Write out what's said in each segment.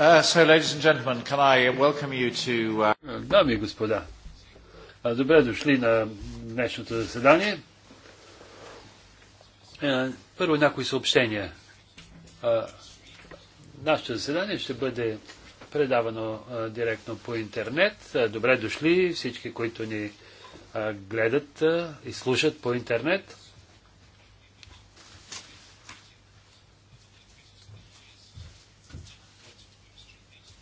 Uh, so, ladies and gentlemen, can I welcome you to... Uh, Дами и господа, добре дошли на днешното заседание. Е, първо някои съобщения. Нашето заседание ще бъде предавано директно по интернет. Добре дошли всички, които ни гледат и слушат по интернет.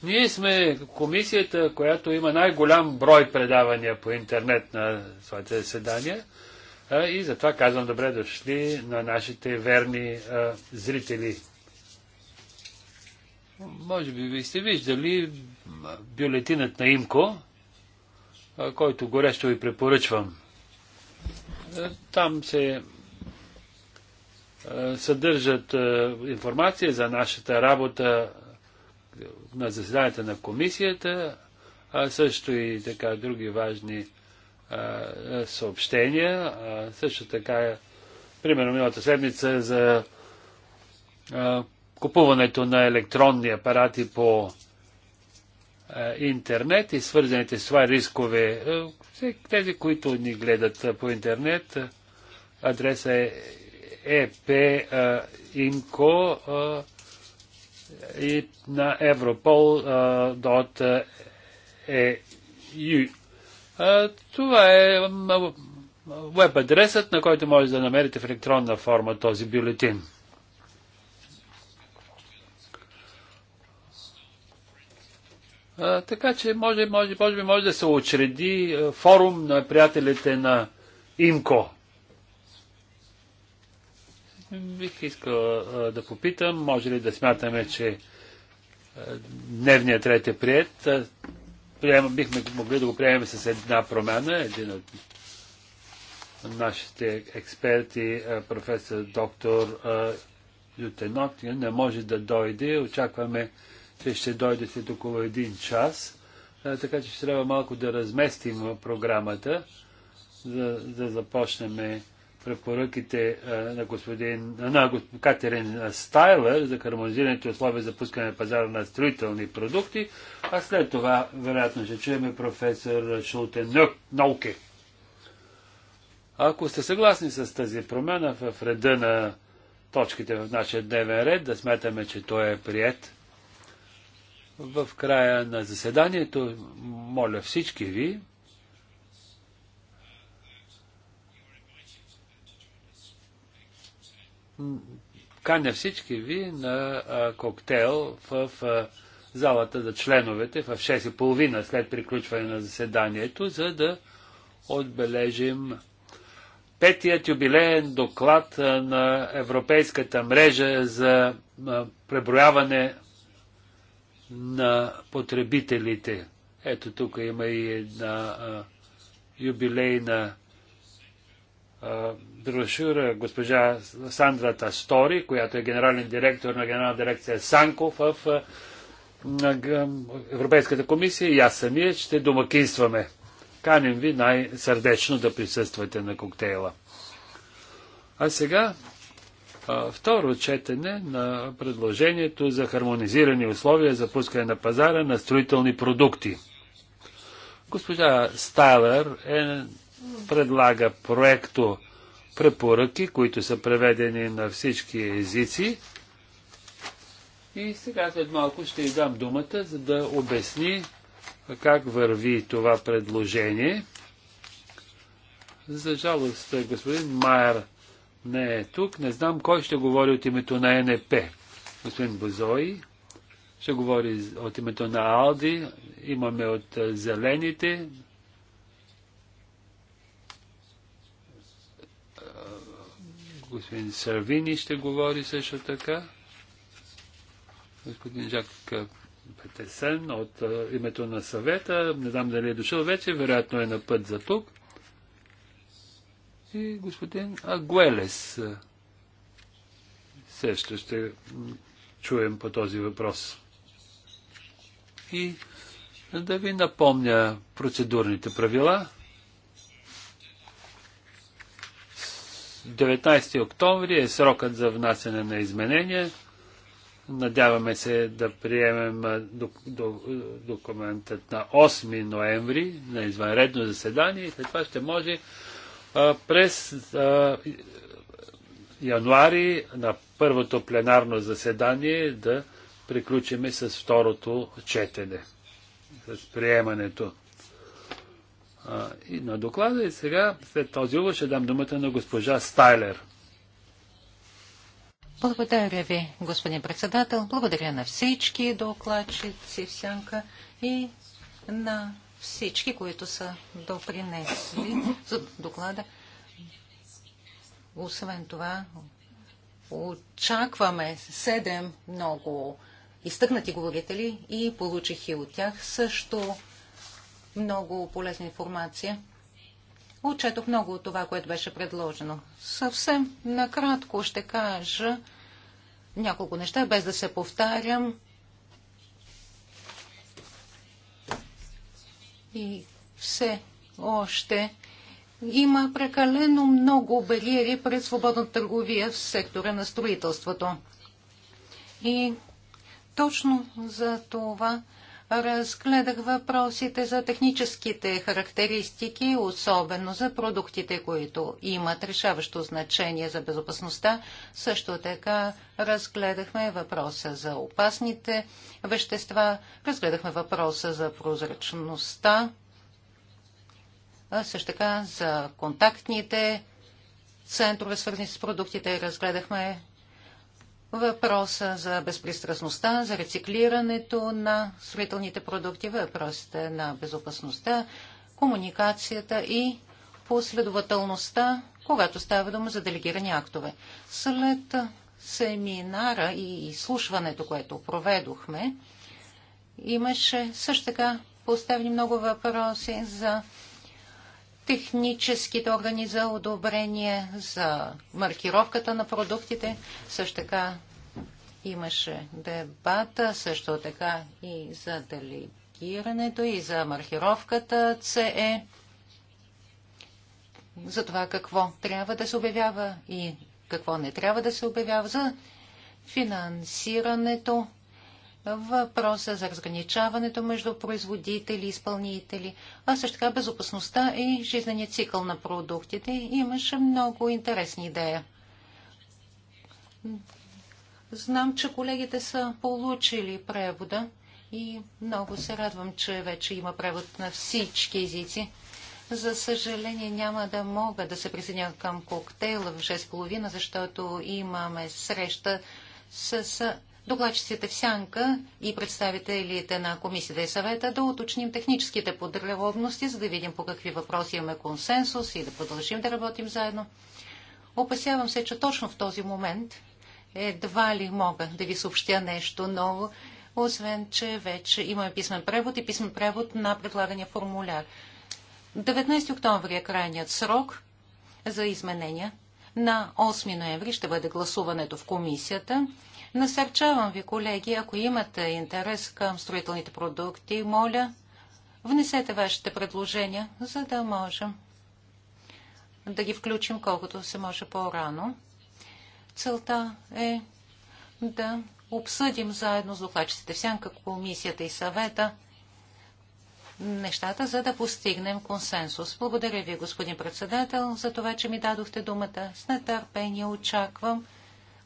Ние сме комисията, която има най-голям брой предавания по интернет на своите заседания и затова казвам добре дошли на нашите верни а, зрители. Може би ви сте виждали бюлетинът на Имко, а, който горещо ви препоръчвам. А, там се съдържат информация за нашата работа на заседанията на комисията, а също и така други важни а, съобщения. А, също така, примерно миналата седмица за а, купуването на електронни апарати по интернет и свързаните с това рискове. Тези, които ни гледат по интернет, адреса е ep.inco.com е, и на Европол от е, Това е веб адресът, на който може да намерите в електронна форма този бюлетин. А, така че може, може, може би може да се очреди форум на приятелите на ИМКО. Бих искал да попитам, може ли да смятаме, че дневният ред е прият. бихме могли да го приемем с една промяна. Един от нашите експерти, професор доктор Ютенок, не може да дойде. Очакваме, че ще дойде след около един час. Така че ще трябва малко да разместим програмата, за да, да започнем препоръките на господин на Катерин Стайлер за хармонизираните условия за пускане на пазара на строителни продукти, а след това вероятно ще чуем професор Шулте Науке. Ако сте съгласни с тази промена в реда на точките в нашия дневен ред, да смятаме, че той е прият. В края на заседанието, моля всички ви, каня всички ви на а, коктейл в а, залата за членовете в 6.30 след приключване на заседанието, за да отбележим петият юбилеен доклад на Европейската мрежа за преброяване на потребителите. Ето тук има и една а, юбилейна брошура госпожа Сандра Тастори, която е генерален директор на генерална дирекция Санко в Европейската комисия и аз самия ще домакинстваме. Каним ви най-сърдечно да присъствате на коктейла. А сега второ четене на предложението за хармонизирани условия за пускане на пазара на строителни продукти. Госпожа Стайлер е, предлага проекто препоръки, които са преведени на всички езици. И сега след малко ще й дам думата, за да обясни как върви това предложение. За жалост, господин Майер не е тук. Не знам кой ще говори от името на НП. Господин Бозой ще говори от името на Алди. Имаме от Зелените, Господин Сарвини ще говори също така. Господин Жак Петесен от името на съвета. Не знам дали е дошъл вече, вероятно е на път за тук. И господин Агуелес също ще чуем по този въпрос. И да ви напомня процедурните правила. 19 октомври е срокът за внасяне на изменения. Надяваме се да приемем документът на 8 ноември на извънредно заседание и след това ще може през януари на първото пленарно заседание да приключиме с второто четене, с приемането и на доклада. И сега, след този увод, ще дам думата на госпожа Стайлер. Благодаря ви, господин председател. Благодаря на всички докладчици в Сянка и на всички, които са допринесли за доклада. Освен това, очакваме седем много изтъкнати говорители и получих и от тях също много полезна информация. Отчетох много от това, което беше предложено. Съвсем накратко ще кажа няколко неща, без да се повтарям. И все още има прекалено много бариери пред свободна търговия в сектора на строителството. И точно за това разгледах въпросите за техническите характеристики, особено за продуктите, които имат решаващо значение за безопасността. Също така разгледахме въпроса за опасните вещества, разгледахме въпроса за прозрачността, а също така за контактните центрове, свързани с продуктите, разгледахме въпроса за безпристрастността, за рециклирането на строителните продукти, въпросите на безопасността, комуникацията и последователността, когато става дума за делегирани актове. След семинара и изслушването, което проведохме, имаше също така поставени много въпроси за техническите органи за одобрение, за маркировката на продуктите. Също така имаше дебата, също така и за делегирането и за маркировката CE, за това какво трябва да се обявява и какво не трябва да се обявява, за финансирането въпроса за разграничаването между производители и изпълнители, а също така безопасността и жизнения цикъл на продуктите. Имаше много интересни идеи. Знам, че колегите са получили превода и много се радвам, че вече има превод на всички езици. За съжаление няма да мога да се присъединя към коктейла в 6.30, защото имаме среща с докладчиците в сянка и представителите на комисията и съвета да уточним техническите подробности, за да видим по какви въпроси имаме консенсус и да продължим да работим заедно. Опасявам се, че точно в този момент едва ли мога да ви съобщя нещо ново, освен, че вече имаме писмен превод и писмен превод на предлагания формуляр. 19 октомври е крайният срок за изменения. На 8 ноември ще бъде гласуването в комисията. Насърчавам ви, колеги, ако имате интерес към строителните продукти, моля, внесете вашите предложения, за да можем да ги включим колкото се може по-рано. Целта е да обсъдим заедно с докладчиците в сянка комисията и съвета нещата, за да постигнем консенсус. Благодаря ви, господин председател, за това, че ми дадохте думата. С нетърпение очаквам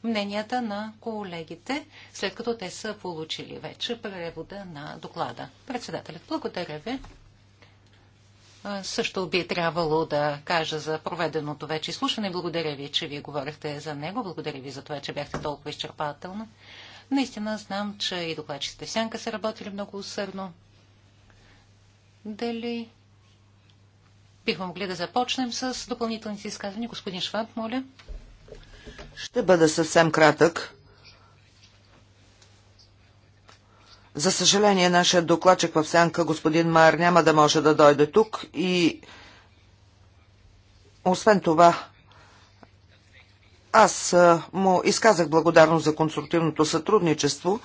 мненията на колегите, след като те са получили вече превода на доклада. Председателят, благодаря ви. Също би трябвало да кажа за проведеното вече изслушане. Благодаря ви, че вие говорихте за него. Благодаря ви за това, че бяхте толкова изчерпателна. Наистина знам, че и докладчиците в Сянка са работили много усърдно. Дали бихме могли да започнем с допълнителните изказвания? Господин Шваб, моля. Ще бъда съвсем кратък. За съжаление, нашия докладчик в сянка, господин Майер, няма да може да дойде тук и освен това, аз му изказах благодарност за конструктивното сътрудничество.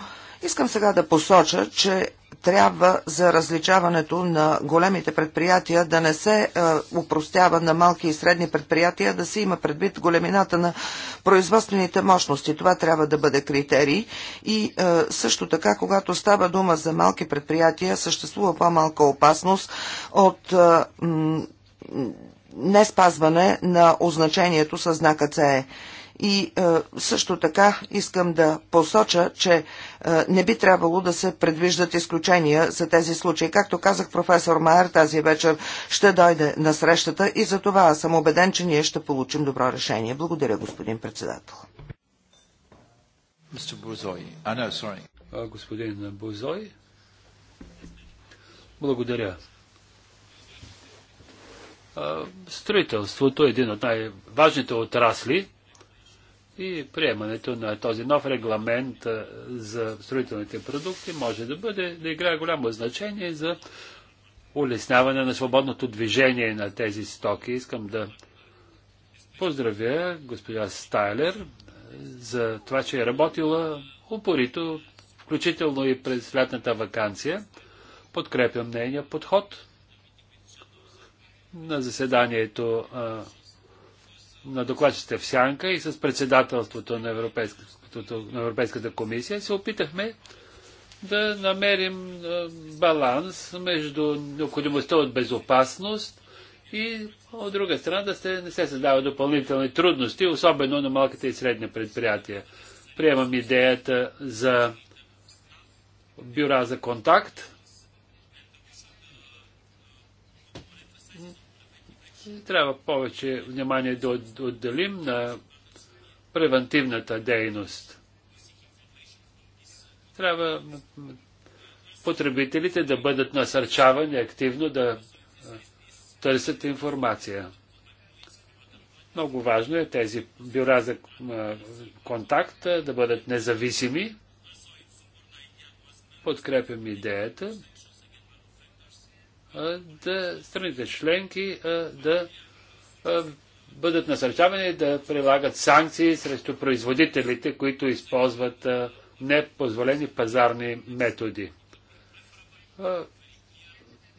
Искам сега да посоча, че трябва за различаването на големите предприятия да не се е, упростява на малки и средни предприятия, да се има предвид големината на производствените мощности. Това трябва да бъде критерий. И е, също така, когато става дума за малки предприятия, съществува по-малка опасност от е, не спазване на означението със знака CE. И е, също така искам да посоча, че е, не би трябвало да се предвиждат изключения за тези случаи. Както казах, професор Майер тази вечер ще дойде на срещата и за това съм убеден, че ние ще получим добро решение. Благодаря, господин председател. Господин Бузой, благодаря. Строителството е един от най-важните отрасли и приемането на този нов регламент за строителните продукти може да бъде, да играе голямо значение за улесняване на свободното движение на тези стоки. Искам да поздравя госпожа Стайлер за това, че е работила упорито, включително и през лятната вакансия. Подкрепям нейния подход. На заседанието на докладчите в Сянка и с председателството на, на Европейската комисия се опитахме да намерим баланс между необходимостта от безопасност и от друга страна да се, не се създава допълнителни трудности, особено на малките и средни предприятия. Приемам идеята за бюра за контакт, трябва повече внимание да отделим на превентивната дейност. Трябва потребителите да бъдат насърчавани активно да търсят информация. Много важно е тези бюра за контакт да бъдат независими. Подкрепям идеята да страните членки да бъдат насърчавани да прилагат санкции срещу производителите, които използват непозволени пазарни методи.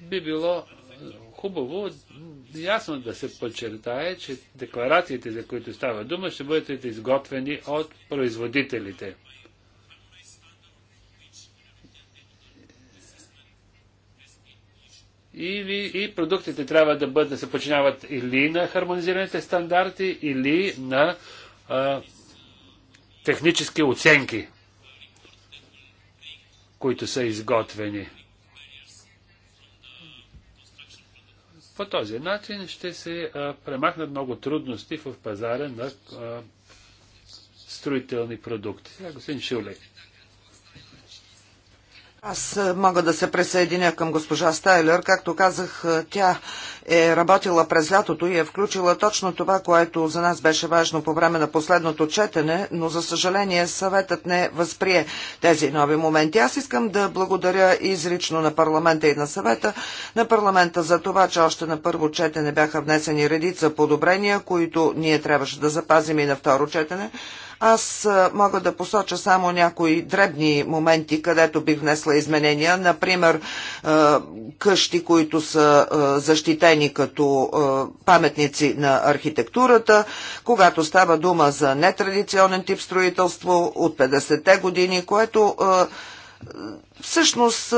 Би било хубаво ясно да се подчертае, че декларациите, за които става дума, ще бъдат изготвени от производителите. или и продуктите трябва да бъдат да се починяват или на хармонизираните стандарти, или на а, технически оценки, които са изготвени. По този начин ще се а, премахнат много трудности в пазара на а, строителни продукти. Сега господин Шулей. Аз е, мога да се присъединя към госпожа Стайлер. Както казах, е, тя е работила през лятото и е включила точно това, което за нас беше важно по време на последното четене, но за съжаление съветът не възприе тези нови моменти. Аз искам да благодаря изрично на парламента и на съвета, на парламента за това, че още на първо четене бяха внесени редица подобрения, които ние трябваше да запазим и на второ четене. Аз мога да посоча само някои дребни моменти, където бих внесла изменения. Например, къщи, които са защитени като паметници на архитектурата, когато става дума за нетрадиционен тип строителство от 50-те години, което всъщност е,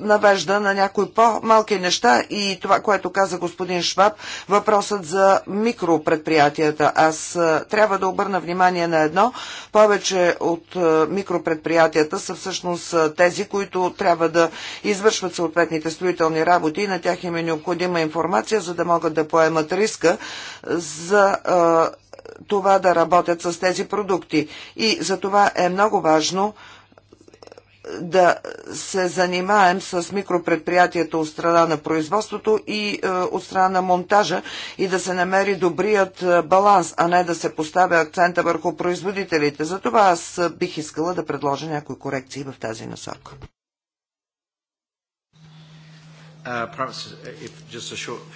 навежда на някои по-малки неща и това, което каза господин Шваб, въпросът за микропредприятията. Аз е, трябва да обърна внимание на едно. Повече от е, микропредприятията са всъщност тези, които трябва да извършват съответните строителни работи и на тях им е необходима информация, за да могат да поемат риска за това да работят с тези продукти. И за това е много важно да се занимаем с микропредприятията от страна на производството и е, от страна на монтажа и да се намери добрият е, баланс, а не да се поставя акцента върху производителите. Затова аз е, бих искала да предложа някои корекции в тази насока. Uh,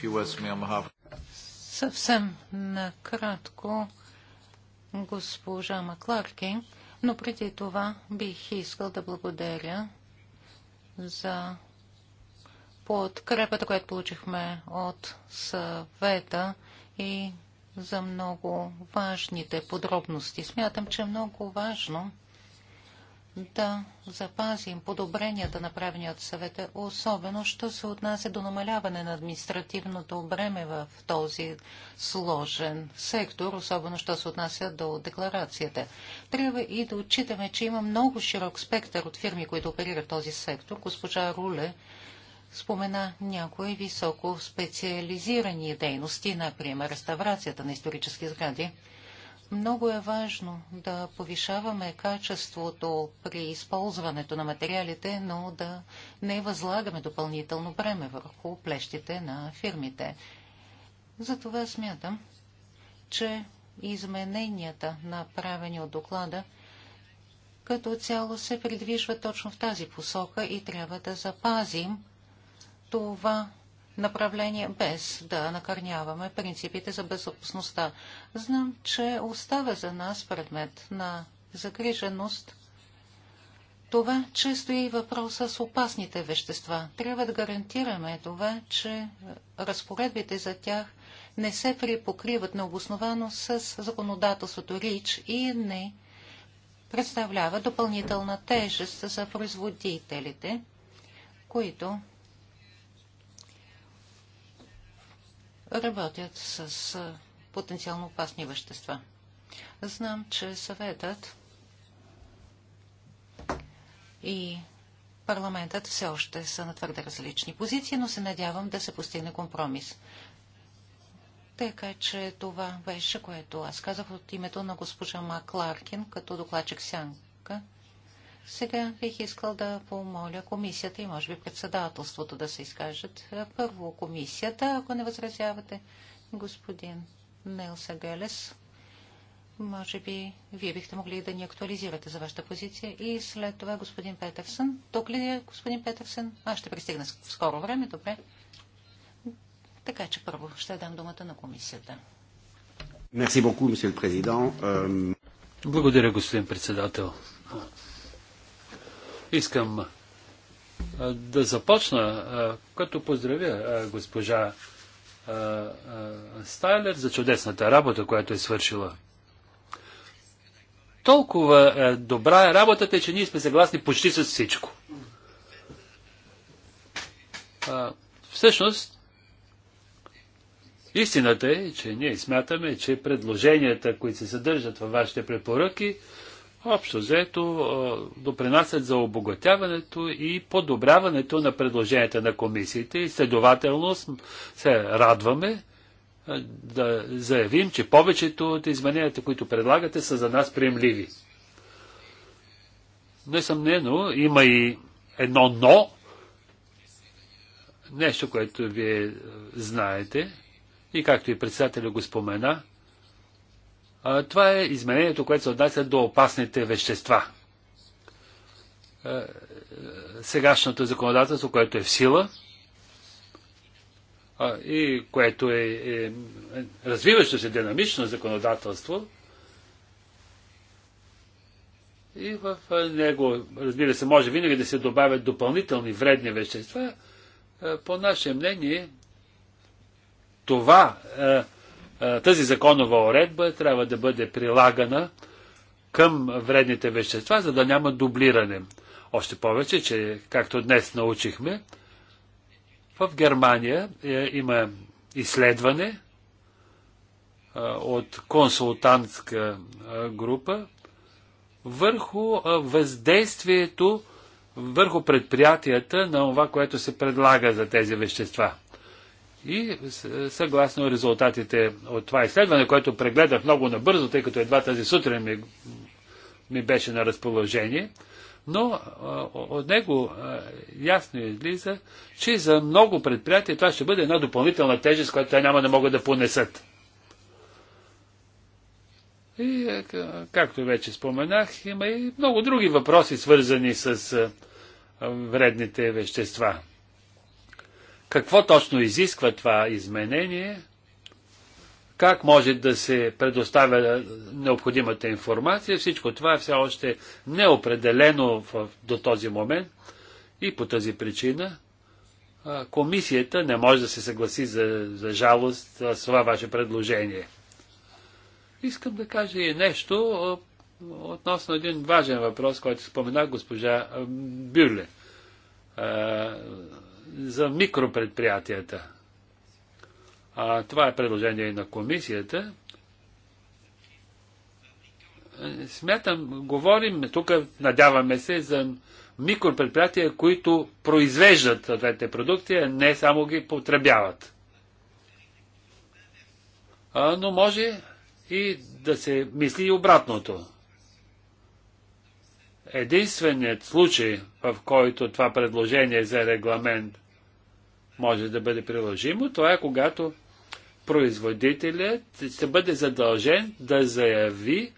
uh, Съвсем накратко, госпожа Макларкин но преди това бих искал да благодаря за подкрепата, която получихме от съвета и за много важните подробности. Смятам, че е много важно да запазим подобренията, направени от съвета, особено, що се отнася до намаляване на административното бреме в този сложен сектор, особено, що се отнася до декларацията. Трябва и да отчитаме, че има много широк спектър от фирми, които оперират този сектор. Госпожа Руле спомена някои високо специализирани дейности, например реставрацията на исторически сгради. Много е важно да повишаваме качеството при използването на материалите, но да не възлагаме допълнително бреме върху плещите на фирмите. Затова смятам, че измененията, направени от доклада, като цяло се придвижва точно в тази посока и трябва да запазим това направление, без да накърняваме принципите за безопасността. Знам, че остава за нас предмет на загриженост това, че стои въпроса с опасните вещества. Трябва да гарантираме това, че разпоредбите за тях не се припокриват необосновано с законодателството РИЧ и не представлява допълнителна тежест за производителите, които работят с потенциално опасни вещества. Знам, че съветът и парламентът все още са на твърде различни позиции, но се надявам да се постигне компромис. Така че това беше, което аз казах от името на госпожа Макларкин като докладчик Сянка сега бих искал да помоля комисията и може би председателството да се изкажат. Първо комисията, ако не възразявате, господин Нелса Гелес. Може би вие бихте могли да ни актуализирате за вашата позиция. И след това господин Петърсън. Тук ли е господин Петърсън? Аз ще пристигна в скоро време, добре. Така че първо ще дам думата на комисията. Euh, Благодаря, господин председател. Искам да започна, като поздравя госпожа Стайлер за чудесната работа, която е свършила. Толкова е, добра е работата, че ние сме съгласни почти с всичко. Всъщност, истината е, че ние смятаме, че предложенията, които се съдържат във вашите препоръки, общо взето допринасят за обогатяването и подобряването на предложенията на комисиите и следователно се радваме да заявим, че повечето от измененията, които предлагате, са за нас приемливи. Несъмнено, има и едно но, нещо, което вие знаете, и както и председателя го спомена – това е изменението, което се отнася до опасните вещества. Е, е, сегашното законодателство, което е в сила и което е, е развиващо се динамично законодателство, и в него, разбира се, може винаги да се добавят допълнителни вредни вещества. По наше мнение, това тази законова уредба трябва да бъде прилагана към вредните вещества, за да няма дублиране. Още повече, че както днес научихме, в Германия е, има изследване от консултантска група върху въздействието върху предприятията на това, което се предлага за тези вещества. И съгласно резултатите от това изследване, което прегледах много набързо, тъй като едва тази сутрин ми, ми беше на разположение, но от него ясно излиза, че за много предприятия това ще бъде една допълнителна тежест, която те няма да могат да понесат. И, е, както вече споменах, има и много други въпроси, свързани с вредните вещества. Какво точно изисква това изменение? Как може да се предоставя необходимата информация? Всичко това е все още неопределено в, до този момент и по тази причина комисията не може да се съгласи за, за жалост с това ваше предложение. Искам да кажа и нещо относно един важен въпрос, който спомена госпожа Бюрле за микропредприятията. А, това е предложение на комисията. Е, смятам, говорим, тук надяваме се за микропредприятия, които произвеждат двете продукти, а не само ги потребяват. А, но може и да се мисли и обратното единственият случай, в който това предложение за регламент може да бъде приложимо, това е когато производителят ще бъде задължен да заяви,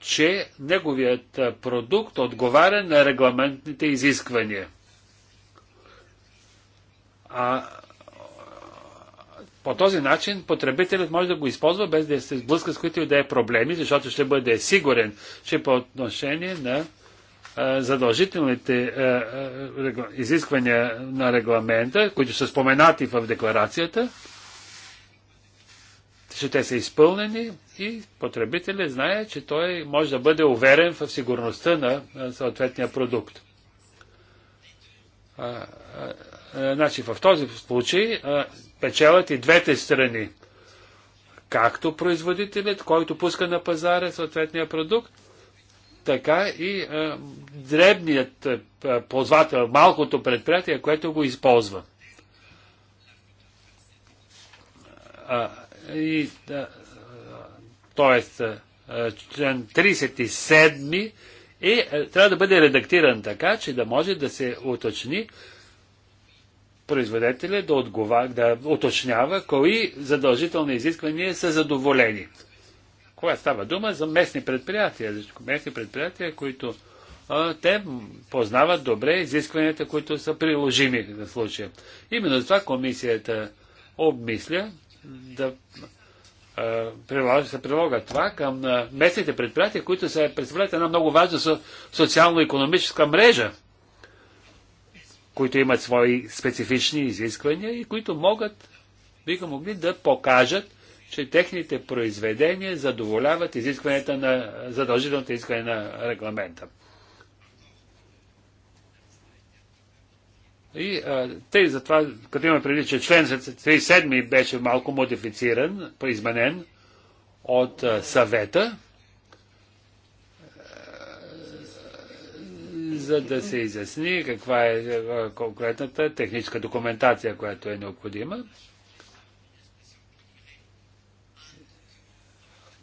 че неговият продукт отговаря на регламентните изисквания. А по този начин потребителят може да го използва без да се сблъска с които и да е проблеми, защото ще бъде сигурен, че по отношение на задължителните изисквания на регламента, които са споменати в декларацията, че те са изпълнени и потребителят знае, че той може да бъде уверен в сигурността на съответния продукт. значи в този случай печелят и двете страни. Както производителят, който пуска на пазара съответния продукт, така и а, дребният а, ползвател, малкото предприятие, което го използва. А, и, а, тоест, а, член 37 и а, е, е, трябва да бъде редактиран така, че да може да се уточни производителя да, да уточнява кои задължителни изисквания са задоволени. Кога става дума за местни предприятия, местни предприятия, които а, те познават добре изискванията, които са приложими на случая. Именно за това комисията обмисля да прилага, се прилага това към а, местните предприятия, които се представляват една много важна со, социално-економическа мрежа, които имат свои специфични изисквания и които могат, биха могли да покажат че техните произведения задоволяват изискванията на задължителното изискване на регламента. И а, те затова, като имаме преди, че член 37 беше малко модифициран, изменен от а, съвета, за да се изясни каква е конкретната техническа документация, която е необходима.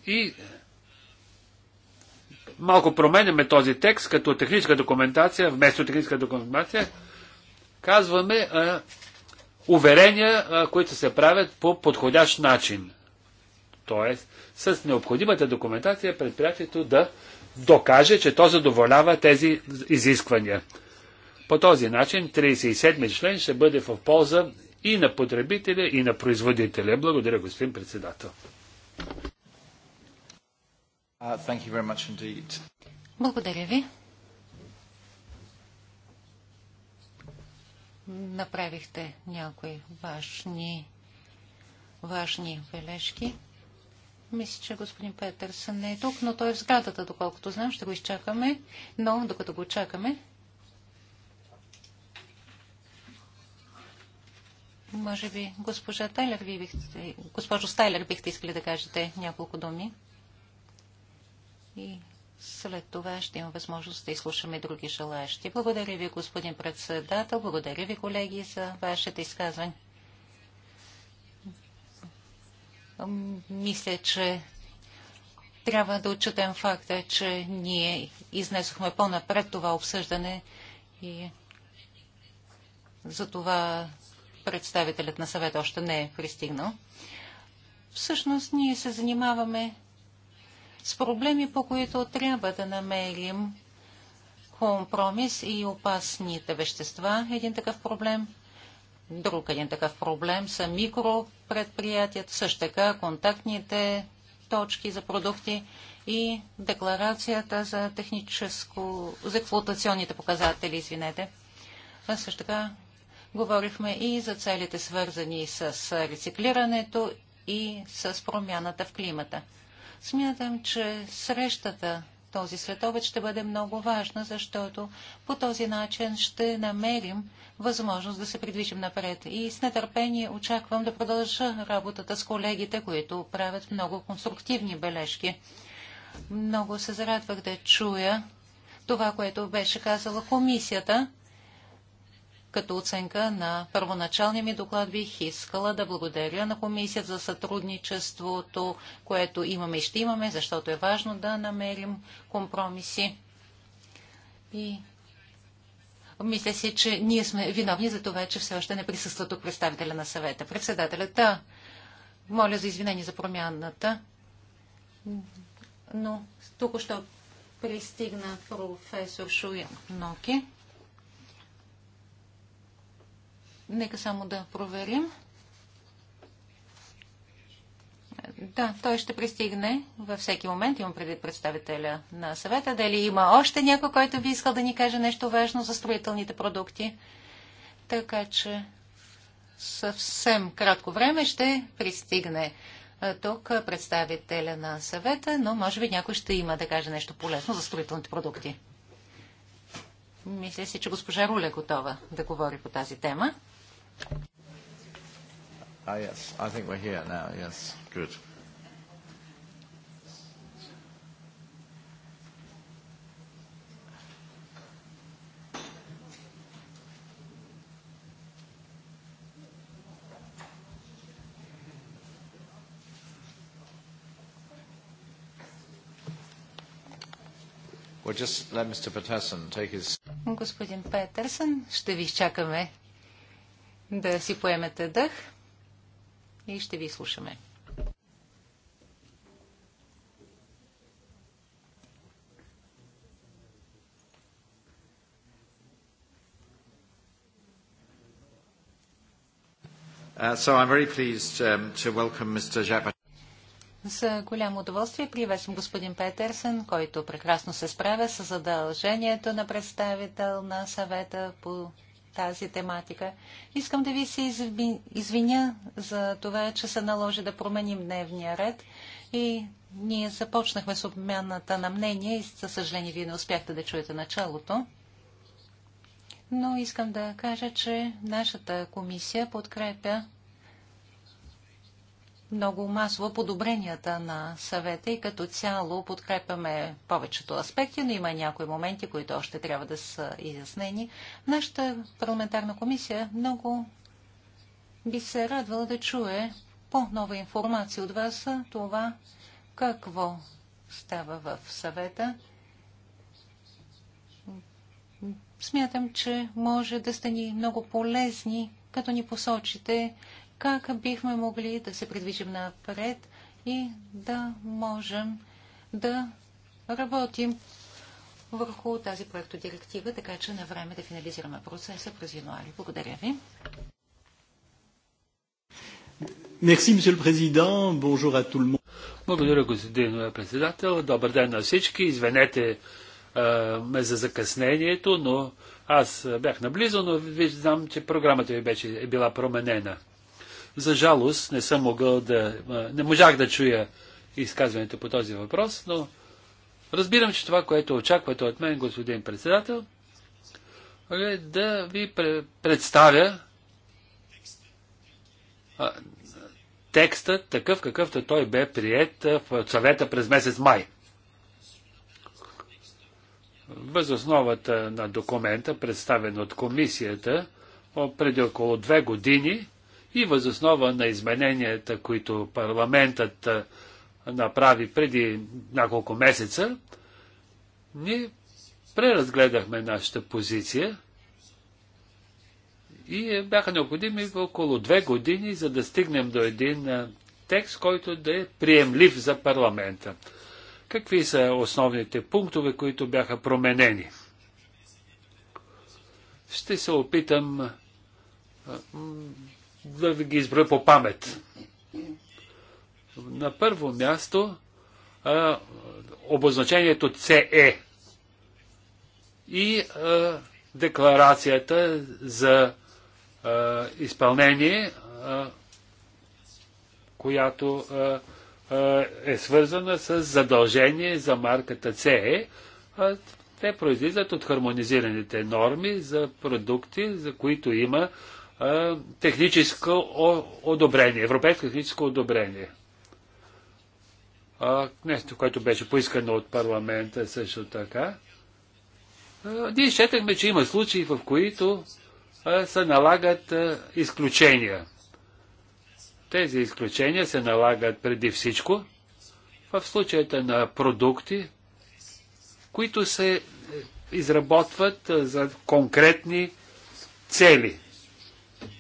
И малко променяме този текст като техническа документация, вместо техническа документация, казваме а, уверения, а, които се правят по подходящ начин. Тоест, с необходимата документация предприятието да докаже, че то задоволява тези изисквания. По този начин 37 член ще бъде в полза и на потребителя, и на производителя. Благодаря, господин председател. Uh, indeed. Благодаря ви. Направихте някои важни, важни бележки. Мисля, че господин Петърсън не е тук, но той е в сградата, доколкото знам. Ще го изчакаме, но докато го чакаме, може би госпожа Тайлер, ви бихте, госпожо Стайлер, бихте искали да кажете няколко думи и след това ще има възможност да изслушаме други желаящи. Благодаря ви, господин председател. Благодаря ви, колеги, за вашите изказване. Мисля, че трябва да отчетем факта, че ние изнесохме по-напред това обсъждане и за това представителят на съвет още не е пристигнал. Всъщност ние се занимаваме с проблеми, по които трябва да намерим компромис и опасните вещества. Един такъв проблем. Друг един такъв проблем са микропредприятията, също така контактните точки за продукти и декларацията за техническо, за експлуатационните показатели, извинете. А също така говорихме и за целите свързани с рециклирането и с промяната в климата. Смятам, че срещата този световец ще бъде много важна, защото по този начин ще намерим възможност да се придвижим напред. И с нетърпение очаквам да продължа работата с колегите, които правят много конструктивни бележки. Много се зарадвах да чуя това, което беше казала комисията като оценка на първоначалния ми доклад бих искала да благодаря на комисията за сътрудничеството, което имаме и ще имаме, защото е важно да намерим компромиси. И мисля си, че ние сме виновни за това, че все още не присъства тук представителя на съвета. Председателят, да, моля за извинение за промяната, но тук още пристигна професор Шуя Ноки. Нека само да проверим. Да, той ще пристигне във всеки момент. Имам предвид представителя на съвета. Дали има още някой, който би искал да ни каже нещо важно за строителните продукти? Така че съвсем кратко време ще пристигне тук представителя на съвета, но може би някой ще има да каже нещо полезно за строителните продукти. Мисля си, че госпожа Руля е готова да говори по тази тема. Ah, yes. I think we're here now. Yes. Good. Господин Петърсън, ще ви изчакаме да си поемете дъх и ще ви слушаме. Uh, so I'm very pleased um, to welcome Mr. Jabba. С голямо удоволствие приветствам господин Петерсен, който прекрасно се справя с задължението на представител на съвета по тази тематика. Искам да ви се извиня за това, че се наложи да променим дневния ред и ние започнахме с обмяната на мнение и за съжаление вие не успяхте да чуете началото. Но искам да кажа, че нашата комисия подкрепя много масово подобренията на съвета и като цяло подкрепяме повечето аспекти, но има някои моменти, които още трябва да са изяснени. Нашата парламентарна комисия много би се радвала да чуе по-нова информация от вас за това какво става в съвета. Смятам, че може да сте ни много полезни, като ни посочите как бихме могли да се придвижим напред и да можем да работим върху тази проектодиректива, така че на време да финализираме процеса през януари. Благодаря ви. Merci, monsieur le président. Bonjour à tout le monde. Благодаря, господин председател. Добър ден на всички. Извинете ме за закъснението, но аз бях наблизо, но виждам, че програмата ви беше, е била променена. За жалост не съм могъл да... Не можах да чуя изказването по този въпрос, но разбирам, че това, което очаквате от мен, господин председател, е да ви представя текстът такъв, какъвто той бе прият в съвета през месец май. Въз основата на документа, представен от комисията, преди около две години, и възоснова на измененията, които парламентът направи преди няколко месеца, ние преразгледахме нашата позиция и бяха необходими около две години, за да стигнем до един текст, който да е приемлив за парламента. Какви са основните пунктове, които бяха променени? Ще се опитам да ги избра по памет. На първо място а, обозначението CE и а, декларацията за а, изпълнение, а, която а, а, е свързана с задължение за марката CE. А, те произлизат от хармонизираните норми за продукти, за които има техническо одобрение, европейско техническо одобрение. Нещо, което беше поискано от парламента също така. Ние щетахме, че има случаи, в които се налагат изключения. Тези изключения се налагат преди всичко в случаята на продукти, които се е, изработват за конкретни цели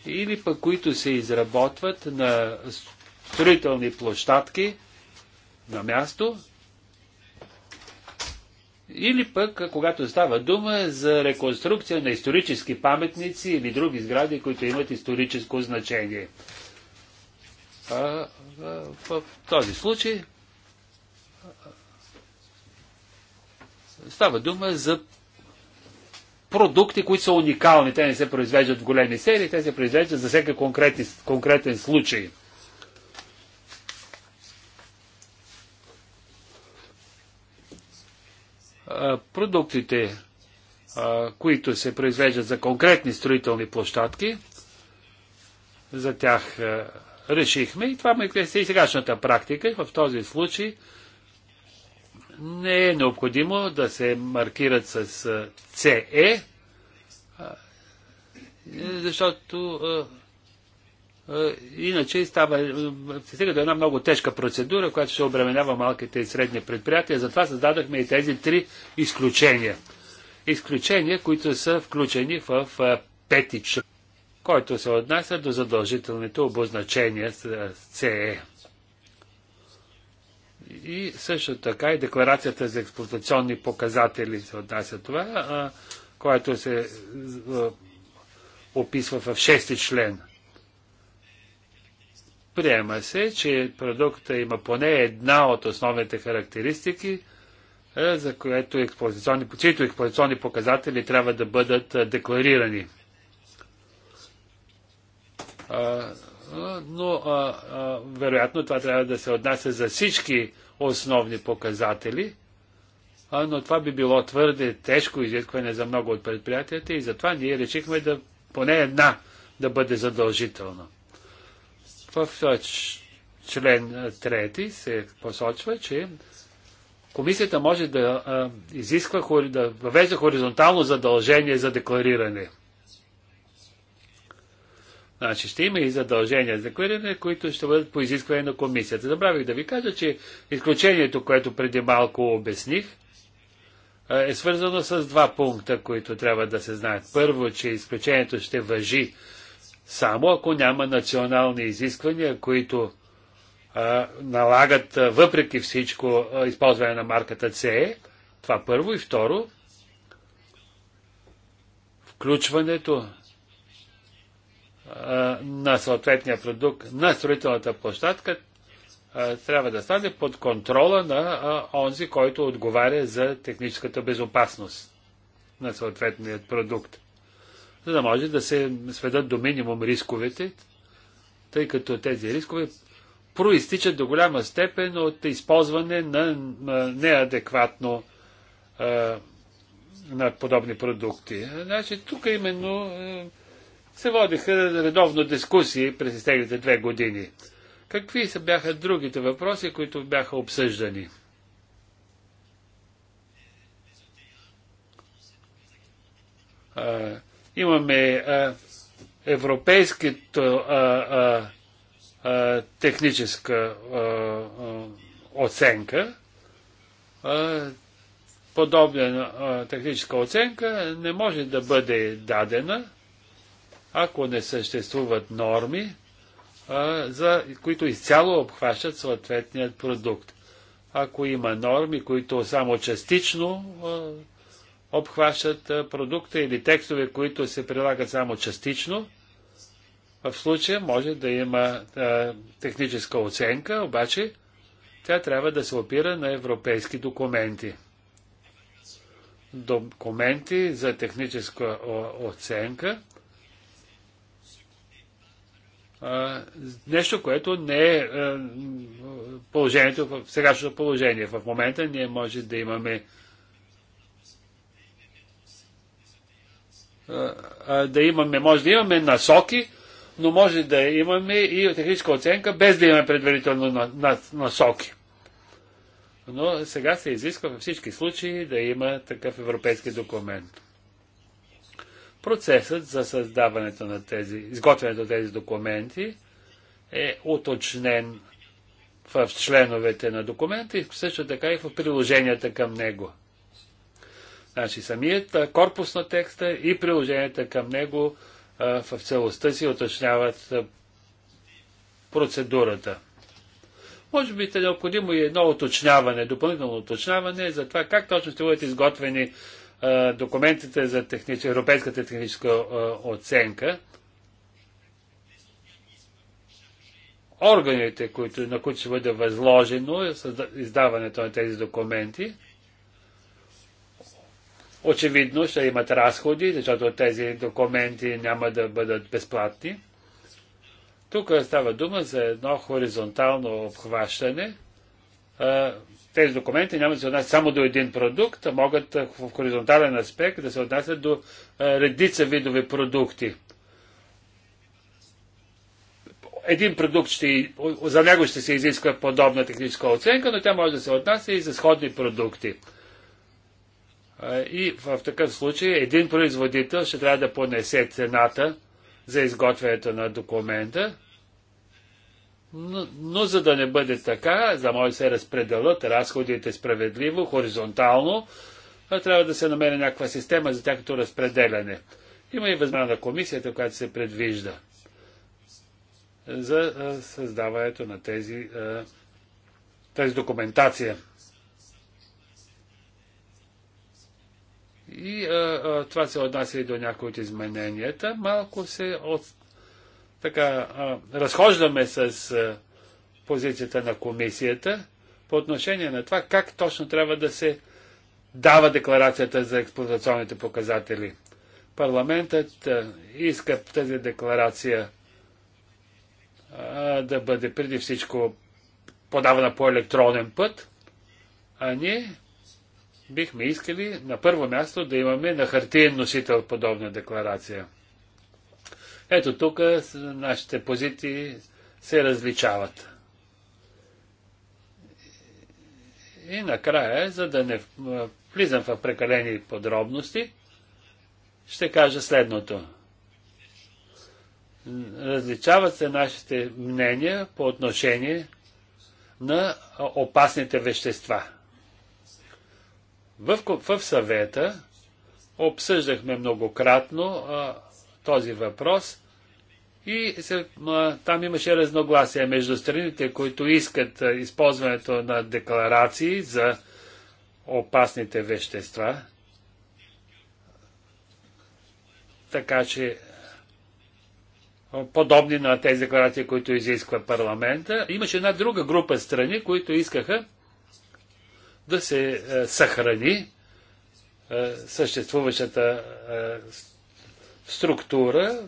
или пък които се изработват на строителни площадки на място, или пък, когато става дума за реконструкция на исторически паметници или други сгради, които имат историческо значение. А, а, в този случай става дума за продукти, които са уникални. Те не се произвеждат в големи серии, те се произвеждат за всеки конкретен, конкретен случай. продуктите, които се произвеждат за конкретни строителни площадки, за тях решихме и това е сегашната практика. В този случай не е необходимо да се маркират с CE, е, защото иначе става, се стига до една много тежка процедура, която ще обременява малките и средни предприятия. Затова създадохме и тези три изключения. Изключения, които са включени в петич, който се отнася до задължителните обозначения с CE. И също така и декларацията за експлуатационни показатели се отнася това, което се е, описва в шести член. Приема се, че продукта има поне една от основните характеристики, за което експлуатационни, чието експлуатационни показатели трябва да бъдат декларирани но а, а, вероятно това трябва да се отнася за всички основни показатели, а, но това би било твърде тежко изискване за много от предприятията и затова ние решихме да поне една да бъде задължителна. В член 3 се посочва, че комисията може да а, изисква, да въвежда хоризонтално задължение за деклариране. Значи ще има и задължения за деклариране, които ще бъдат по изискване на комисията. Забравих да ви кажа, че изключението, което преди малко обясних, е свързано с два пункта, които трябва да се знаят. Първо, че изключението ще въжи само ако няма национални изисквания, които а, налагат а, въпреки всичко а, използване на марката CE. Това първо. И второ, включването на съответния продукт на строителната площадка трябва да стане под контрола на онзи, който отговаря за техническата безопасност на съответният продукт. За да може да се сведат до минимум рисковете, тъй като тези рискове проистичат до голяма степен от използване на неадекватно на подобни продукти. Значи, тук именно е, се водиха редовно дискусии през изтеглите две години. Какви са бяха другите въпроси, които бяха обсъждани? А, имаме а, европейското а, а, а, техническа а, а, оценка. А, подобна а, техническа оценка не може да бъде дадена ако не съществуват норми, а, за, които изцяло обхващат съответният продукт. Ако има норми, които само частично а, обхващат а, продукта или текстове, които се прилагат само частично, в случая може да има а, техническа оценка, обаче тя трябва да се опира на европейски документи. Документи за техническа оценка нещо, което не е, е положението в сегашното положение. В момента ние може да имаме да имаме, може да имаме насоки, но може да имаме и техническа оценка, без да имаме предварително насоки. Но сега се изисква във всички случаи да има такъв европейски документ. Процесът за създаването на тези, изготвянето на тези документи е уточнен в членовете на документа и също така и в приложенията към него. Значи самият корпус на текста и приложенията към него в целостта си уточняват процедурата. Може би е необходимо и едно уточняване, допълнително уточняване за това как точно ще бъдат изготвени документите за технич... европейската техническа оценка, органите, които, на които ще бъде възложено издаването на тези документи, очевидно ще имат разходи, защото тези документи няма да бъдат безплатни. Тук става дума за едно хоризонтално обхващане, тези документи няма да се отнасят само до един продукт, а могат в хоризонтален аспект да се отнасят до редица видове продукти. Един продукт ще, за него ще се изисква подобна техническа оценка, но тя може да се отнася и за сходни продукти. И в такъв случай един производител ще трябва да понесе цената за изготвянето на документа, но, но за да не бъде така, за да може да се разпределят разходите справедливо, хоризонтално, трябва да се намери някаква система за тяхното разпределяне. Има и възмена на комисията, която се предвижда за създаването на тези, тази документация. И а, а, това се отнася и до някои от измененията. Малко се от, така, разхождаме с позицията на комисията по отношение на това как точно трябва да се дава декларацията за експлуатационните показатели. Парламентът иска тази декларация да бъде преди всичко подавана по електронен път, а ние бихме искали на първо място да имаме на хартиен носител подобна декларация. Ето тук нашите позиции се различават. И накрая, за да не влизам в прекалени подробности, ще кажа следното. Различават се нашите мнения по отношение на опасните вещества. В, в съвета обсъждахме многократно а, този въпрос и се, там имаше разногласия между страните, които искат използването на декларации за опасните вещества. Така че подобни на тези декларации, които изисква парламента. Имаше една друга група страни, които искаха да се е, съхрани е, съществуващата е, структура,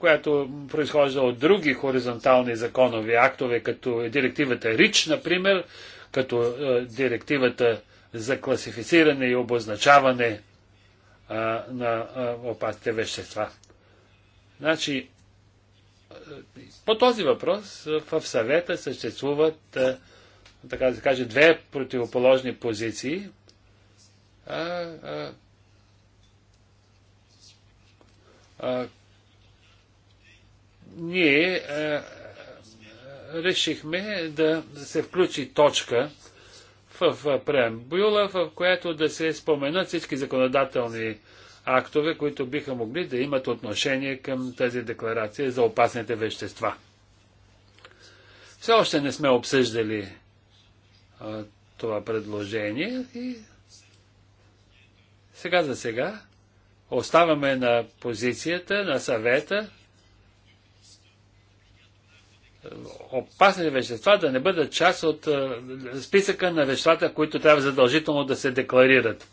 която произхожда от други хоризонтални законови актове, като е директивата РИЧ, например, като е, директивата за класифициране и обозначаване е, на опасните вещества. Значи, по този въпрос в съвета съществуват, така да се каже, две противоположни позиции. А, а, а, ние е, е, решихме да се включи точка в, в преамбюла, в която да се споменат всички законодателни актове, които биха могли да имат отношение към тази декларация за опасните вещества. Все още не сме обсъждали а, е, това предложение и сега за сега оставаме на позицията на съвета опасни вещества да не бъдат част от е, списъка на веществата, които трябва задължително да се декларират.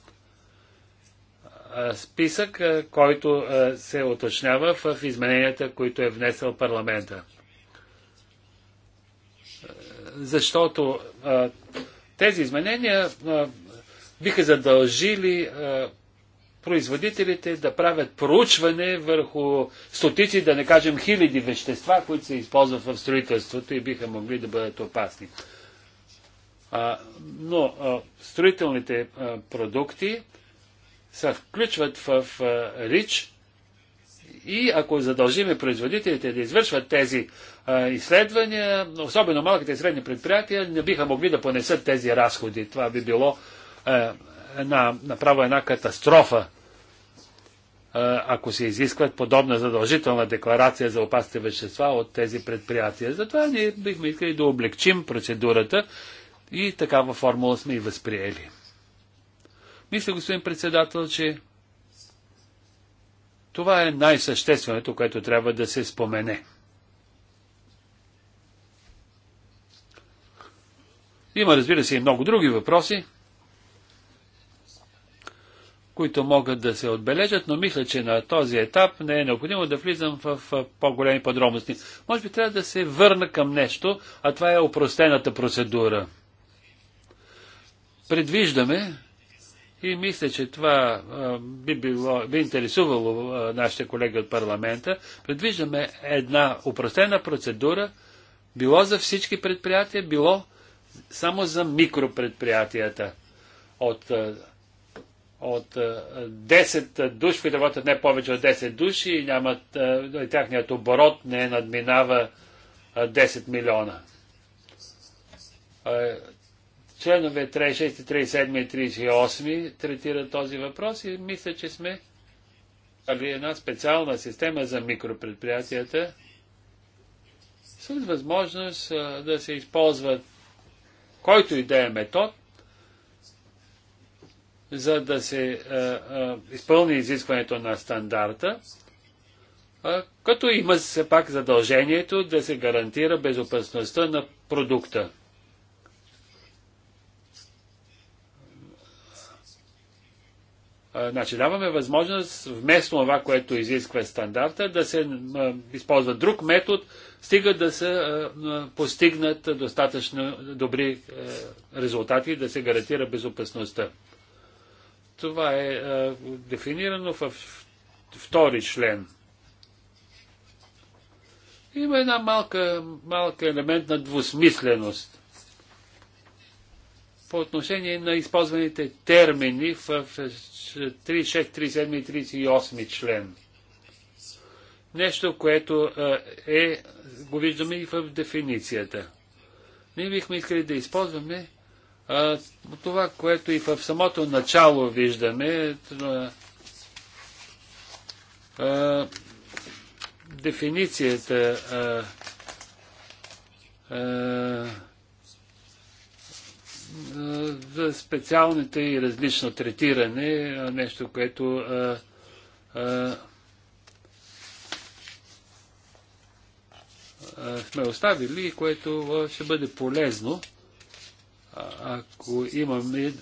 Списък, е, който е, се уточнява в измененията, които е внесъл парламента. Защото тези изменения биха задължили производителите да правят проучване върху стотици, да не кажем хиляди вещества, които се използват в строителството и биха могли да бъдат опасни. А, но а, строителните а, продукти се включват в а, РИЧ и ако задължиме производителите да извършват тези а, изследвания, особено малките и средни предприятия не биха могли да понесат тези разходи. Това би било а, направо една катастрофа ако се изискват подобна задължителна декларация за опасните вещества от тези предприятия. Затова ние бихме искали да облегчим процедурата и такава формула сме и възприели. Мисля, господин председател, че това е най-същественото, което трябва да се спомене. Има, разбира се, и много други въпроси, които могат да се отбележат, но мисля, че на този етап не е необходимо да влизам в по-големи подробности. Може би трябва да се върна към нещо, а това е упростената процедура. Предвиждаме и мисля, че това би, било, би интересувало нашите колеги от парламента. Предвиждаме една упростена процедура, било за всички предприятия, било само за микропредприятията. От от 10 е, души, които работят не повече от 10 души и нямат, е, тяхният оборот не надминава 10 е, милиона. Членове 36, 37 и 38 третират този въпрос и мисля, че сме дали една специална система за микропредприятията с възможност да се използват който и да е метод за да се а, е, а, е, изпълни изискването на стандарта, а, е, като има все пак задължението да се гарантира безопасността на продукта. Значи даваме възможност вместо това, което изисква стандарта, да се а, използва друг метод, стига да се а, постигнат достатъчно добри а, резултати и да се гарантира безопасността. Това е а, е, дефинирано в втори член. Има една малка, малка елемент на двусмисленост по отношение на използваните термини в 36, 37 и 38 член. Нещо, което е, е, го виждаме и в дефиницията. Ние бихме искали да използваме това, което и в самото начало виждаме, дефиницията за специалните и различно третиране, нещо, което сме оставили и което ще бъде полезно ако, имаме,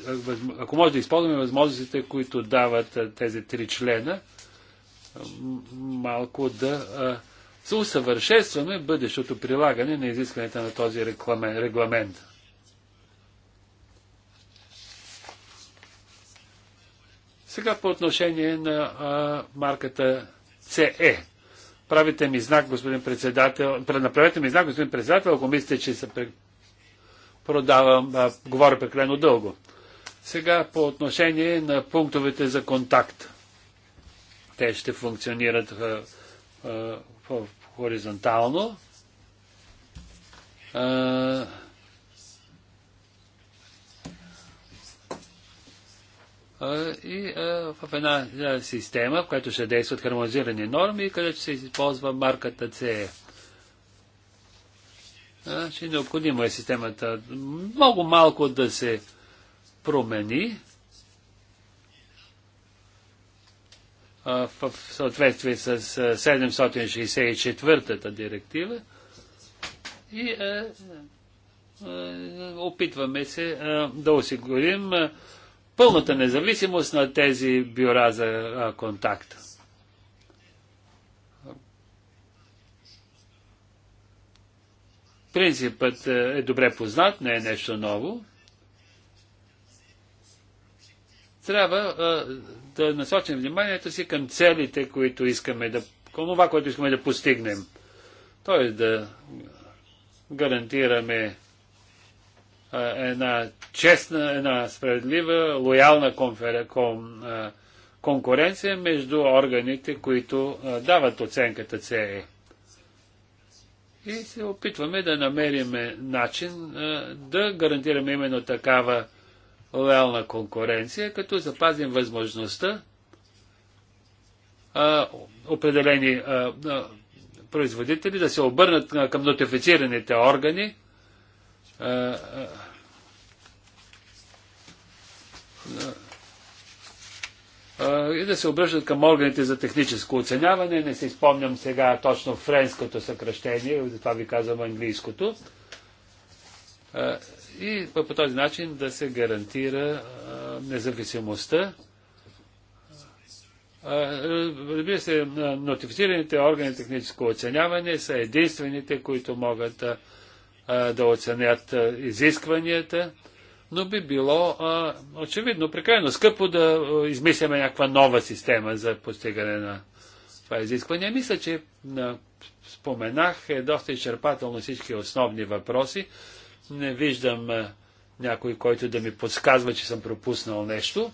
ако може да използваме възможностите, които дават тези три члена, малко да се усъвършенстваме бъдещото прилагане на изискването на този регламент. Сега по отношение на а, марката CE. Правите ми знак, господин председател. Направете ми знак, господин председател, ако мислите, че се продавам, а, говоря прекалено дълго. Сега по отношение на пунктовете за контакт. Те ще функционират а, а, хоризонтално. А, и а, в една система, в която ще действат хармонизирани норми, където се използва марката CE. Значи, необходимо е системата много малко да се промени в съответствие с 764-та директива и опитваме се да осигурим пълната независимост на тези бюра за контакт. Принципът е, е добре познат, не е нещо ново. Трябва а, е, да насочим вниманието си към целите, които искаме да, към това, което искаме да постигнем. Тоест да гарантираме а, е, една честна, една справедлива, лоялна конфер... ком, а, конкуренция между органите, които а, дават оценката CE. И се опитваме да намерим е, начин е, да гарантираме именно такава лоялна конкуренция, като запазим възможността е, определени производители да се обърнат към нотифицираните органи uh, uh и да се обръщат към органите за техническо оценяване. Не се спомням сега точно френското съкръщение, затова ви казвам английското. И по този начин да се гарантира независимостта. Разбира се, нотифицираните органи за техническо оценяване са единствените, които могат да оценят изискванията но би било а, очевидно прекалено скъпо да измисляме някаква нова система за постигане на това изискване. Мисля, че на, споменах е доста изчерпателно всички основни въпроси. Не виждам а, някой, който да ми подсказва, че съм пропуснал нещо.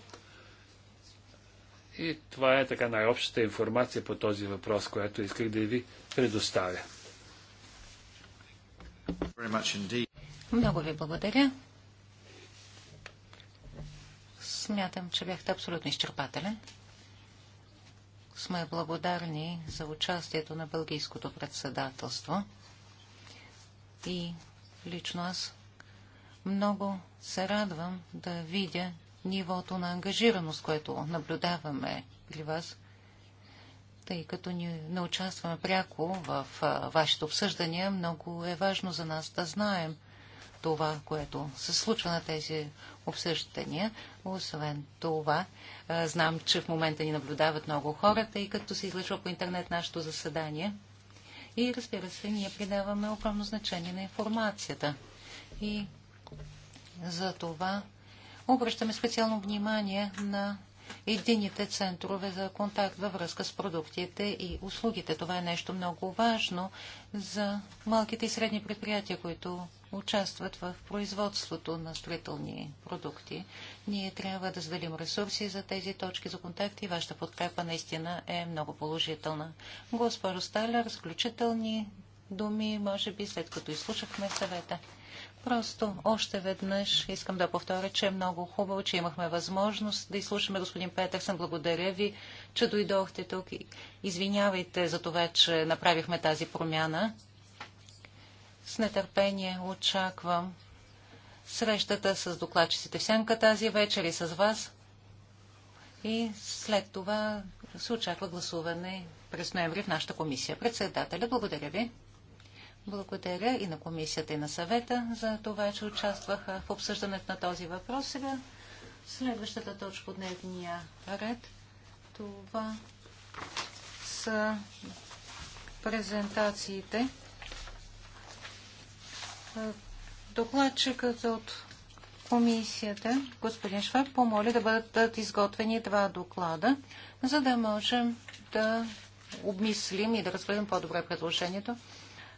И това е така най-общата информация по този въпрос, която исках да ви предоставя. Много ви благодаря. Смятам, че бяхте абсолютно изчерпателен. Сме благодарни за участието на Бългийското председателство. И лично аз много се радвам да видя нивото на ангажираност, което наблюдаваме при вас, тъй като ни не участваме пряко в вашите обсъждания. Много е важно за нас да знаем това, което се случва на тези обсъждания. Освен това, знам, че в момента ни наблюдават много хората, и като се излъчва по интернет нашето заседание. И разбира се, ние придаваме огромно значение на информацията. И за това обръщаме специално внимание на едините центрове за контакт във връзка с продуктите и услугите. Това е нещо много важно за малките и средни предприятия, които участват в производството на строителни продукти. Ние трябва да заделим ресурси за тези точки за контакт и вашата подкрепа наистина е много положителна. Госпожо Сталер, заключителни думи, може би след като изслушахме съвета. Просто още веднъж искам да повторя, че е много хубаво, че имахме възможност да изслушаме господин Петърсън. Благодаря ви, че дойдохте тук. Извинявайте за това, че направихме тази промяна. С нетърпение очаквам срещата с докладчиците в сянка тази вечер и с вас. И след това се очаква гласуване през ноември в нашата комисия. Председателя, благодаря ви. Благодаря и на комисията и на съвета за това, че участваха в обсъждането на този въпрос. Сега следващата точка от дневния ред. Това са презентациите. Докладчикът от комисията, господин Шваб, помоли да бъдат изготвени два доклада, за да можем да обмислим и да разгледам по-добре предложението.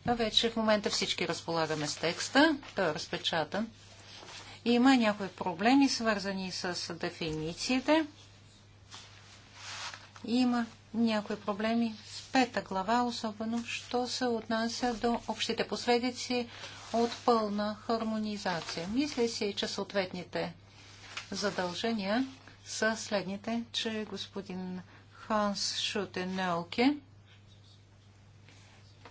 Вече в момента всички разполагаме с текста. Той е разпечатан. Има някои проблеми, свързани с дефинициите. Има някои проблеми с пета глава, особено, що се отнася до общите последици от пълна хармонизация. Мисля си, че съответните задължения са следните, че господин Ханс Шутенелке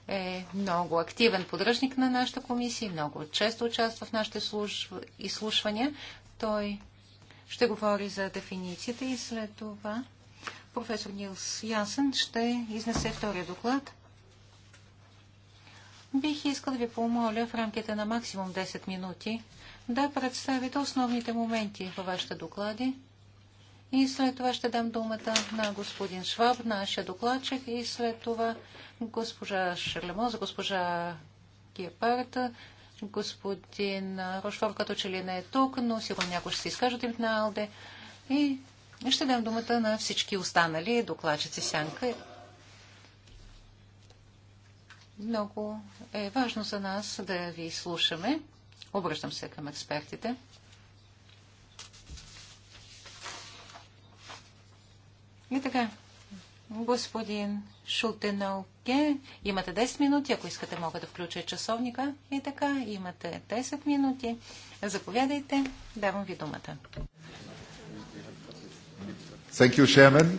е много активен подръжник на нашата комисия, много често участва в нашите изслушвания. Той ще говори за дефиницията и след това професор Нилс Янсен ще изнесе втория доклад. Бих искал да ви помоля в рамките на максимум 10 минути да представите основните моменти във вашите доклади и след това ще дам думата на господин Шваб, нашия докладчик, и след това госпожа Шерлемоз, госпожа Гепарда, господин Рошфор, като че ли не е тук, но сигурно някой ще се изкаже от на Алде. И ще дам думата на всички останали докладчици Сянка. Много е важно за нас да ви слушаме. Обръщам се към експертите. И така, господин Шултенауке, имате 10 минути, ако искате мога да включа часовника. И така, имате 10 минути. Заповядайте, давам ви думата. Thank you, Chairman.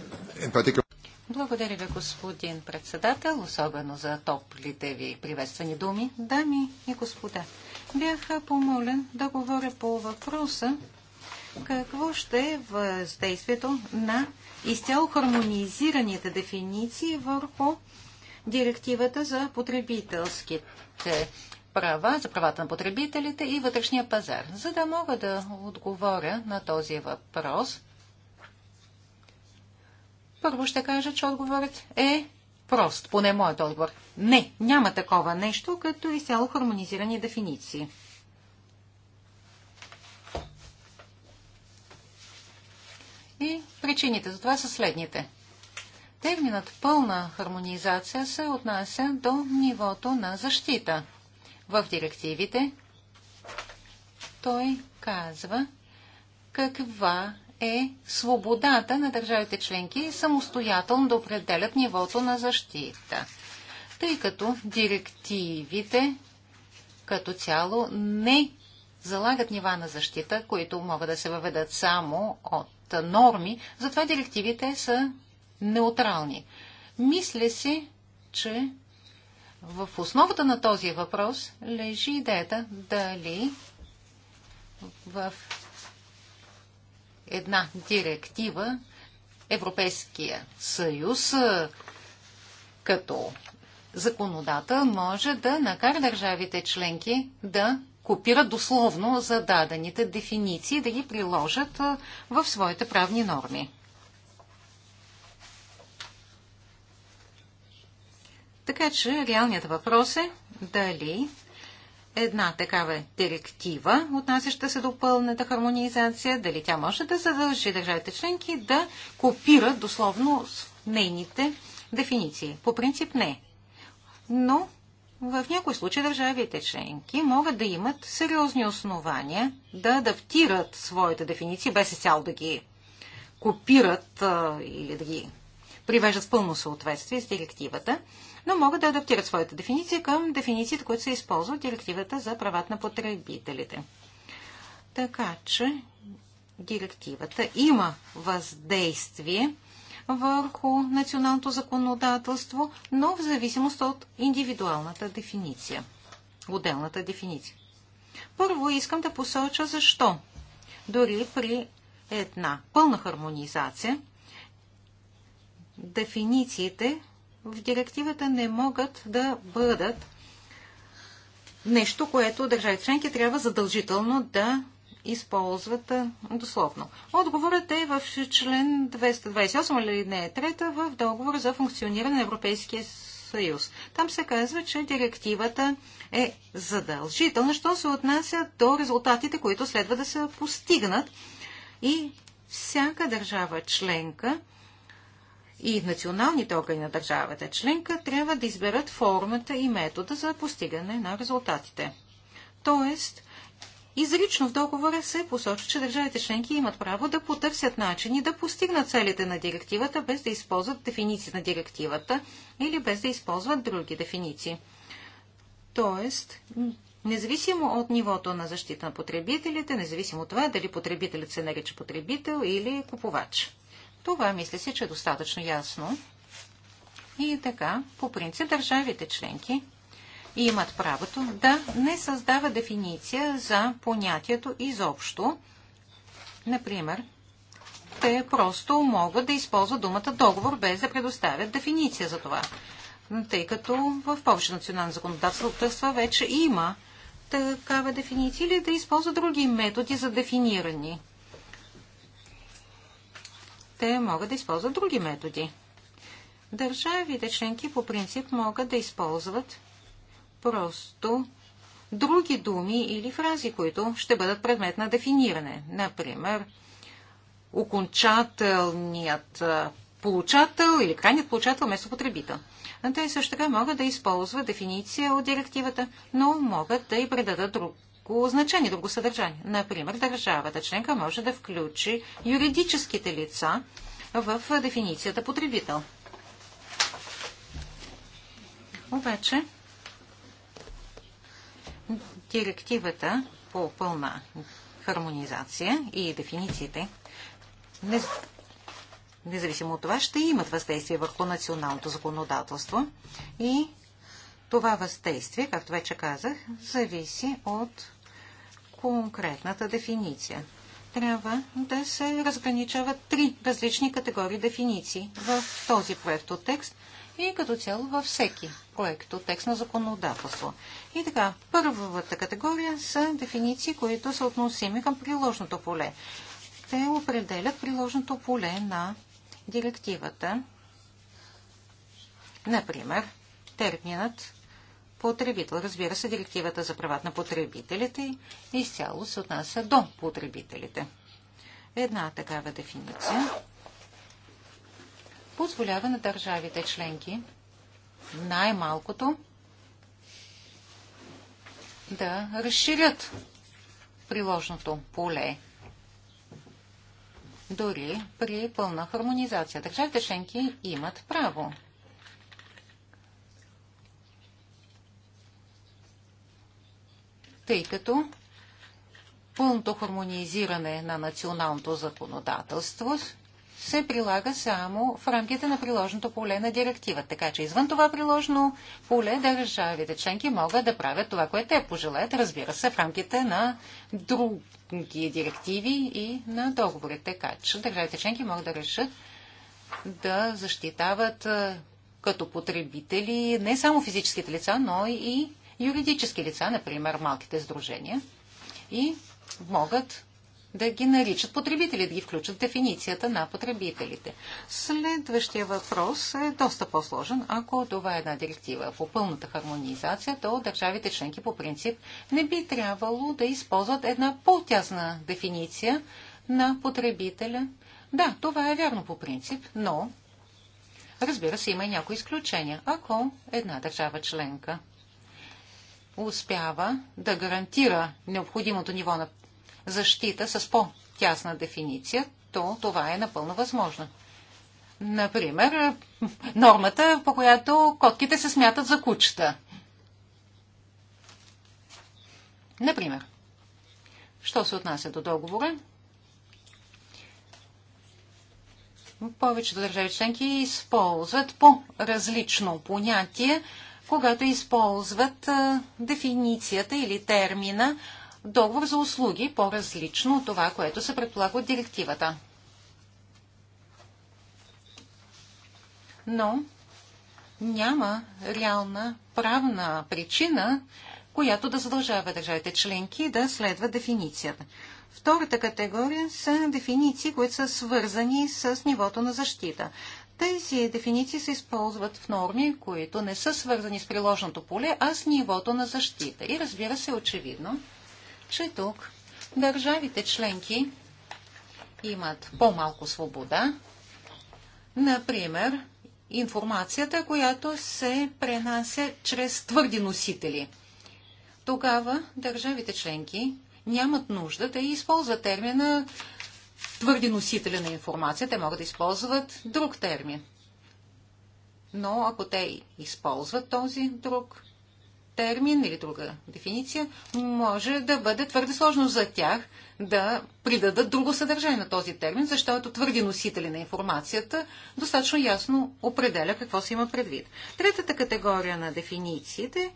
In particular... Благодаря ви, господин председател, особено за топлите ви приветствени думи. Дами и господа, бях помолен да говоря по въпроса какво ще е въздействието на изцяло хармонизираните дефиниции върху директивата за потребителските права, за правата на потребителите и вътрешния пазар. За да мога да отговоря на този въпрос, първо ще кажа, че отговорът е прост, поне моят отговор. Не, няма такова нещо, като изцяло хармонизирани дефиниции. И причините за това са следните. Терминът пълна хармонизация се отнася до нивото на защита. В директивите той казва каква е свободата на държавите членки самостоятелно да определят нивото на защита. Тъй като директивите като цяло не залагат нива на защита, които могат да се въведат само от норми, затова директивите са неутрални. Мисля си, че в основата на този въпрос лежи идеята дали в една директива Европейския съюз като законодател може да накара държавите членки да копират дословно за дадените дефиниции, да ги приложат в своите правни норми. Така че реалният въпрос е дали една такава директива, отнасяща се до пълната хармонизация, дали тя може да задължи държавите членки да копират дословно нейните дефиниции. По принцип не. Но в някои случаи държавите членки могат да имат сериозни основания да адаптират своите дефиниции, без изцяло да ги копират а, или да ги привеждат в пълно съответствие с директивата, но могат да адаптират своята дефиниция към дефинициите, които се използват в директивата за правата на потребителите. Така че директивата има въздействие върху националното законодателство, но в зависимост от индивидуалната дефиниция, отделната дефиниция. Първо искам да посоча защо. Дори при една пълна хармонизация, дефинициите в директивата не могат да бъдат нещо, което държавите членки трябва задължително да използват дословно. Отговорът е в член 228 или не е трета в договор за функциониране на Европейския съюз. Там се казва, че директивата е задължителна, що се отнася до резултатите, които следва да се постигнат. И всяка държава членка и националните органи на държавата членка трябва да изберат формата и метода за постигане на резултатите. Тоест, Изрично в договора се посочва, че държавите членки имат право да потърсят начини да постигнат целите на директивата, без да използват дефиниции на директивата или без да използват други дефиниции. Тоест, независимо от нивото на защита на потребителите, независимо от това дали потребителят се нарича потребител или купувач. Това мисля си, че е достатъчно ясно. И така, по принцип, държавите членки имат правото да не създава дефиниция за понятието изобщо. Например, те просто могат да използват думата договор без да предоставят дефиниция за това. Тъй като в повече национално законодателство вече има такава дефиниция или да използва други методи за дефиниране. Те могат да използват други методи. Държавите членки по принцип могат да използват просто други думи или фрази, които ще бъдат предмет на дефиниране. Например, окончателният получател или крайният получател вместо потребител. Те също така могат да използват дефиниция от директивата, но могат да и предадат друго значение, друго съдържание. Например, държавата членка може да включи юридическите лица в дефиницията потребител. Обаче, директивата по пълна хармонизация и дефинициите, независимо от това, ще имат въздействие върху националното законодателство и това въздействие, както вече казах, зависи от конкретната дефиниция. Трябва да се разграничават три различни категории дефиниции. В този проектотекст текст и като цяло във всеки проект от текст на законодателство. И така, първата категория са дефиниции, които са относими към приложното поле. Те определят приложното поле на директивата. Например, терминът потребител. Разбира се, директивата за прават на потребителите изцяло се отнася до потребителите. Една такава дефиниция позволява на държавите членки най-малкото да разширят приложното поле. Дори при пълна хармонизация. Държавите членки имат право. Тъй като пълното хармонизиране на националното законодателство се прилага само в рамките на приложното поле на директивата. Така че извън това приложено поле държавите членки могат да правят това, което те пожелаят, разбира се, в рамките на други директиви и на договорите. Така че държавите членки могат да решат да защитават е, като потребители не само физическите лица, но и юридически лица, например малките сдружения. И могат да ги наричат потребители, да ги включат в дефиницията на потребителите. Следващия въпрос е доста по-сложен. Ако това е една директива по пълната хармонизация, то държавите членки по принцип не би трябвало да използват една по-тясна дефиниция на потребителя. Да, това е вярно по принцип, но разбира се има и някои изключения. Ако една държава членка успява да гарантира необходимото ниво на защита с по-тясна дефиниция, то това е напълно възможно. Например, нормата, по която котките се смятат за кучета. Например, що се отнася до договора, повечето държави членки използват по-различно понятие, когато използват дефиницията или термина договор за услуги, по-различно от това, което се предполага от директивата. Но няма реална правна причина, която да задължава държавите членки да следва дефиницията. Втората категория са дефиниции, които са свързани с нивото на защита. Тези дефиниции се използват в норми, които не са свързани с приложното поле, а с нивото на защита. И разбира се, очевидно, че тук държавите членки имат по-малко свобода. Например, информацията, която се пренася чрез твърди носители. Тогава държавите членки нямат нужда да използват термина твърди носители на информация. Те могат да използват друг термин. Но ако те използват този друг термин или друга дефиниция, може да бъде твърде сложно за тях да придадат друго съдържание на този термин, защото твърди носители на информацията достатъчно ясно определя какво се има предвид. Третата категория на дефинициите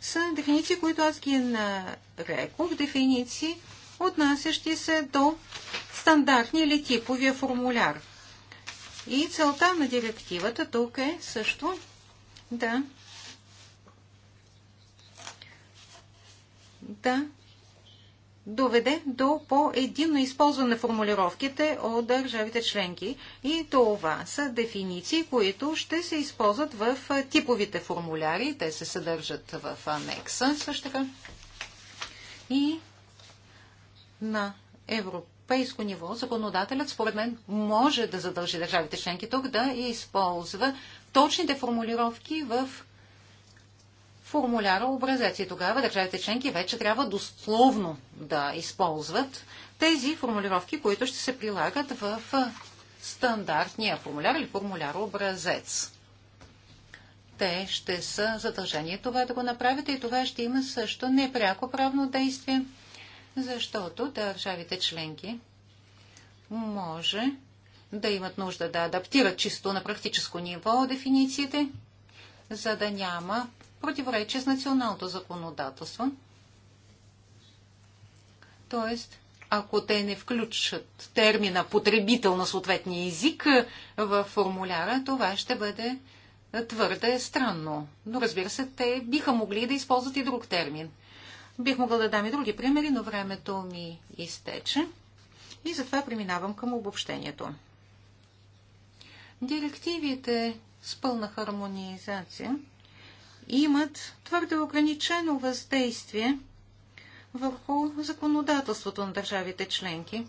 са дефиниции, които аз ги нарекох дефиниции, отнасящи се до стандартни или типовия формуляр. И целта на директивата тук е също да да доведе до по-единно използване на формулировките от държавите членки. И това са дефиниции, които ще се използват в типовите формуляри. Те се съдържат в анекса също така. И на европейско ниво законодателят, според мен, може да задължи държавите членки тук да използва точните формулировки в формуляра образец. И тогава държавите членки вече трябва дословно да използват тези формулировки, които ще се прилагат в стандартния формуляр или формуляр образец. Те ще са задължени това да го направят и това ще има също непряко правно действие, защото държавите членки може да имат нужда да адаптират чисто на практическо ниво дефинициите, за да няма противоречие с националното законодателство. Тоест, ако те не включат термина потребител на съответния език в формуляра, това ще бъде твърде странно. Но разбира се, те биха могли да използват и друг термин. Бих могъл да дам и други примери, но времето ми изтече. И затова преминавам към обобщението. Директивите с пълна хармонизация – имат твърде ограничено въздействие върху законодателството на държавите членки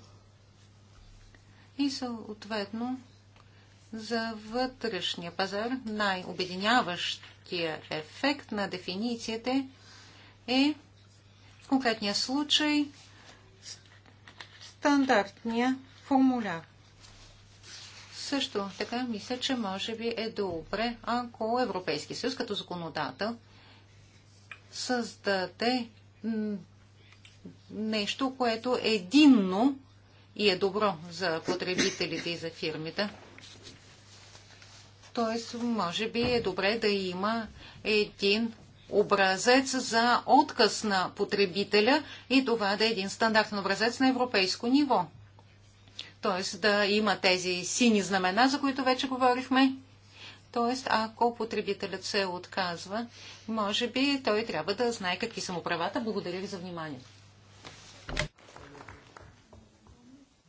и съответно за вътрешния пазар най-обединяващия ефект на дефинициите е в конкретния случай стандартния формуляр. Също така мисля, че може би е добре, ако Европейски съюз като законодател създаде нещо, което е единно и е добро за потребителите и за фирмите. Тоест, може би е добре да има един образец за отказ на потребителя и това да е един стандартен образец на европейско ниво т.е. да има тези сини знамена, за които вече говорихме. Т.е. ако потребителят се отказва, може би той трябва да знае какви са му правата. Благодаря ви за вниманието.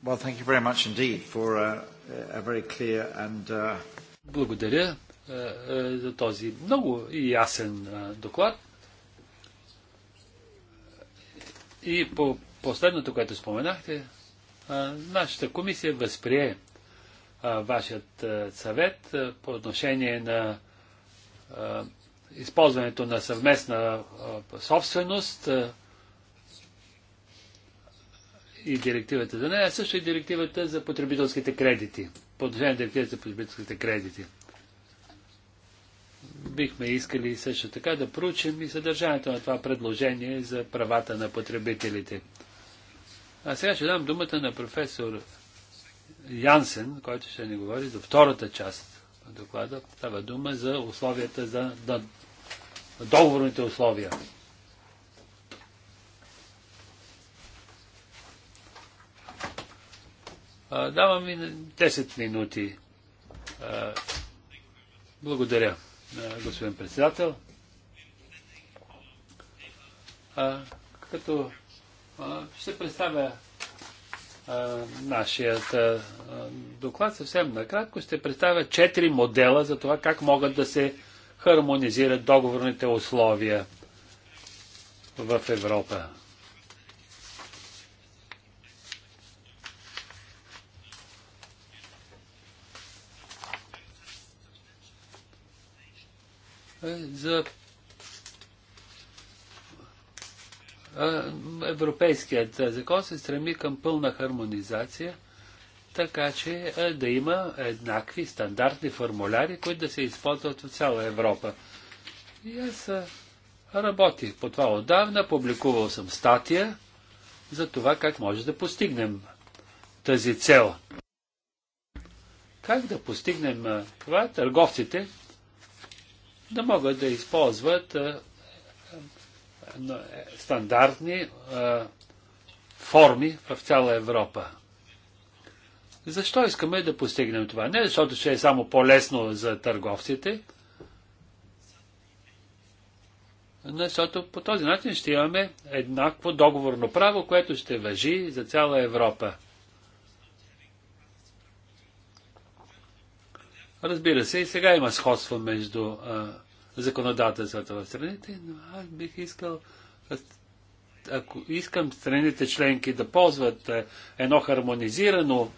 Well, thank you very much indeed for a, uh, a very clear and uh... Благодаря uh, uh, за този много ясен доклад. И по последното, което споменахте, нашата комисия възприе вашият съвет по отношение на използването на съвместна собственост и директивата за нея, а също и директивата за потребителските кредити. По отношение на директивата за потребителските кредити. Бихме искали също така да проучим и съдържанието на това предложение за правата на потребителите. А сега ще дам думата на професор Янсен, който ще ни говори за втората част на доклада. Става дума за условията за да, договорните условия. Давам ви 10 минути. Благодаря, господин председател. Като ще представя а, нашият а, доклад съвсем накратко. Ще представя четири модела за това как могат да се хармонизират договорните условия в Европа. Е, за Европейският закон се стреми към пълна хармонизация, така че да има еднакви стандартни формуляри, които да се използват в цяла Европа. И аз работих по това отдавна, публикувал съм статия за това как може да постигнем тази цел. Как да постигнем това? Търговците да могат да използват е, стандартни е, форми в цяла Европа. Защо искаме да постигнем това? Не защото ще е само по-лесно за търговците, защото по този начин ще имаме еднакво договорно право, което ще въжи за цяла Европа. Разбира се, и сега има сходство между а, е, законодателството в страните, но аз бих искал, ако искам страните членки да ползват е, едно хармонизирано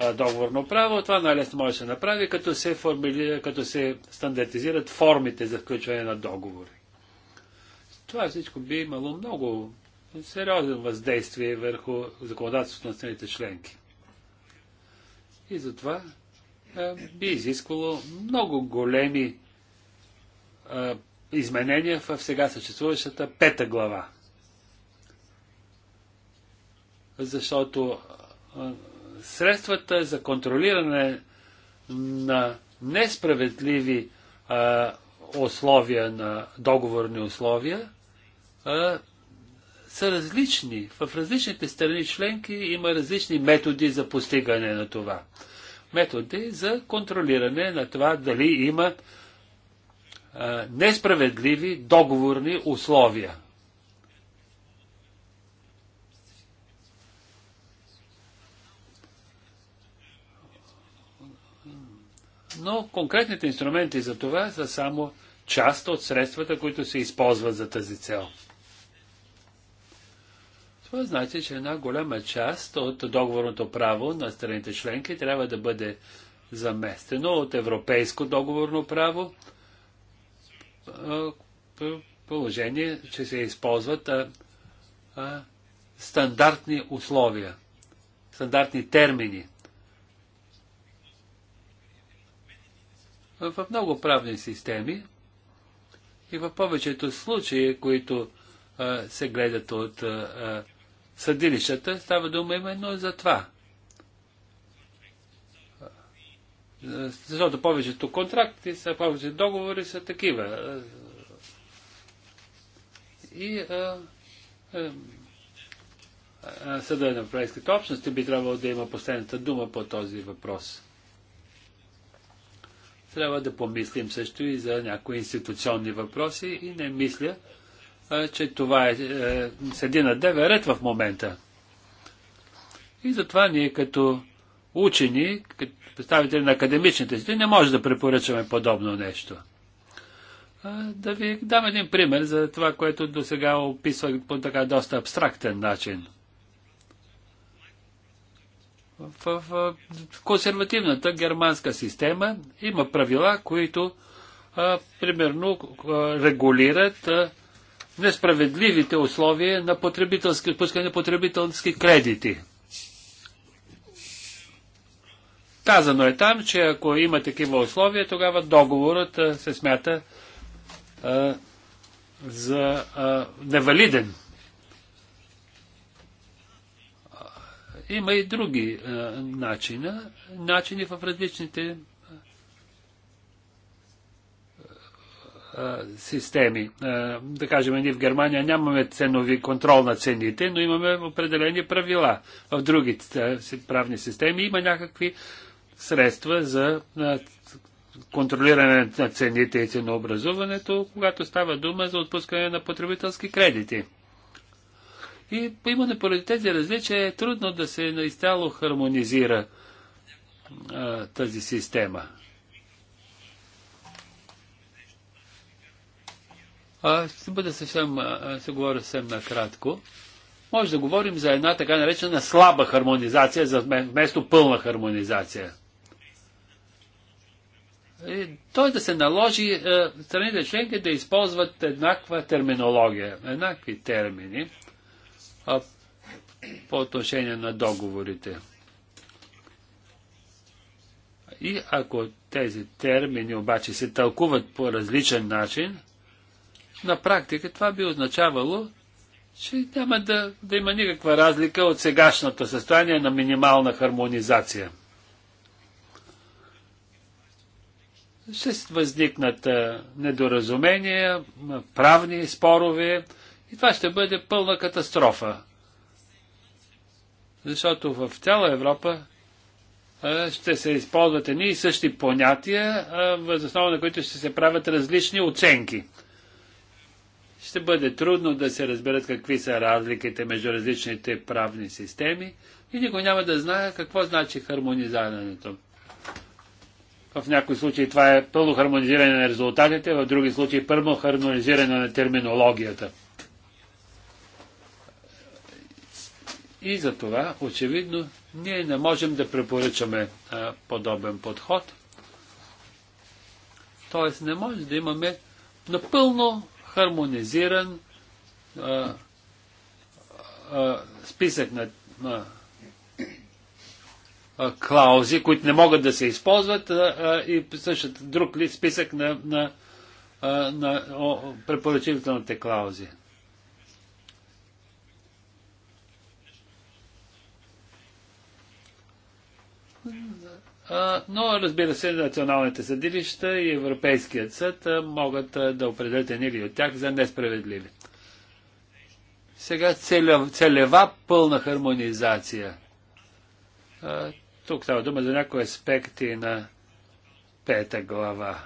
е, договорно право, това най-лесно може да се направи, като се, формили... като се стандартизират формите за включване на договори. Това всичко би имало много сериозен въздействие върху законодателството на страните членки. И затова е, би изисквало много големи изменения в сега съществуващата пета глава. Защото средствата за контролиране на несправедливи условия на договорни условия са различни. В различните страни членки има различни методи за постигане на това. Методи за контролиране на това дали има е, несправедливи договорни условия. Но конкретните инструменти за това са само част от средствата, които се използват за тази цел. Това значи, че една голяма част от договорното право на страните членки трябва да бъде заместено от европейско договорно право, положение, че се използват а, а, стандартни условия, стандартни термини. В много правни системи и в повечето случаи, които а, се гледат от а, съдилищата, става дума именно за това. Защото повечето контракти, са, повечето договори са такива. И Съда на Европейските общности би трябвало да има последната дума по този въпрос. Трябва да помислим също и за някои институционни въпроси и не мисля, че това е, е седи на девет ред в момента. И затова ние като учени, представители на академичните си, не може да препоръчаме подобно нещо. Да ви дам един пример за това, което до сега описвах по така доста абстрактен начин. В, в консервативната германска система има правила, които а, примерно а, регулират а, несправедливите условия на потребителски, на потребителски кредити. Казано е там, че ако има такива условия, тогава договорът се смята а, за а, невалиден. Има и други а, начина, начини в различните системи. Да кажем, ние в Германия нямаме ценови контрол на цените, но имаме определени правила. В другите правни системи има някакви средства за контролиране на цените и ценообразуването, когато става дума за отпускане на потребителски кредити. И именно поради тези различия е трудно да се наистяло хармонизира а, тази система. А, ще бъда съвсем, се говоря съвсем накратко. Може да говорим за една така наречена слаба хармонизация, вместо пълна хармонизация. Е, той да се наложи е, страните членки да използват еднаква терминология, еднакви термини по отношение на договорите. И ако тези термини обаче се тълкуват по различен начин, на практика това би означавало, че няма да, да има никаква разлика от сегашното състояние на минимална хармонизация. ще възникнат недоразумения, правни спорове и това ще бъде пълна катастрофа. Защото в цяла Европа ще се използват едни и същи понятия, основа на които ще се правят различни оценки. Ще бъде трудно да се разберат какви са разликите между различните правни системи и никой няма да знае какво значи хармонизирането. В някои случаи това е пълно хармонизиране на резултатите, в други случаи пълно хармонизиране на терминологията. И за това, очевидно, ние не можем да препоръчаме а, подобен подход. Тоест, не може да имаме напълно хармонизиран а, а, списък на на клаузи, които не могат да се използват и същата друг ли списък на, на, на препоръчителните клаузи. Но разбира се, националните съдилища и Европейският съд могат да определят едни или от тях за несправедливи. Сега целева, целева пълна хармонизация. Тук става дума за някои аспекти на пета глава.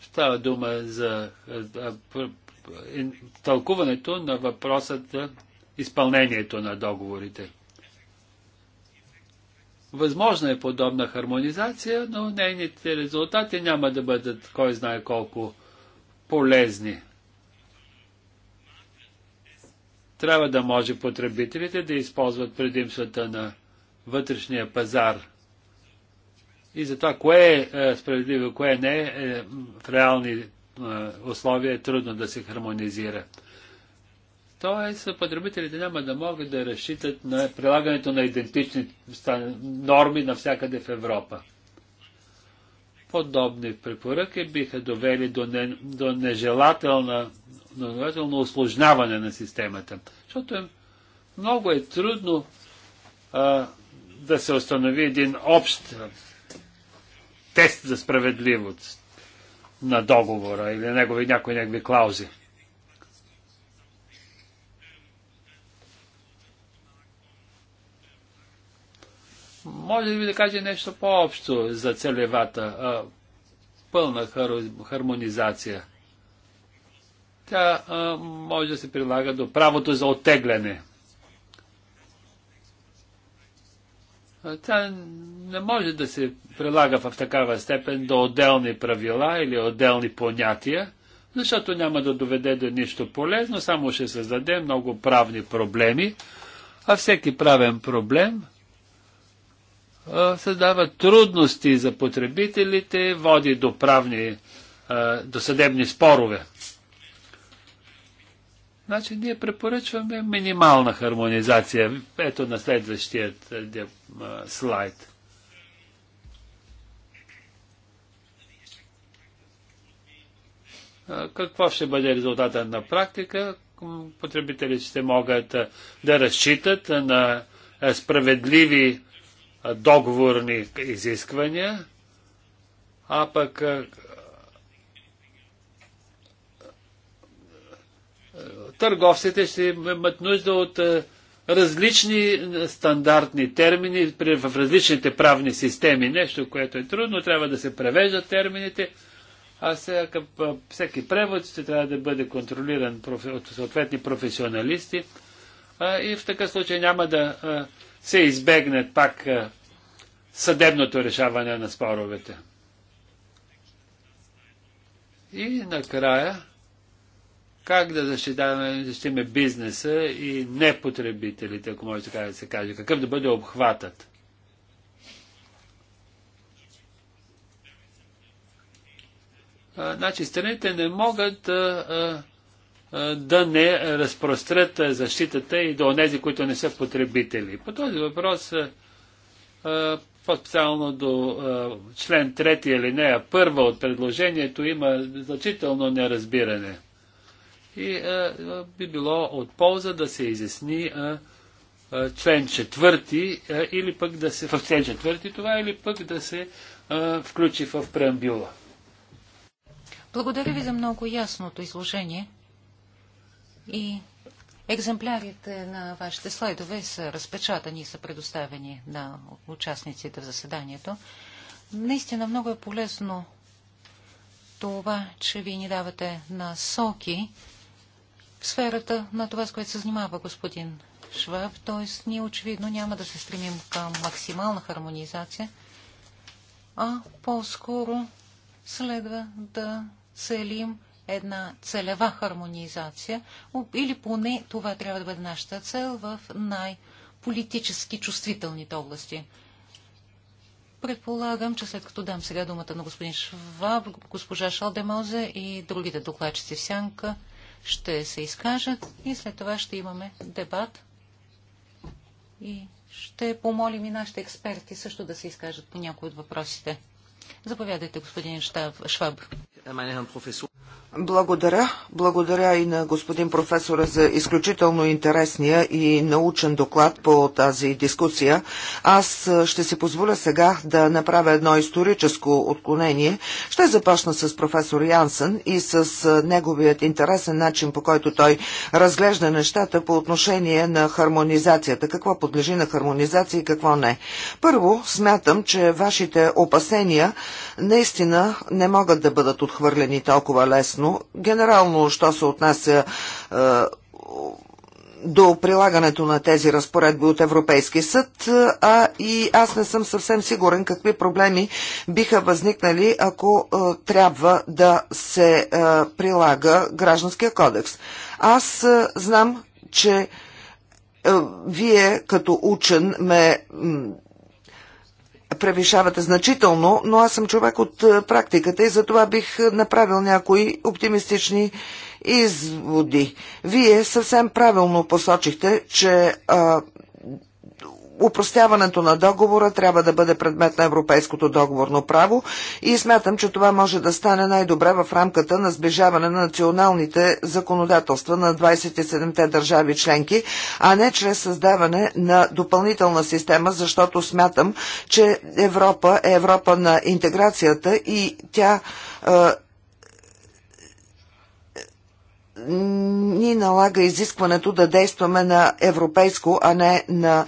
Става дума за тълкуването на въпросът за изпълнението на договорите. Възможна е подобна хармонизация, но нейните резултати няма да бъдат кой знае колко полезни. Трябва да може потребителите да използват предимствата на вътрешния пазар и за това кое е, е справедливо, кое не е, в реални е, условия е трудно да се хармонизира. Тоест, потребителите няма да могат да разчитат на прилагането на идентични норми навсякъде в Европа. Подобни препоръки биха довели до, не, до нежелателна допълнително осложняване на системата. Защото е, много е трудно а, да се установи един общ тест за справедливост на договора или негови, някои негови клаузи. Може би да каже нещо по-общо за целевата а, пълна хармонизация. Тя а, може да се прилага до правото за оттегляне. Тя не може да се прилага в такава степен до отделни правила или отделни понятия, защото няма да доведе до нищо полезно, само ще създаде много правни проблеми, а всеки правен проблем създава трудности за потребителите, води до правни, до съдебни спорове. Значи ние препоръчваме минимална хармонизация. Ето на следващият е, слайд. Какво ще бъде резултата на практика? Потребителите ще могат да разчитат на справедливи договорни изисквания, а пък търговците ще имат нужда от е, различни е, стандартни термини в различните правни системи. Нещо, което е трудно, трябва да се превеждат термините, а сега, е, всеки превод ще трябва да бъде контролиран от съответни професионалисти. И в такъв случай няма да се избегне пак съдебното решаване на споровете. И накрая как да защитаваме, защитиме бизнеса и непотребителите, ако може така да се каже? Какъв да бъде обхватът? А, значи страните не могат а, а, да не разпрострят защитата и до тези, които не са потребители. По този въпрос, по-специално до член 3 или нея първа от предложението, има значително неразбиране. И а, е, е, би било от полза да се изясни а, е, а, член четвърти а, или пък да се в член четвърти това или пък да се а, включи в преамбюла. Благодаря ви за много ясното изложение и Екземплярите на вашите слайдове са разпечатани и са предоставени на участниците в заседанието. Наистина много е полезно това, че ви ни давате насоки в сферата на това, с което се занимава господин Шваб, т.е. ние очевидно няма да се стремим към максимална хармонизация, а по-скоро следва да целим една целева хармонизация, или поне това трябва да бъде нашата цел в най-политически чувствителните области. Предполагам, че след като дам сега думата на господин Шваб, госпожа Шалдемозе и другите докладчици в сянка, ще се изкажат и след това ще имаме дебат. И ще помолим и нашите експерти също да се изкажат по някои от въпросите. Заповядайте, господин Шваб. Благодаря. Благодаря и на господин професора за изключително интересния и научен доклад по тази дискусия. Аз ще си позволя сега да направя едно историческо отклонение. Ще започна с професор Янсън и с неговият интересен начин, по който той разглежда нещата по отношение на хармонизацията. Какво подлежи на хармонизация и какво не. Първо, смятам, че вашите опасения наистина не могат да бъдат отхвърлени толкова лесно ясно. Генерално, що се отнася е, до прилагането на тези разпоредби от Европейски съд, е, а и аз не съм съвсем сигурен какви проблеми биха възникнали, ако е, трябва да се е, прилага гражданския кодекс. Аз е, знам, че е, вие като учен ме превишавате значително, но аз съм човек от е, практиката и затова бих е, направил някои оптимистични изводи. Вие съвсем правилно посочихте, че а, Упростяването на договора трябва да бъде предмет на европейското договорно право и смятам, че това може да стане най-добре в рамката на сближаване на националните законодателства на 27-те държави членки, а не чрез създаване на допълнителна система, защото смятам, че Европа е Европа на интеграцията и тя е, ни налага изискването да действаме на европейско, а не на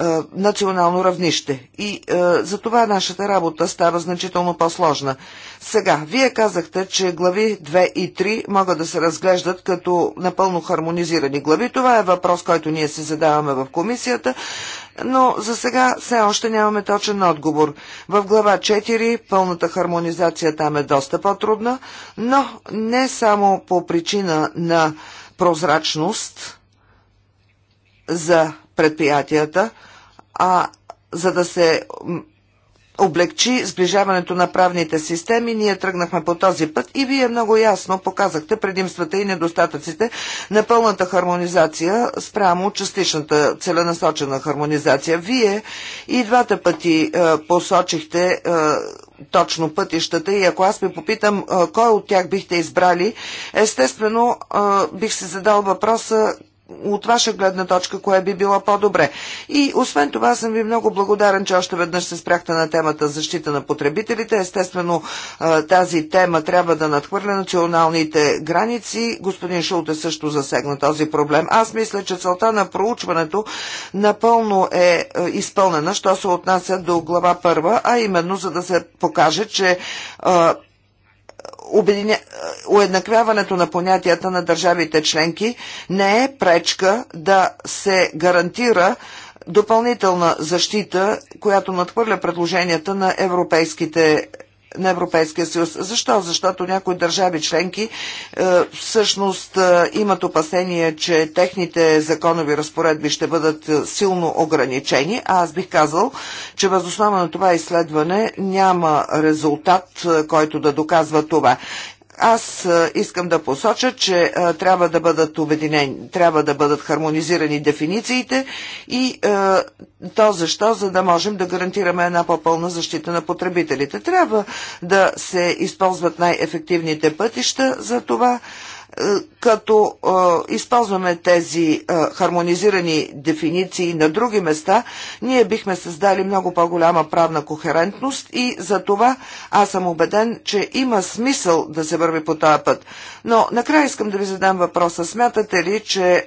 е, национално равнище. И е, за това нашата работа става значително по-сложна. Сега, вие казахте, че глави 2 и 3 могат да се разглеждат като напълно хармонизирани глави. Това е въпрос, който ние си задаваме в комисията но за сега все още нямаме точен отговор. В глава 4 пълната хармонизация там е доста по-трудна, но не само по причина на прозрачност за предприятията, а за да се облегчи сближаването на правните системи. Ние тръгнахме по този път и вие много ясно показахте предимствата и недостатъците на пълната хармонизация спрямо частичната целенасочена хармонизация. Вие и двата пъти е, посочихте е, точно пътищата и ако аз ме попитам е, кой от тях бихте избрали, естествено е, бих си задал въпроса от ваша гледна точка, кое би било по-добре. И освен това съм ви много благодарен, че още веднъж се спряхте на темата защита на потребителите. Естествено, тази тема трябва да надхвърля националните граници. Господин Шулте също засегна този проблем. Аз мисля, че целта на проучването напълно е, е изпълнена, що се отнася до глава първа, а именно за да се покаже, че обединя... Е, уеднаквяването на понятията на държавите членки не е пречка да се гарантира допълнителна защита, която надхвърля предложенията на европейските на Европейския съюз. Защо? Защото някои държави членки е, всъщност е, имат опасение, че техните законови разпоредби ще бъдат е, силно ограничени, а аз бих казал, че възоснова на това изследване няма резултат, който да доказва това. Аз искам да посоча, че трябва да бъдат обединени, трябва да бъдат хармонизирани дефинициите и то защо, за да можем да гарантираме една по-пълна защита на потребителите. Трябва да се използват най-ефективните пътища за това е, като е, използваме тези е, хармонизирани дефиниции на други места, ние бихме създали много по-голяма правна кохерентност и за това аз съм убеден, че има смисъл да се върви по този път. Но накрая искам да ви задам въпроса. Смятате ли, че е,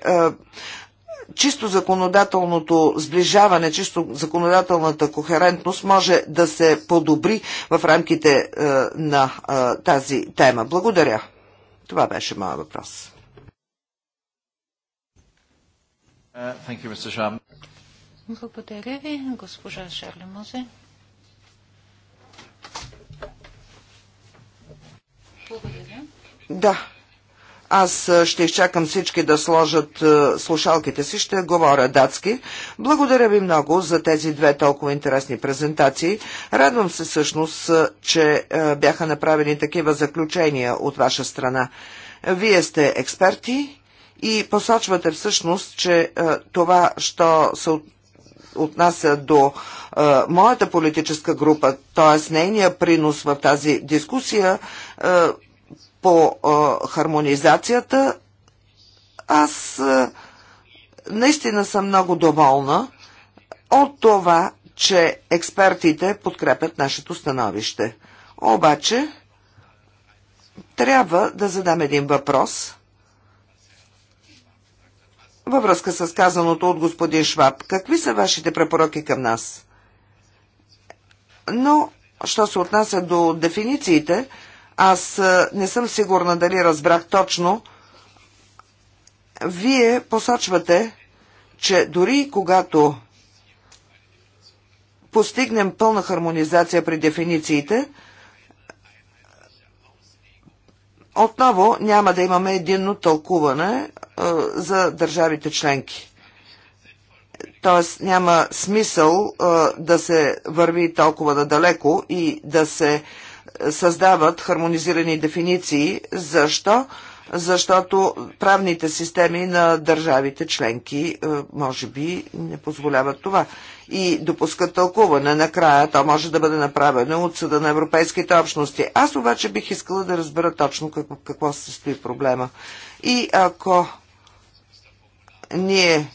чисто законодателното сближаване, чисто законодателната кохерентност може да се подобри в рамките е, на е, тази тема? Благодаря. Това беше моят въпрос. Благодаря ви, госпожа Шарли Мозе. Благодаря. Да, аз ще изчакам всички да сложат слушалките си, ще говоря датски. Благодаря ви много за тези две толкова интересни презентации. Радвам се всъщност, че бяха направени такива заключения от ваша страна. Вие сте експерти и посочвате всъщност, че това, що се отнася до моята политическа група, т.е. нейния принос в тази дискусия, по а, хармонизацията. Аз а, наистина съм много доволна от това, че експертите подкрепят нашето становище. Обаче, трябва да задам един въпрос във връзка с казаното от господин Шваб. Какви са вашите препоръки към нас? Но, що се отнася до дефинициите, аз е, не съм сигурна дали разбрах точно. Вие посочвате, че дори когато постигнем пълна хармонизация при дефинициите, отново няма да имаме единно тълкуване е, за държавите членки. Тоест няма смисъл е, да се върви толкова надалеко и да се създават хармонизирани дефиниции. Защо? Защото правните системи на държавите членки е, може би не позволяват това и допускат тълкуване. Накрая то може да бъде направено от съда на европейските общности. Аз обаче бих искала да разбера точно какво, какво се стои проблема. И ако ние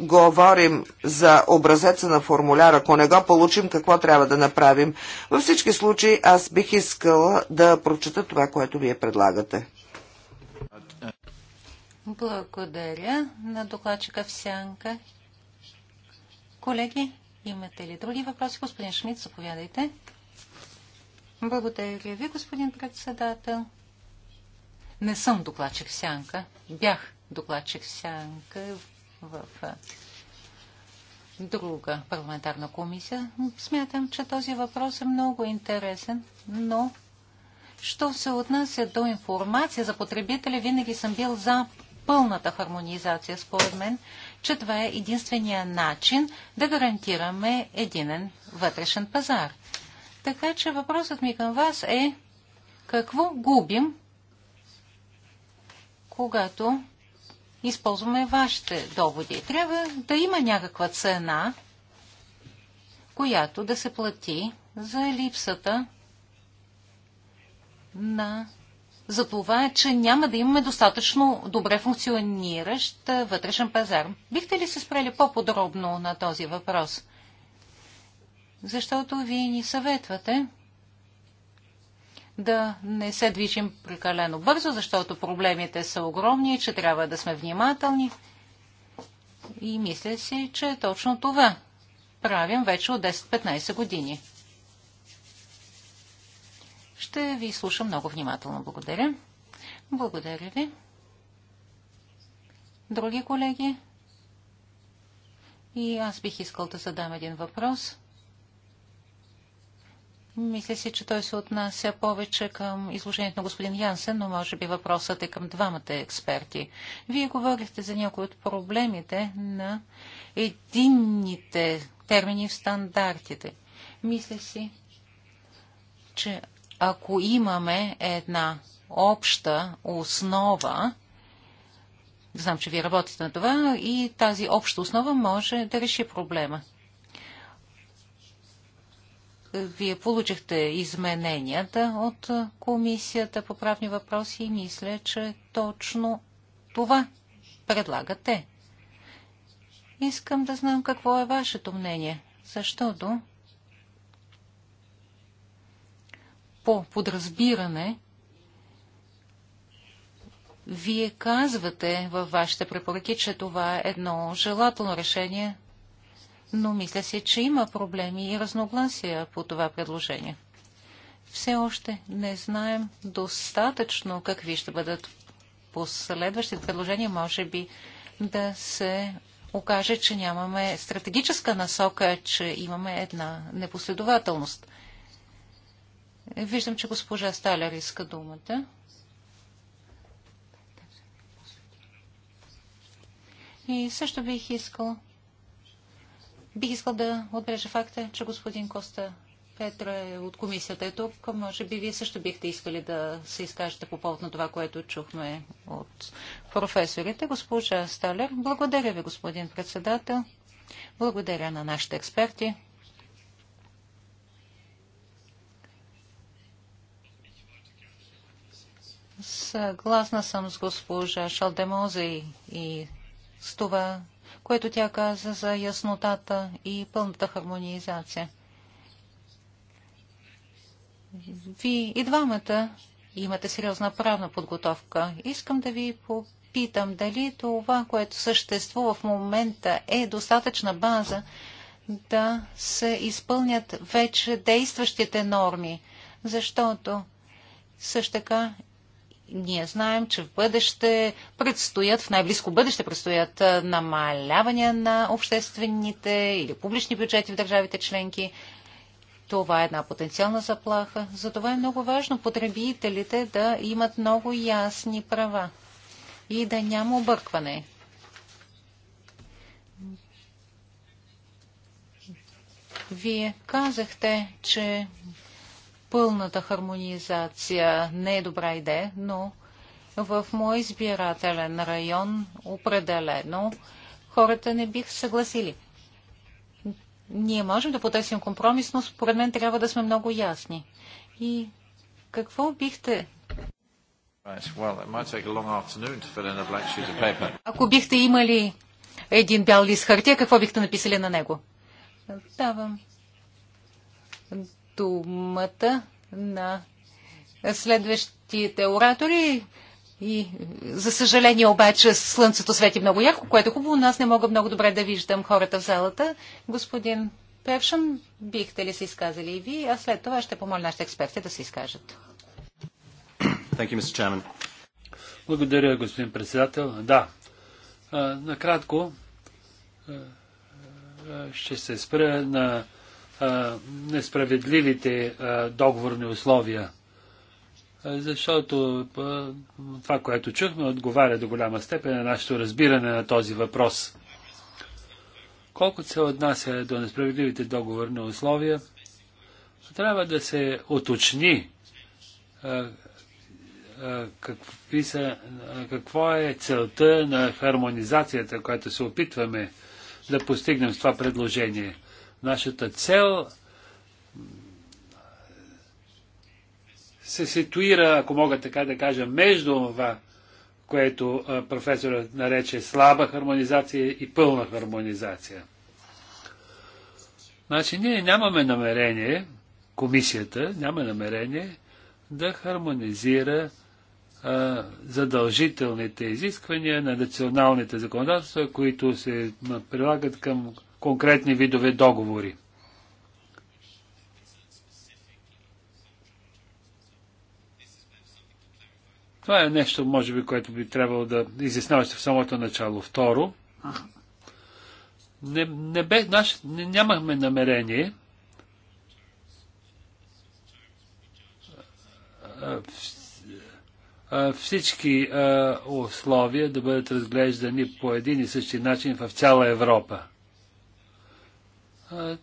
говорим за образеца на формуляр, ако не го получим, какво трябва да направим? Във всички случаи аз бих искала да прочета това, което вие предлагате. Благодаря на докладчика Всянка. сянка. Колеги, имате ли други въпроси? Господин Шмидт, заповядайте. Благодаря ви, господин председател. Не съм докладчик сянка. Бях докладчик в сянка в друга парламентарна комисия. Смятам, че този въпрос е много интересен, но що се отнася до информация за потребителя, винаги съм бил за пълната хармонизация, според мен, че това е единствения начин да гарантираме единен вътрешен пазар. Така че въпросът ми към вас е какво губим, когато използваме вашите доводи. Трябва да има някаква цена, която да се плати за липсата на за това, че няма да имаме достатъчно добре функциониращ вътрешен пазар. Бихте ли се спрели по-подробно на този въпрос? Защото вие ни съветвате да не се движим прекалено бързо, защото проблемите са огромни, че трябва да сме внимателни. И мисля си, че е точно това правим вече от 10-15 години. Ще ви слушам много внимателно. Благодаря. Благодаря ви. Други колеги? И аз бих искал да задам един въпрос – мисля си, че той се отнася повече към изложението на господин Янсен, но може би въпросът е към двамата експерти. Вие говорихте за някои от проблемите на единните термини в стандартите. Мисля си, че ако имаме една обща основа, знам, че вие работите на това, и тази обща основа може да реши проблема. Вие получихте измененията от Комисията по правни въпроси и мисля, че точно това предлагате. Искам да знам какво е вашето мнение, защото по подразбиране вие казвате във вашите препоръки, че това е едно желателно решение но мисля си, че има проблеми и разногласия по това предложение. Все още не знаем достатъчно какви ще бъдат последващите предложения. Може би да се окаже, че нямаме стратегическа насока, че имаме една непоследователност. Виждам, че госпожа Сталер иска думата. И също бих искал Бих искал да отбележа факта, че господин Коста Петра е от комисията е тук. Може би вие също бихте искали да се изкажете по повод на това, което чухме от професорите. Госпожа Сталер, благодаря ви, господин председател. Благодаря на нашите експерти. Съгласна съм с госпожа Шалдемоза и с това, което тя каза за яснотата и пълната хармонизация. Ви и двамата имате сериозна правна подготовка. Искам да ви попитам дали това, което съществува в момента, е достатъчна база да се изпълнят вече действащите норми, защото също така ние знаем, че в бъдеще предстоят, в най-близко бъдеще предстоят намалявания на обществените или публични бюджети в държавите членки. Това е една потенциална заплаха. Затова е много важно потребителите да имат много ясни права и да няма объркване. Вие казахте, че пълната хармонизация не е добра идея, но в мой избирателен район определено хората не бих съгласили. Ние можем да потърсим компромис, но според мен трябва да сме много ясни. И какво бихте ако бихте имали един бял лист хартия, какво бихте написали на него? Давам думата на следващите оратори. И, за съжаление обаче, слънцето свети много ярко, което е хубаво. Аз не мога много добре да виждам хората в залата. Господин Певшан, бихте ли се изказали и ви, а след това ще помоля нашите експерти да се изкажат. You, Благодаря, господин председател. Да, накратко ще се спра на несправедливите договорни условия. Защото това, което чухме, отговаря до голяма степен на нашето разбиране на този въпрос. Колкото се отнася до несправедливите договорни условия, трябва да се оточни какви са, какво е целта на хармонизацията, която се опитваме да постигнем с това предложение – Нашата цел се ситуира, ако мога така да кажа, между това, което професорът нарече слаба хармонизация и пълна хармонизация. Значи ние нямаме намерение, комисията няма намерение да хармонизира задължителните изисквания на националните законодателства, които се прилагат към конкретни видове договори. Това е нещо, може би, което би трябвало да изясняваш в самото начало. Второ, не, не бе, наш, не, нямахме намерение всички условия да бъдат разглеждани по един и същи начин в цяла Европа.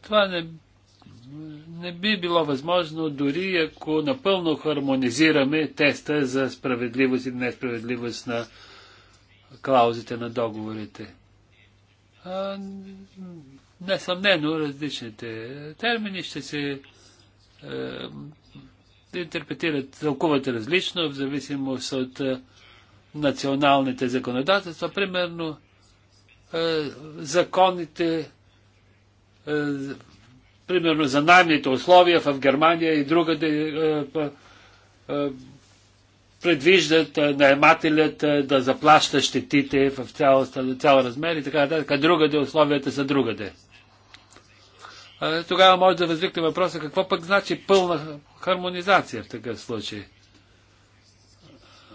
Това не, не би било възможно дори ако напълно хармонизираме теста за справедливост и несправедливост на клаузите на договорите. Несъмнено, различните термини ще се е, интерпретират, тълкуват различно в зависимост от е, националните законодателства. Примерно, е, законите е, примерно за наймните условия в Германия и другаде е, е, предвиждат наемателят да заплаща щетите в цял, цял размер и така нататък. Другаде условията са другаде. Тогава може да възникне въпроса какво пък значи пълна хармонизация в такъв случай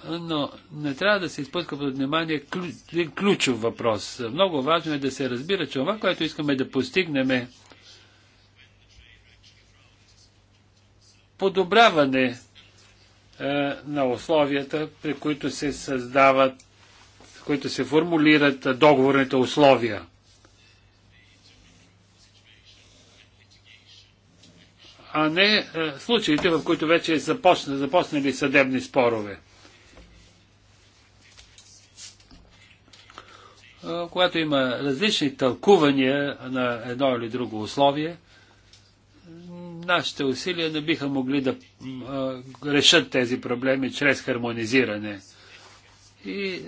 но не трябва да се изпуска под внимание един ключов въпрос. Много важно е да се разбира, че това, което искаме да постигнем е подобряване е, на условията, при които се създават, които се формулират договорните условия. А не е, случаите, в които вече е започна, започнали съдебни спорове. когато има различни тълкувания на едно или друго условие, нашите усилия не биха могли да решат тези проблеми чрез хармонизиране. И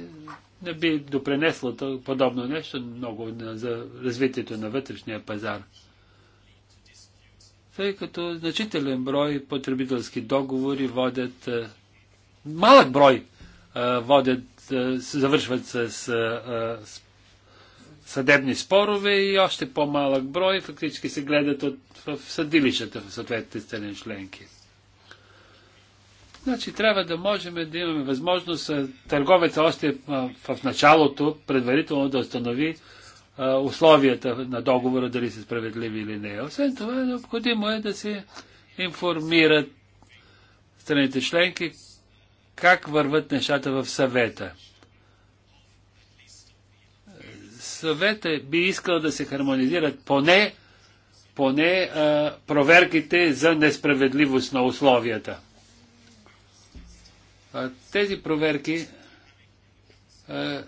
не би допренесло подобно нещо много за развитието на вътрешния пазар. Тъй като значителен брой потребителски договори водят, малък брой водят е, завършват с, е, е, с съдебни спорове и още по-малък брой фактически се гледат от, в съдилищата в съответните страни членки. Значи трябва да можем да имаме възможност търговеца още в началото предварително да установи условията на договора, дали са справедливи или не. Освен това, необходимо е да се информират страните членки как върват нещата в съвета. Съвета би искал да се хармонизират поне, поне а, проверките за несправедливост на условията. А, тези проверки а,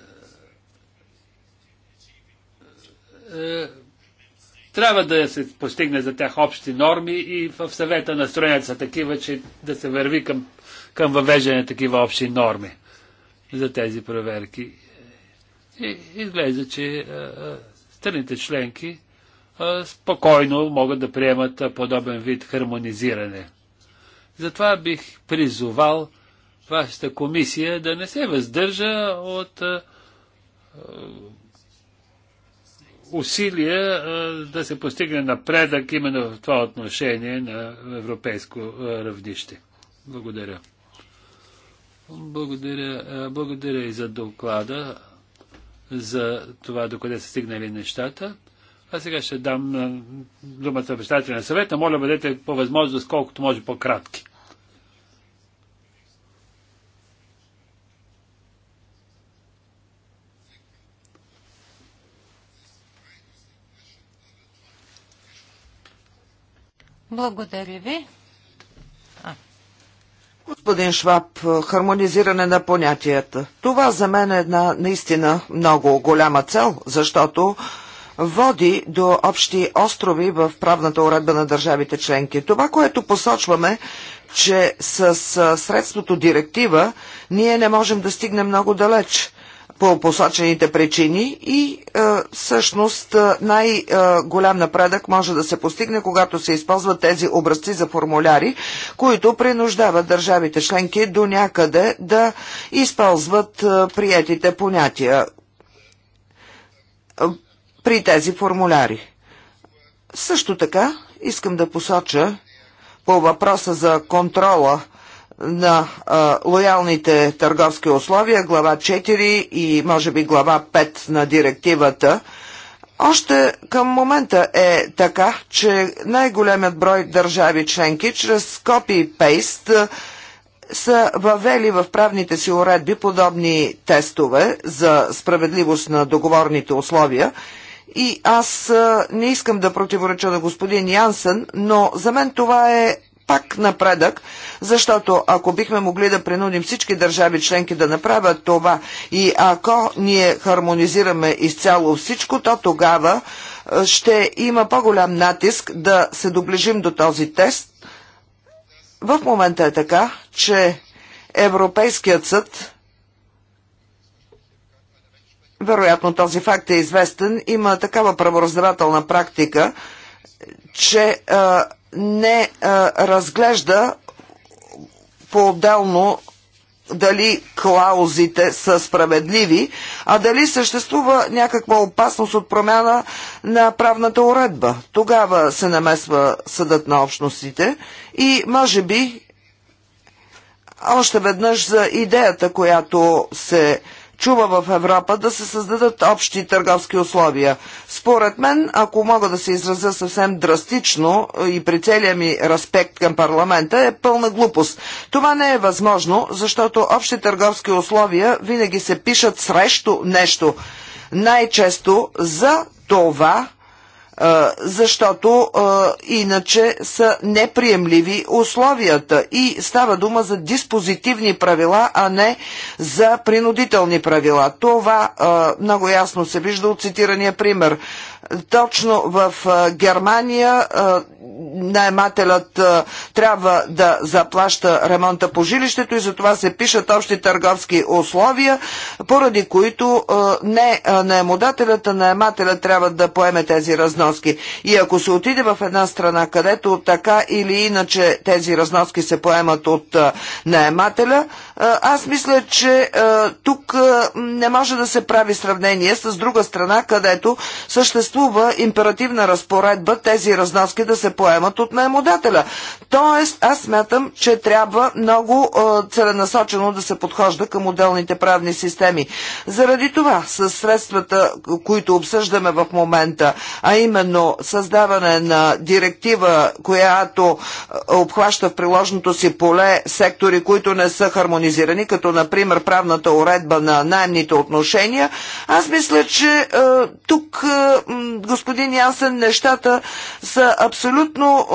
а, трябва да се постигне за тях общи норми и в съвета настроенията са такива, че да се върви към към въвеждане на такива общи норми за тези проверки. И изглежда, че страните членки спокойно могат да приемат подобен вид хармонизиране. Затова бих призовал вашата комисия да не се въздържа от усилия да се постигне напредък именно в това отношение на европейско равнище. Благодаря. Благодаря, благодаря и за доклада, за това докъде са стигнали нещата. А сега ще дам думата на председателя на съвета. Моля, бъдете по възможност колкото може по-кратки. Благодаря ви. Господин Шваб, хармонизиране на понятията. Това за мен е една наистина много голяма цел, защото води до общи острови в правната уредба на държавите членки. Това, което посочваме, че с средството директива ние не можем да стигнем много далеч по посочените причини и е, всъщност е, най-голям напредък може да се постигне, когато се използват тези образци за формуляри, които принуждават държавите членки до някъде да използват е, приетите понятия е, при тези формуляри. Също така искам да посоча по въпроса за контрола на а, лоялните търговски условия, глава 4 и може би глава 5 на директивата, още към момента е така, че най-големият брой държави членки чрез и пейст са въвели в правните си уредби подобни тестове за справедливост на договорните условия. И аз не искам да противореча на господин Янсен, но за мен това е пак напредък, защото ако бихме могли да принудим всички държави членки да направят това и ако ние хармонизираме изцяло всичко, то тогава е, ще има по-голям натиск да се доближим до този тест. В момента е така, че Европейският съд вероятно този факт е известен, има такава правораздавателна практика, че а, е, не е, разглежда по-отделно дали клаузите са справедливи, а дали съществува някаква опасност от промяна на правната уредба. Тогава се намесва съдът на общностите и може би още веднъж за идеята, която се чува в Европа да се създадат общи търговски условия. Според мен, ако мога да се изразя съвсем драстично и при целия ми респект към парламента, е пълна глупост. Това не е възможно, защото общи търговски условия винаги се пишат срещу нещо. Най-често за това, защото иначе са неприемливи условията и става дума за диспозитивни правила, а не за принудителни правила. Това много ясно се вижда от цитирания пример. Точно в Германия наемателят трябва да заплаща ремонта по жилището и затова се пишат общи търговски условия, поради които не наемодателят, а наемателят трябва да поеме тези разноски. И ако се отиде в една страна, където така или иначе тези разноски се поемат от наемателя, аз мисля, че тук не може да се прави сравнение с друга страна, където съществува съществува императивна разпоредба тези разноски да се поемат от наемодателя. Тоест, аз смятам, че трябва много е, целенасочено да се подхожда към отделните правни системи. Заради това, с средствата, които обсъждаме в момента, а именно създаване на директива, която обхваща в приложното си поле сектори, които не са хармонизирани, като например правната уредба на найемните отношения, аз мисля, че е, тук е, господин Янсен, нещата са абсолютно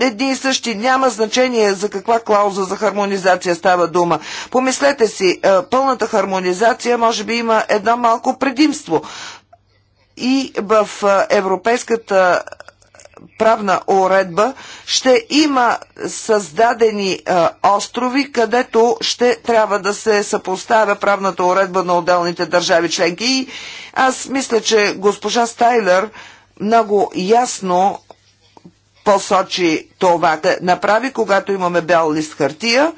едни и същи. Няма значение за каква клауза за хармонизация става дума. Помислете си, пълната хармонизация може би има едно малко предимство. И в Европейската правна уредба, ще има създадени а, острови, където ще трябва да се съпоставя правната уредба на отделните държави членки. И аз мисля, че госпожа Стайлер много ясно посочи това да направи, когато имаме бял лист хартия.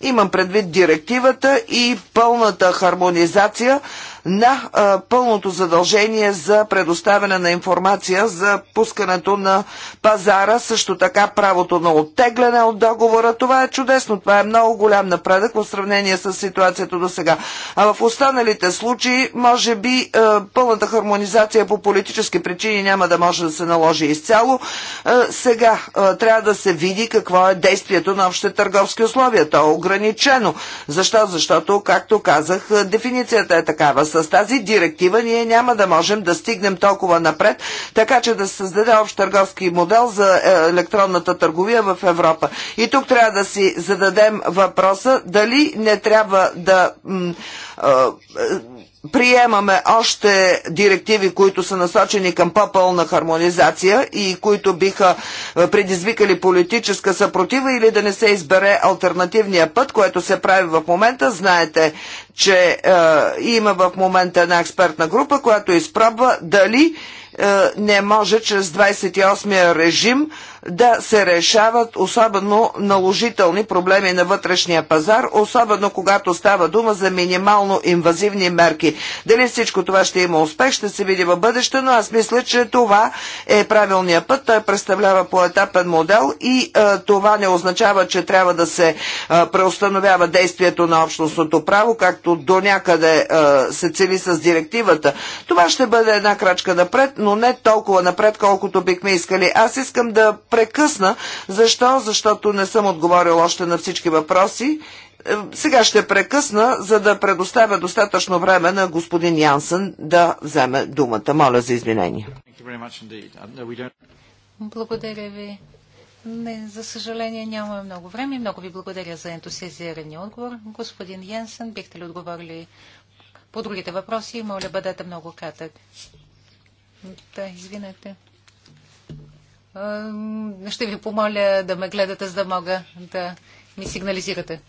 Имам предвид директивата и пълната хармонизация на а, пълното задължение за предоставяне на информация за пускането на пазара, също така правото на оттегляне от договора. Това е чудесно, това е много голям напредък в сравнение с ситуацията до сега. А в останалите случаи, може би, а, пълната хармонизация по политически причини няма да може да се наложи изцяло. А, сега а, трябва да се види какво е действието на общите търговски условия. То е ограничено. Защо? Защото, както казах, дефиницията е такава с тази директива ние няма да можем да стигнем толкова напред, така че да се създаде общ търговски модел за е, електронната търговия в Европа. И тук трябва да си зададем въпроса дали не трябва да е, е, приемаме още директиви, които са насочени към по-пълна хармонизация и които биха е, предизвикали политическа съпротива или да не се избере альтернативния път, което се прави в момента. Знаете, че е, има в момента една експертна група, която изпробва дали е, не може чрез 28-я режим да се решават особено наложителни проблеми на вътрешния пазар, особено когато става дума за минимално инвазивни мерки. Дали всичко това ще има успех, ще се види в бъдеще, но аз мисля, че това е правилният път. Той представлява поетапен модел и а, е, това не означава, че трябва да се а, е, преустановява действието на общностното право, както до някъде а, е, се цели с директивата. Това ще бъде една крачка напред, но не толкова напред, колкото бихме искали. Аз искам да прекъсна. Защо? Защото не съм отговорил още на всички въпроси. Е, сега ще прекъсна, за да предоставя достатъчно време на господин Янсън да вземе думата. Моля за извинение. Uh, благодаря ви. Не, за съжаление нямаме много време. Много ви благодаря за ентусиазирания отговор. Господин Янсен, бихте ли отговорили по другите въпроси? Моля, бъдете много кратък. Да, извинете. Ще ви помоля да ме гледате, за да мога да ми сигнализирате.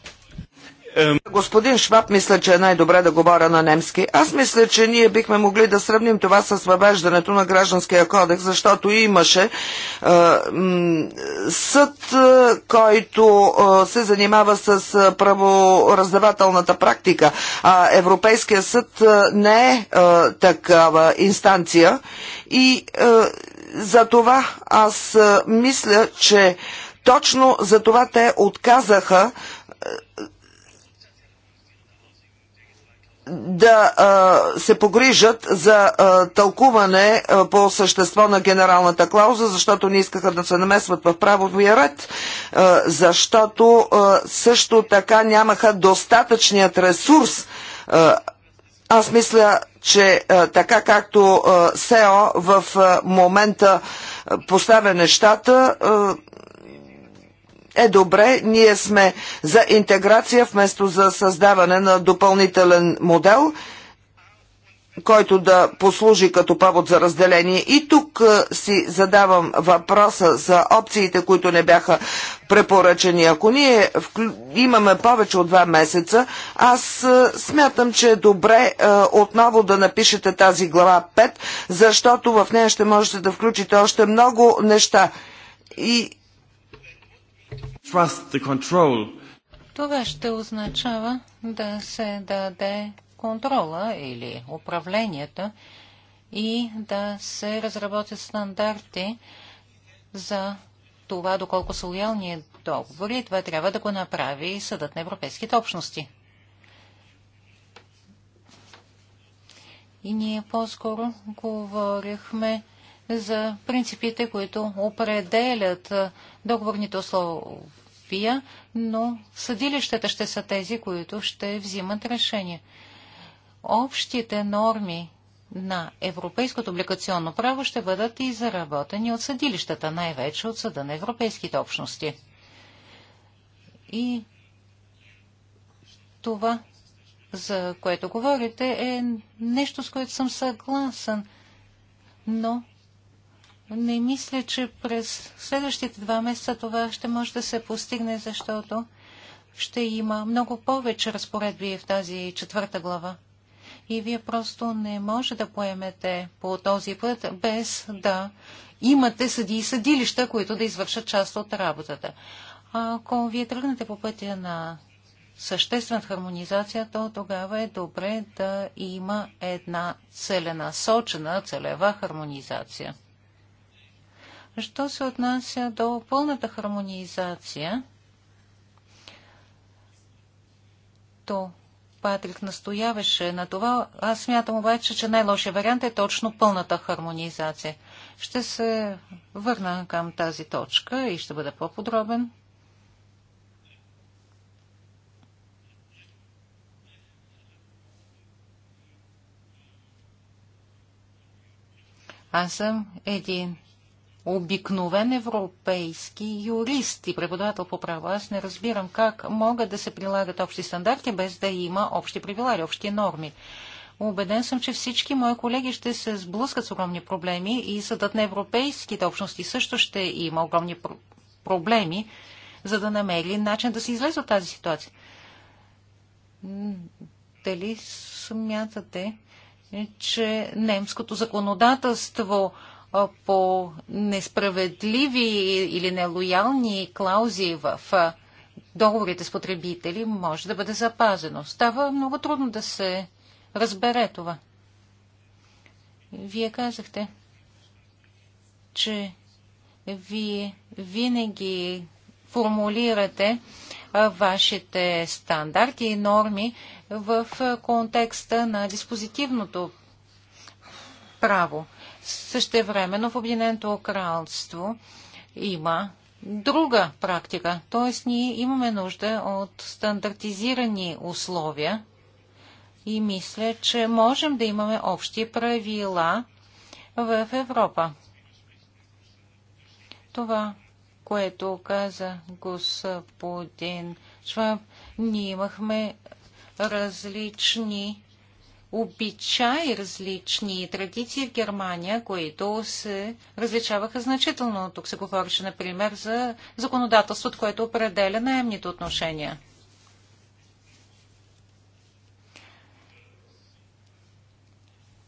Господин Шваб, мисля, че е най-добре да говоря на немски. Аз мисля, че ние бихме могли да сравним това с въвеждането на гражданския кодекс, защото имаше е, съд, е, който е, се занимава с е, правораздавателната практика, а Европейския съд е, не е такава инстанция и за това аз е, мисля, че точно за това те отказаха е, да е, се погрижат за тълкуване по същество на генералната клауза, защото не искаха да се намесват в правовия ред, защото също така нямаха достатъчният ресурс аз мисля, че така както СЕО в момента поставя нещата, е добре, ние сме за интеграция вместо за създаване на допълнителен модел – който да послужи като повод за разделение. И тук си задавам въпроса за опциите, които не бяха препоръчани. Ако ние имаме повече от два месеца, аз смятам, че е добре отново да напишете тази глава 5, защото в нея ще можете да включите още много неща. И... Това ще означава да се даде контрола или управлението и да се разработят стандарти за това, доколко са лоялни договори. Това трябва да го направи и Съдът на Европейските общности. И ние по-скоро говорихме за принципите, които определят договорните условия, но съдилищата ще са тези, които ще взимат решение общите норми на европейското облигационно право ще бъдат и заработени от съдилищата, най-вече от съда на европейските общности. И това, за което говорите, е нещо, с което съм съгласен, но не мисля, че през следващите два месеца това ще може да се постигне, защото ще има много повече разпоредби в тази четвърта глава и вие просто не може да поемете по този път без да имате съди и съдилища, които да извършат част от работата. Ако вие тръгнете по пътя на съществена хармонизация, то тогава е добре да има една целенасочена, целева хармонизация. Що се отнася до пълната хармонизация, то Патрик настояваше на това. Аз смятам обаче, че най-лошия вариант е точно пълната хармонизация. Ще се върна към тази точка и ще бъда по-подробен. Аз съм един обикновен европейски юрист и преподавател по право. Аз не разбирам как могат да се прилагат общи стандарти, без да има общи правила или общи норми. Обеден съм, че всички мои колеги ще се сблъскат с огромни проблеми и съдът на европейските общности също ще има огромни пр проблеми, за да намери начин да се излезе от тази ситуация. Дали смятате, че немското законодателство по несправедливи или нелоялни клаузи в договорите с потребители може да бъде запазено. Става много трудно да се разбере това. Вие казахте, че вие винаги формулирате вашите стандарти и норми в контекста на диспозитивното право. Същевременно в Обединеното кралство има друга практика, т.е. ние имаме нужда от стандартизирани условия и мисля, че можем да имаме общи правила в Европа. Това, което каза господин Шваб, ние имахме различни обичаи, различни традиции в Германия, които се различаваха значително. Тук се говореше, например, за законодателството, което определя наемните отношения.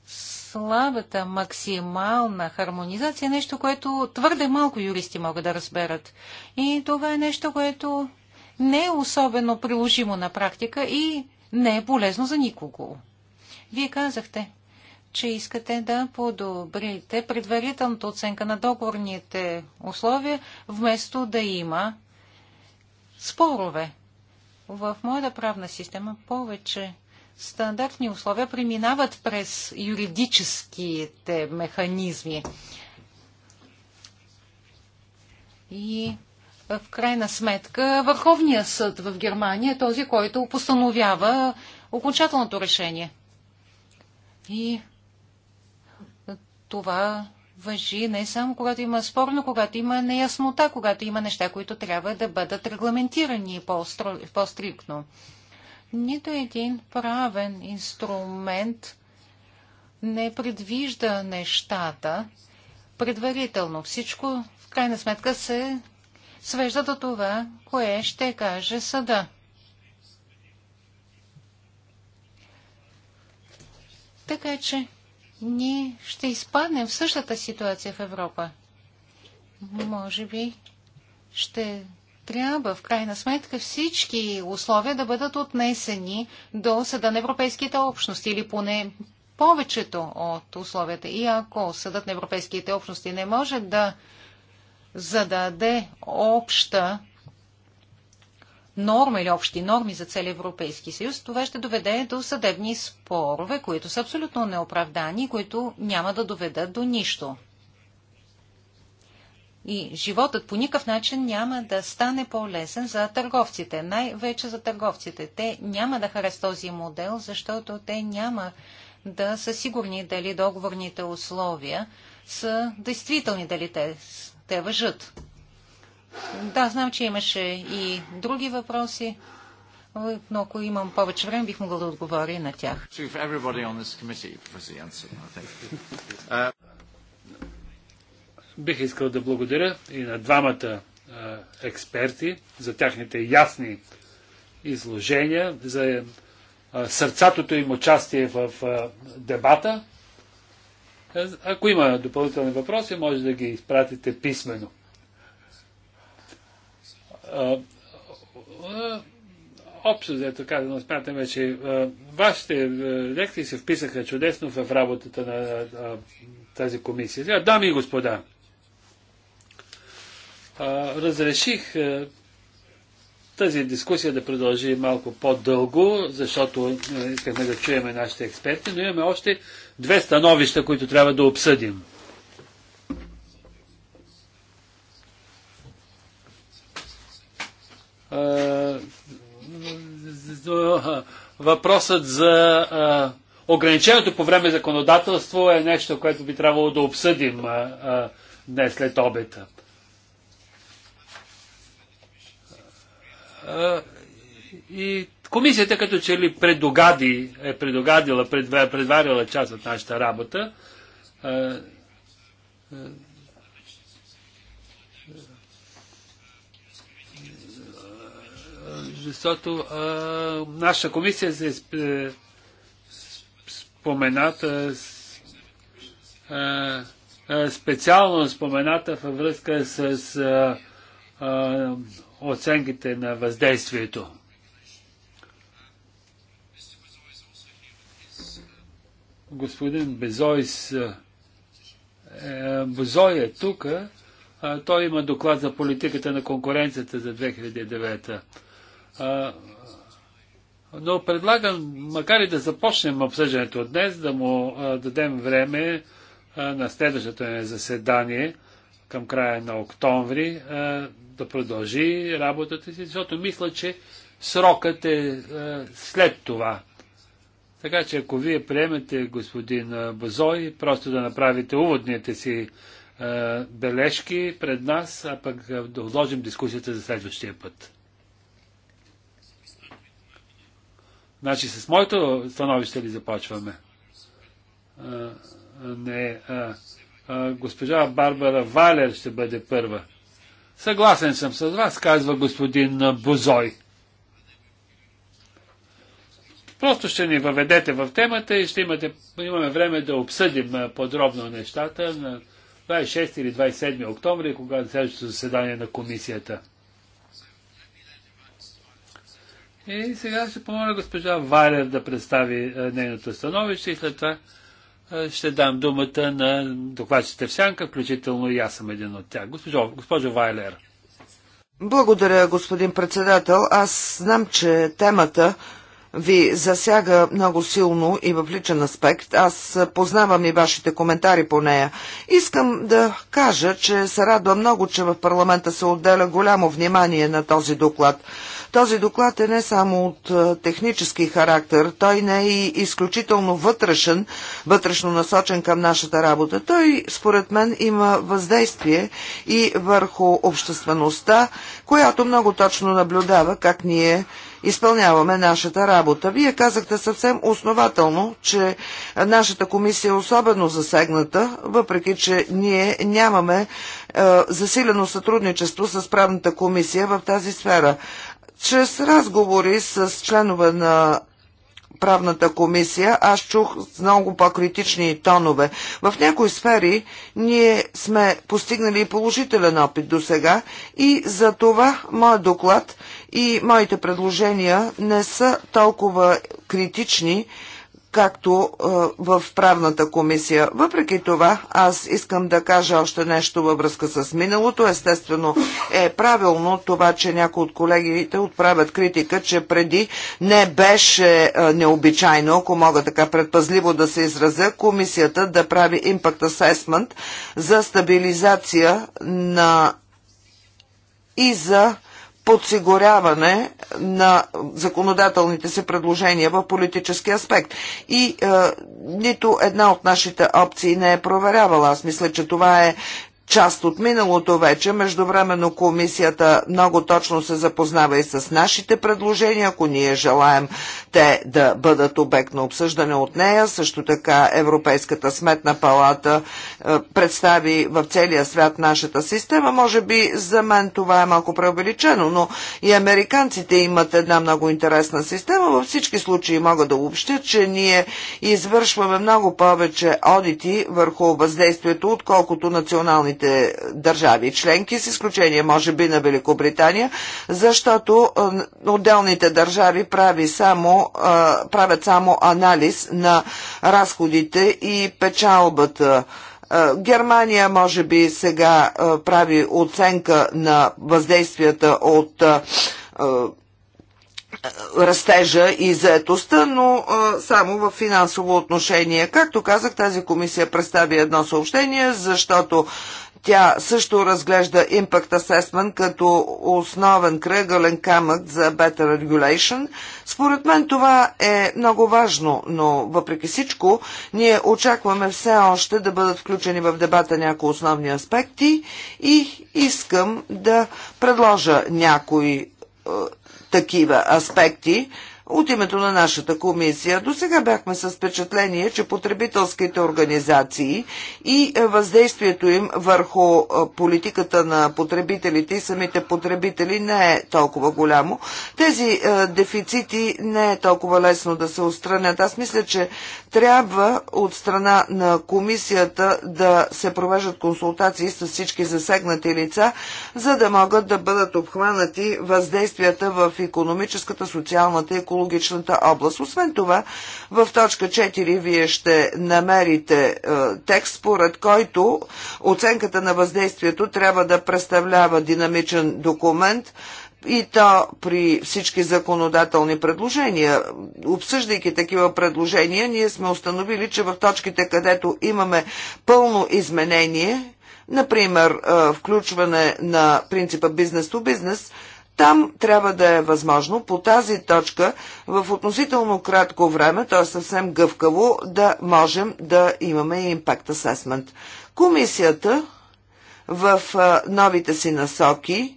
слабата максимална хармонизация е нещо, което твърде малко юристи могат да разберат. И това е нещо, което не е особено приложимо на практика и не е полезно за никого. Вие казахте, че искате да подобрите предварителната оценка на договорните условия, вместо да има спорове. В моята правна система повече стандартни условия преминават през юридическите механизми. И в крайна сметка Върховният съд в Германия е този, който постановява окончателното решение. И това въжи не само когато има спор, но когато има неяснота, когато има неща, които трябва да бъдат регламентирани по-стрикно. Нито един правен инструмент не предвижда нещата предварително. Всичко в крайна сметка се свежда до това, кое ще каже съда. Така е, че ние ще изпаднем в същата ситуация в Европа. Може би ще трябва в крайна сметка всички условия да бъдат отнесени до съда на европейските общности или поне повечето от условията. И ако съдът на европейските общности не може да зададе обща норма или общи норми за цели Европейски съюз, това ще доведе до съдебни спорове, които са абсолютно неоправдани които няма да доведат до нищо. И животът по никакъв начин няма да стане по-лесен за търговците, най-вече за търговците. Те няма да харесат този модел, защото те няма да са сигурни дали договорните условия са действителни, дали те, те въжат. Да, знам, че имаше и други въпроси, но ако имам повече време, бих могъл да отговоря на тях. Uh, бих искал да благодаря и на двамата uh, експерти за тяхните ясни изложения, за uh, сърцатото им участие в дебата. Е, ако има допълнителни въпроси, може да ги изпратите писменно общо взето казано, смятаме, че вашите лекции се вписаха чудесно в работата на тази комисия. дами и господа, разреших тази дискусия да продължи малко по-дълго, защото искахме да чуем нашите експерти, но имаме още две становища, които трябва да обсъдим. въпросът за ограничението по време законодателство е нещо, което би трябвало да обсъдим днес след обед. И комисията като че ли предогади, е предогадила, предварила част от нашата работа. защото а, нашата комисия се е спомената а, специално спомената във връзка с а, а, оценките на въздействието. Господин Безойс е, Безой е тук. Той има доклад за политиката на конкуренцията за 2009. Но предлагам, макар и да започнем обсъждането днес, да му дадем време на следващото ни заседание към края на октомври да продължи работата си, защото мисля, че срокът е след това. Така че ако вие приемете господин Базой, просто да направите уводните си бележки пред нас, а пък да отложим дискусията за следващия път. Значи с моето становище ли започваме? А, не. А, а, госпожа Барбара Валер ще бъде първа. Съгласен съм с вас, казва господин Бозой. Просто ще ни въведете в темата и ще имате, имаме време да обсъдим подробно нещата на 26 или 27 октомври, когато следващото заседание на комисията. И сега ще помоля госпожа Вайлер да представи е, нейното становище и след това е, ще дам думата на докладчите в сянка, включително и аз съм един от тях. Госпожо, госпожо Вайлер. Благодаря, господин председател. Аз знам, че темата ви засяга много силно и в личен аспект. Аз познавам и вашите коментари по нея. Искам да кажа, че се радвам много, че в парламента се отделя голямо внимание на този доклад. Този доклад е не само от е, технически характер, той не е и изключително вътрешен, вътрешно насочен към нашата работа. Той, според мен, има въздействие и върху обществеността, която много точно наблюдава как ние изпълняваме нашата работа. Вие казахте съвсем основателно, че нашата комисия е особено засегната, въпреки че ние нямаме е, засилено сътрудничество с правната комисия в тази сфера. Чрез разговори с членове на правната комисия, аз чух много по-критични тонове. В някои сфери ние сме постигнали положителен опит до сега и за това моят доклад и моите предложения не са толкова критични както е, в правната комисия. Въпреки това, аз искам да кажа още нещо във връзка с миналото. Естествено е правилно това, че някои от колегите отправят критика, че преди не беше е, необичайно, ако мога така предпазливо да се изразя, комисията да прави Impact Assessment за стабилизация на и за подсигуряване на законодателните си предложения в политически аспект. И е, нито една от нашите опции не е проверявала. Аз мисля, че това е част от миналото вече. Междувременно комисията много точно се запознава и с нашите предложения, ако ние желаем те да бъдат обект на обсъждане от нея. Също така Европейската сметна палата е, представи в целия свят нашата система. Може би за мен това е малко преувеличено, но и американците имат една много интересна система. Във всички случаи мога да обобщя, че ние извършваме много повече одити върху въздействието, отколкото националните останалите държави членки, с изключение може би на Великобритания, защото отделните държави прави само, правят само анализ на разходите и печалбата. Германия може би сега прави оценка на въздействията от растежа и заетостта, но а, само в финансово отношение. Както казах, тази комисия представи едно съобщение, защото тя също разглежда Impact Assessment като основен кръгълен камък за Better Regulation. Според мен това е много важно, но въпреки всичко ние очакваме все още да бъдат включени в дебата някои основни аспекти и искам да предложа някои е, такива аспекти, от името на нашата комисия. До сега бяхме с впечатление, че потребителските организации и е, въздействието им върху е, политиката на потребителите и самите потребители не е толкова голямо. Тези е, дефицити не е толкова лесно да се устранят. Аз мисля, че трябва от страна на комисията да се провеждат консултации с всички засегнати лица, за да могат да бъдат обхванати въздействията в економическата, социалната и културната екологичната област. Освен това, в точка 4 вие ще намерите е, текст, според който оценката на въздействието трябва да представлява динамичен документ, и то при всички законодателни предложения. Обсъждайки такива предложения, ние сме установили, че в точките, където имаме пълно изменение, например е, включване на принципа бизнес-то-бизнес, бизнес, там трябва да е възможно по тази точка в относително кратко време, т.е. съвсем гъвкаво, да можем да имаме импакт асесмент. Комисията в новите си насоки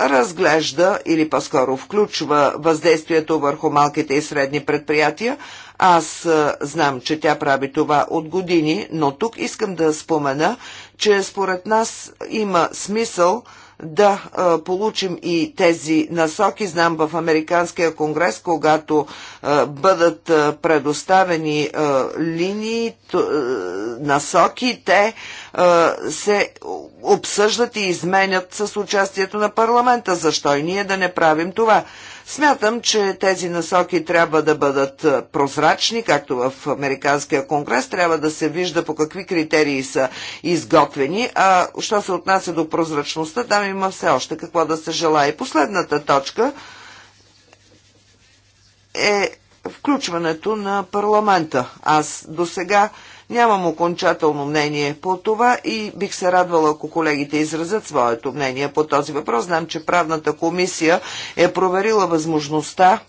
разглежда или по-скоро включва въздействието върху малките и средни предприятия. Аз знам, че тя прави това от години, но тук искам да спомена, че според нас има смисъл – да получим и тези насоки. Знам в Американския конгрес, когато бъдат предоставени линии, насоки, те се обсъждат и изменят с участието на парламента. Защо и ние да не правим това? Смятам, че тези насоки трябва да бъдат прозрачни, както в Американския конгрес, трябва да се вижда по какви критерии са изготвени, а що се отнася до прозрачността, там има все още какво да се желая. И последната точка е включването на парламента. Аз до сега Нямам окончателно мнение по това и бих се радвала, ако колегите изразят своето мнение по този въпрос. Знам, че правната комисия е проверила възможността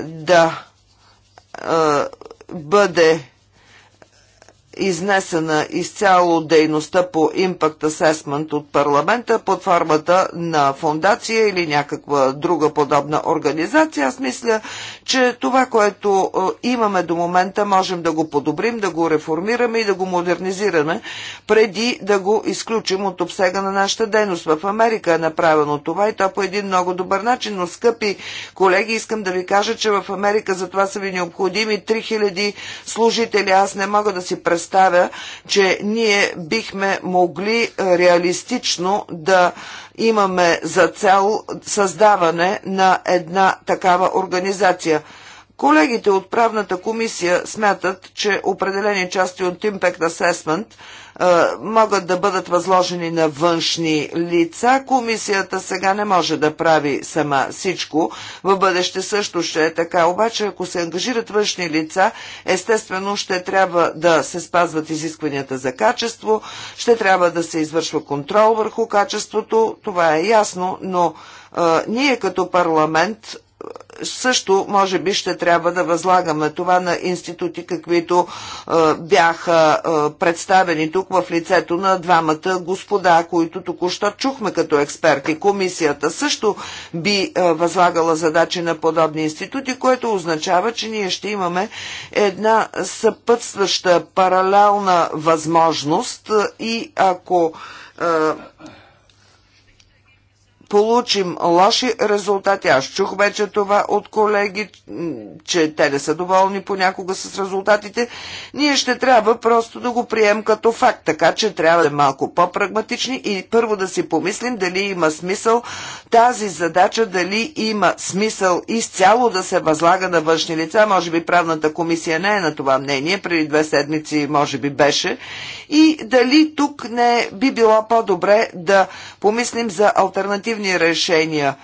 да е, бъде изнесена изцяло дейността по Impact Assessment от парламента под формата на фондация или някаква друга подобна организация. Аз мисля, че това, което е, имаме до момента, можем да го подобрим, да го реформираме и да го модернизираме, преди да го изключим от обсега на нашата дейност. В Америка е направено това и то по един много добър начин, но скъпи колеги, искам да ви кажа, че в Америка за това са ви необходими 3000 служители. Аз не мога да си представя представя, че ние бихме могли е, реалистично да имаме за цел създаване на една такава организация. Колегите от правната комисия смятат, че определени части от Impact Assessment – е, могат да бъдат възложени на външни лица. Комисията сега не може да прави сама всичко. В бъдеще също ще е така. Обаче, ако се ангажират външни лица, естествено ще трябва да се спазват изискванията за качество, ще трябва да се извършва контрол върху качеството. Това е ясно, но е, ние като парламент също може би ще трябва да възлагаме това на институти, каквито е, бяха е, представени тук в лицето на двамата господа, които току-що чухме като експерти. Комисията също би е, възлагала задачи на подобни институти, което означава, че ние ще имаме една съпътстваща паралелна възможност и ако е, получим лоши резултати. Аз чух вече това от колеги, че те не са доволни понякога с резултатите. Ние ще трябва просто да го прием като факт, така че трябва да е малко по-прагматични и първо да си помислим дали има смисъл тази задача, дали има смисъл изцяло да се възлага на външни лица. Може би правната комисия не е на това мнение, преди две седмици може би беше. И дали тук не би било по-добре да помислим за альтернативни альтернативни решения,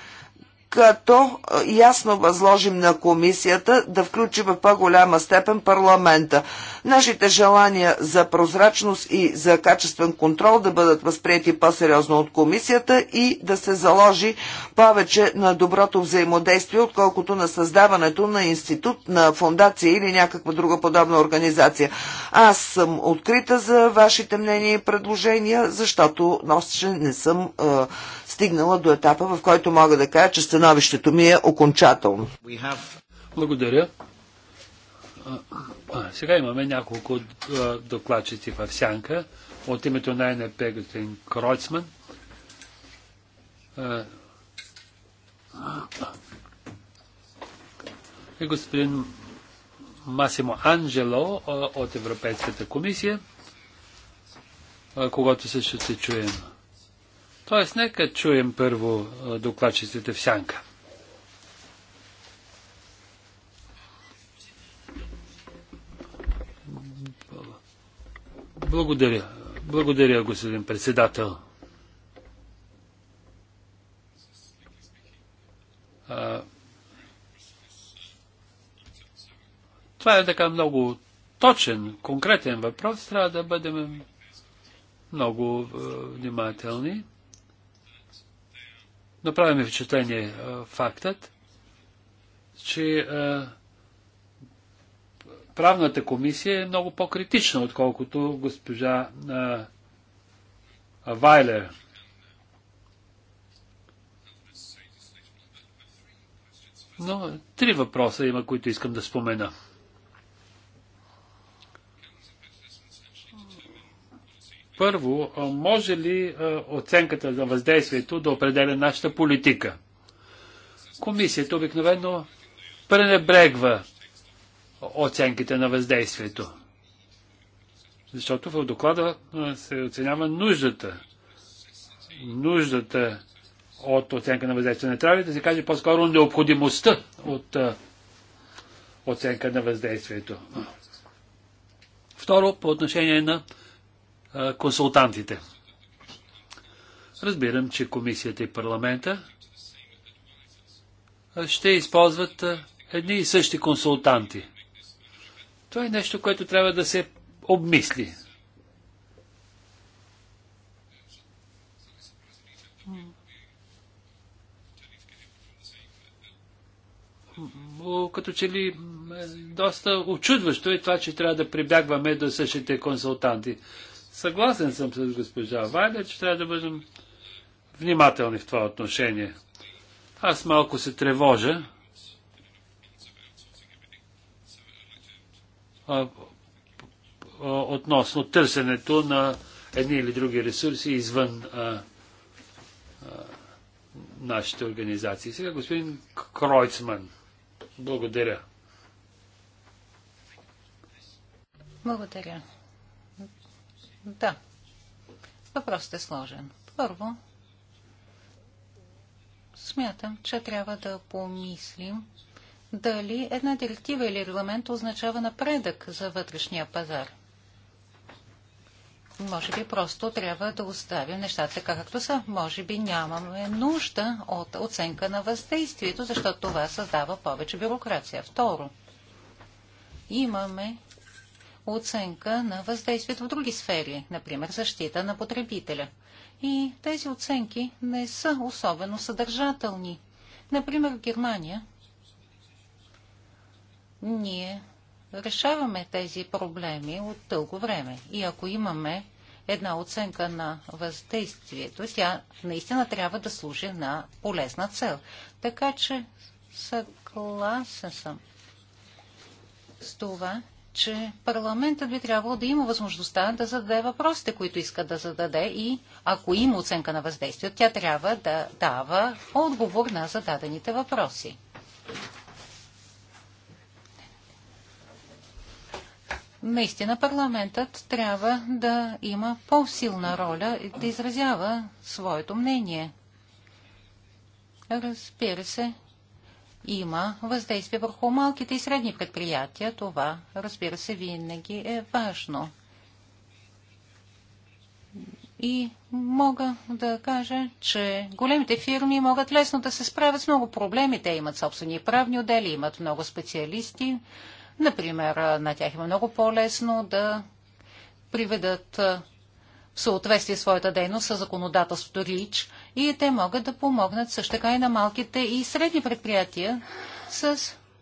като ясно възложим на комисията да включи в по-голяма степен парламента. Нашите желания за прозрачност и за качествен контрол да бъдат възприяти по-сериозно от комисията и да се заложи повече на доброто взаимодействие, отколкото на създаването на институт, на фундация или някаква друга подобна организация. Аз съм открита за вашите мнения и предложения, защото още не съм стигнала до етапа, в който мога да кажа, че становището ми е окончателно. Благодаря. Сега имаме няколко докладчици в сянка. От името на НП господин Кройцман. И господин Масимо Анджело от Европейската комисия, когато също се чуем. Тоест, нека чуем първо докладчиците в сянка. Благодаря. Благодаря, господин председател. А, това е така много точен, конкретен въпрос. Трябва да бъдем много внимателни направи ми впечатление фактът, че правната комисия е много по-критична, отколкото госпожа Вайлер. Но три въпроса има, които искам да спомена. Първо, може ли оценката на въздействието да определя нашата политика? Комисията обикновено пренебрегва оценките на въздействието. Защото в доклада се оценява нуждата. Нуждата от оценка на въздействие. Не трябва ли да се каже по-скоро необходимостта от а, оценка на въздействието? Второ, по отношение на консултантите. Разбирам, че комисията и парламента ще използват едни и същи консултанти. Това е нещо, което трябва да се обмисли. като че ли е, доста очудващо е това, че трябва да прибягваме до същите консултанти. Съгласен съм с госпожа Вайля, че трябва да бъдем внимателни в това отношение. Аз малко се тревожа. А, относно търсенето на едни или други ресурси извън а, а, нашите организации. Сега господин Кройцман. Благодаря. Благодаря. Да. Въпросът е сложен. Първо, смятам, че трябва да помислим дали една директива или регламент означава напредък за вътрешния пазар. Може би просто трябва да оставим нещата така, както са. Може би нямаме нужда от оценка на въздействието, защото това създава повече бюрокрация. Второ, имаме оценка на въздействието в други сфери, например защита на потребителя. И тези оценки не са особено съдържателни. Например, в Германия ние решаваме тези проблеми от дълго време. И ако имаме една оценка на въздействието, тя наистина трябва да служи на полезна цел. Така че съгласен съм с това, че парламентът би трябвало да има възможността да зададе въпросите, които иска да зададе и ако има оценка на въздействие, тя трябва да дава отговор на зададените въпроси. Наистина парламентът трябва да има по-силна роля и да изразява своето мнение. Разбира се, има въздействие върху малките и средни предприятия. Това, разбира се, винаги е важно. И мога да кажа, че големите фирми могат лесно да се справят с много проблеми. Те имат собствени правни отдели, имат много специалисти. Например, на тях има много по-лесно да приведат в съответствие своята дейност с законодателството РИЧ, и те могат да помогнат също така и на малките и средни предприятия с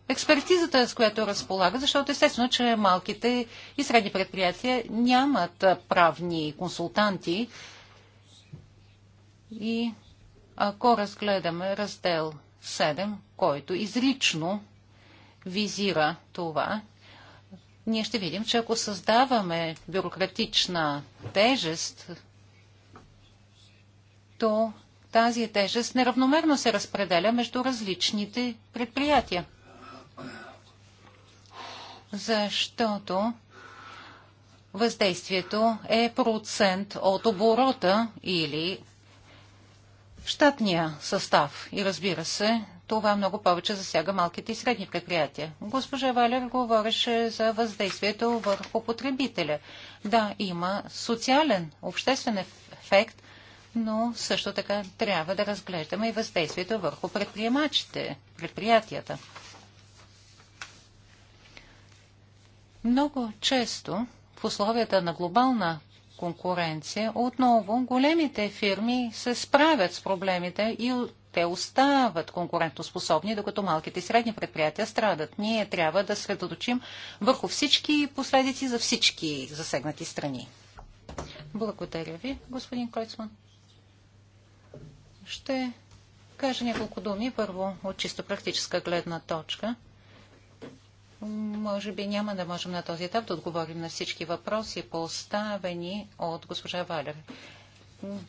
експертизата, с която разполага, защото естествено, че малките и средни предприятия нямат правни консултанти. И ако разгледаме раздел 7, който изрично визира това, ние ще видим, че ако създаваме бюрократична тежест, то тази тежест неравномерно се разпределя между различните предприятия. Защото въздействието е процент от оборота или щатния състав. И разбира се, това много повече засяга малките и средни предприятия. Госпожа Валер говореше за въздействието върху потребителя. Да, има социален, обществен ефект, но също така трябва да разглеждаме и въздействието върху предприемачите, предприятията. Много често в условията на глобална конкуренция отново големите фирми се справят с проблемите и те остават конкурентоспособни, докато малките и средни предприятия страдат. Ние трябва да средоточим върху всички последици за всички засегнати страни. Благодаря ви, господин Койцман. Ще кажа няколко думи, първо от чисто практическа гледна точка. Може би няма да можем на този етап да отговорим на всички въпроси, поставени от госпожа Валер.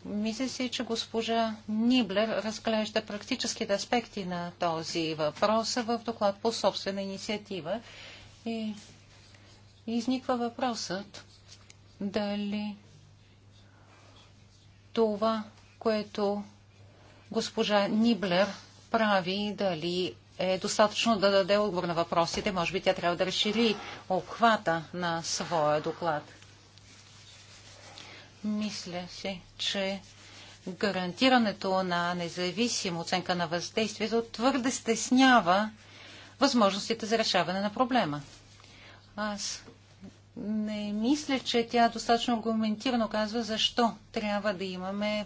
Мисля си, че госпожа Ниблер разглежда практическите аспекти на този въпрос в доклад по собствена инициатива и изниква въпросът дали това, което госпожа Ниблер прави дали е достатъчно да даде отговор на въпросите. Може би тя трябва да разшири обхвата на своя доклад. Мисля се, че гарантирането на независима оценка на въздействието твърде стеснява възможностите за решаване на проблема. Аз не мисля, че тя достатъчно аргументирано казва защо трябва да имаме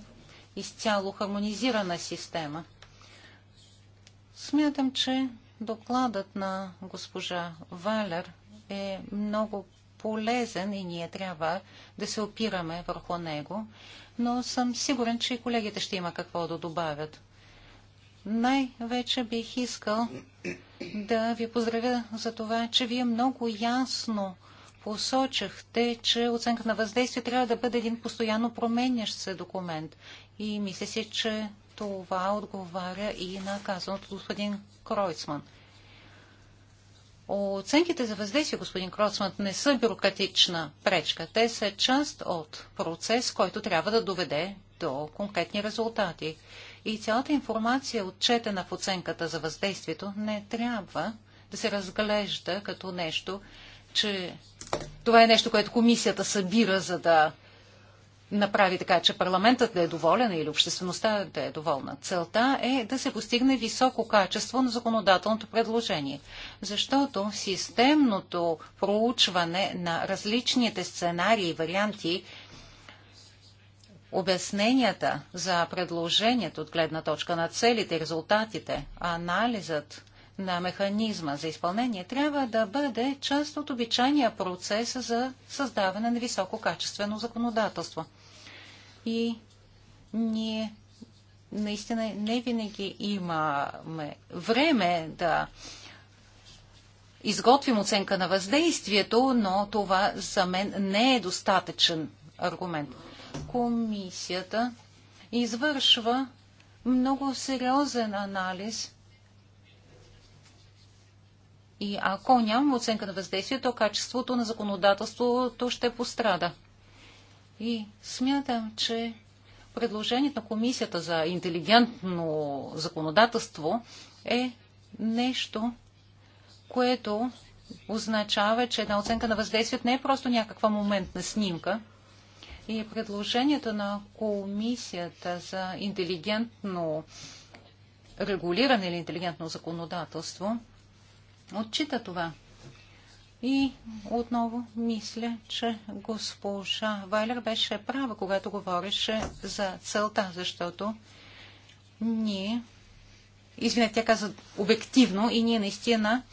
изцяло хармонизирана система. Смятам, че докладът на госпожа Валер е много полезен и ние трябва да се опираме върху него, но съм сигурен, че и колегите ще има какво да добавят. Най-вече бих искал да ви поздравя за това, че вие много ясно посочихте, че оценка на въздействие трябва да бъде един постоянно променящ се документ и мисля си, че това отговаря и на казаното господин Кройцман. Оценките за въздействие, господин Кройцман, не са бюрократична пречка. Те са част от процес, който трябва да доведе до конкретни резултати. И цялата информация, отчетена в оценката за въздействието, не трябва да се разглежда като нещо, че това е нещо, което комисията събира, за да направи така, че парламентът да е доволен или обществеността да е доволна. Целта е да се постигне високо качество на законодателното предложение, защото системното проучване на различните сценарии и варианти обясненията за предложението от гледна точка на целите резултатите, анализът на механизма за изпълнение трябва да бъде част от обичайния процес за създаване на висококачествено законодателство и ние наистина не винаги имаме време да изготвим оценка на въздействието, но това за мен не е достатъчен аргумент. Комисията извършва много сериозен анализ и ако нямаме оценка на въздействието, качеството на законодателството ще пострада. И смятам, че предложението на Комисията за интелигентно законодателство е нещо, което означава, че една оценка на въздействието не е просто някаква моментна снимка. И предложението на Комисията за интелигентно регулиране или интелигентно законодателство отчита това. И отново мисля, че госпожа Вайлер беше права, когато говореше за целта, защото ние, извинете, тя каза обективно и ние наистина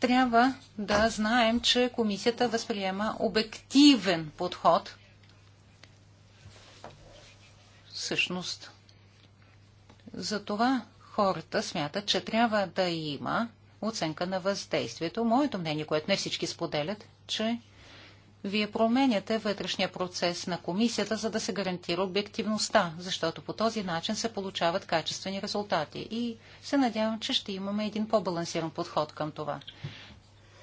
трябва да знаем, че комисията възприема обективен подход. Всъщност, за това хората смятат, че трябва да има оценка на въздействието. Моето мнение, което не всички споделят, че вие променяте вътрешния процес на комисията, за да се гарантира обективността, защото по този начин се получават качествени резултати. И се надявам, че ще имаме един по-балансиран подход към това.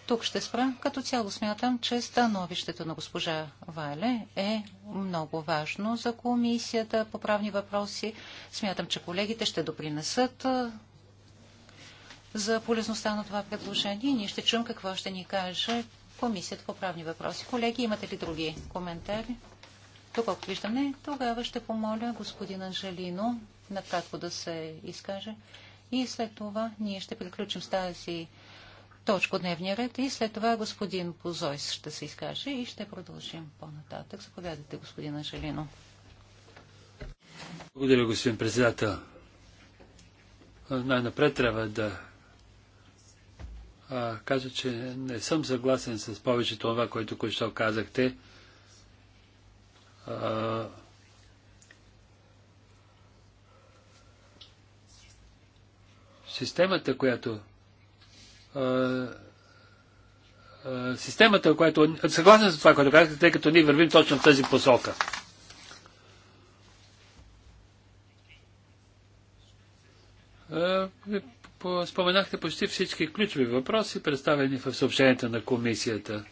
Тук ще спра. Като цяло смятам, че становището на госпожа Вайле е много важно за комисията по правни въпроси. Смятам, че колегите ще допринесат за полезността на това предложение. Ние ще чуем какво ще ни каже Комисията по правни въпроси. Колеги, имате ли други коментари? Доколкото виждам не, тогава ще помоля господин Анжелино накратко да се изкаже. И след това ние ще приключим с тази точка дневния ред и след това господин Позойс ще се изкаже и ще продължим по-нататък. Заповядайте, господин Анжелино. Благодаря, господин председател. Най-напред трябва да а, кажа, че не съм съгласен с повечето това, което току-що казахте. А, системата, която а, системата, която... Съгласен с това, което казахте, тъй като ние вървим точно в тази посока споменахте почти всички ключови въпроси, представени в съобщенията на комисията.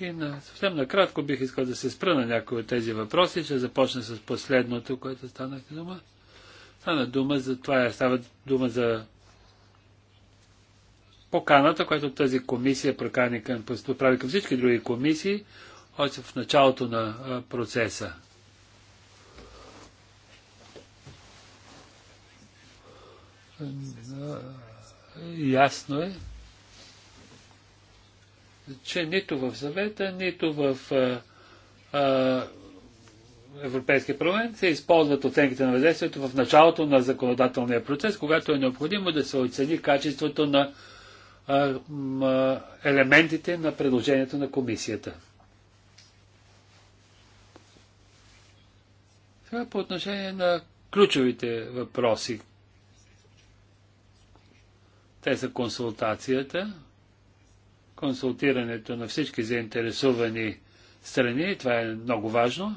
И на, съвсем накратко бих искал да се спра на някои от тези въпроси. Ще започна с последното, което станахте дума. Стана дума за това, става дума за поканата, която тази комисия прокани към, прави към всички други комисии, още в началото на процеса. Е, ясно е, че нито в съвета, нито в е, е, Европейския парламент се използват оценките на въздействието в началото на законодателния процес, когато е необходимо да се оцени качеството на а, м, елементите на предложението на комисията. Сега по отношение на ключовите въпроси, те са консултацията, консултирането на всички заинтересувани страни, това е много важно.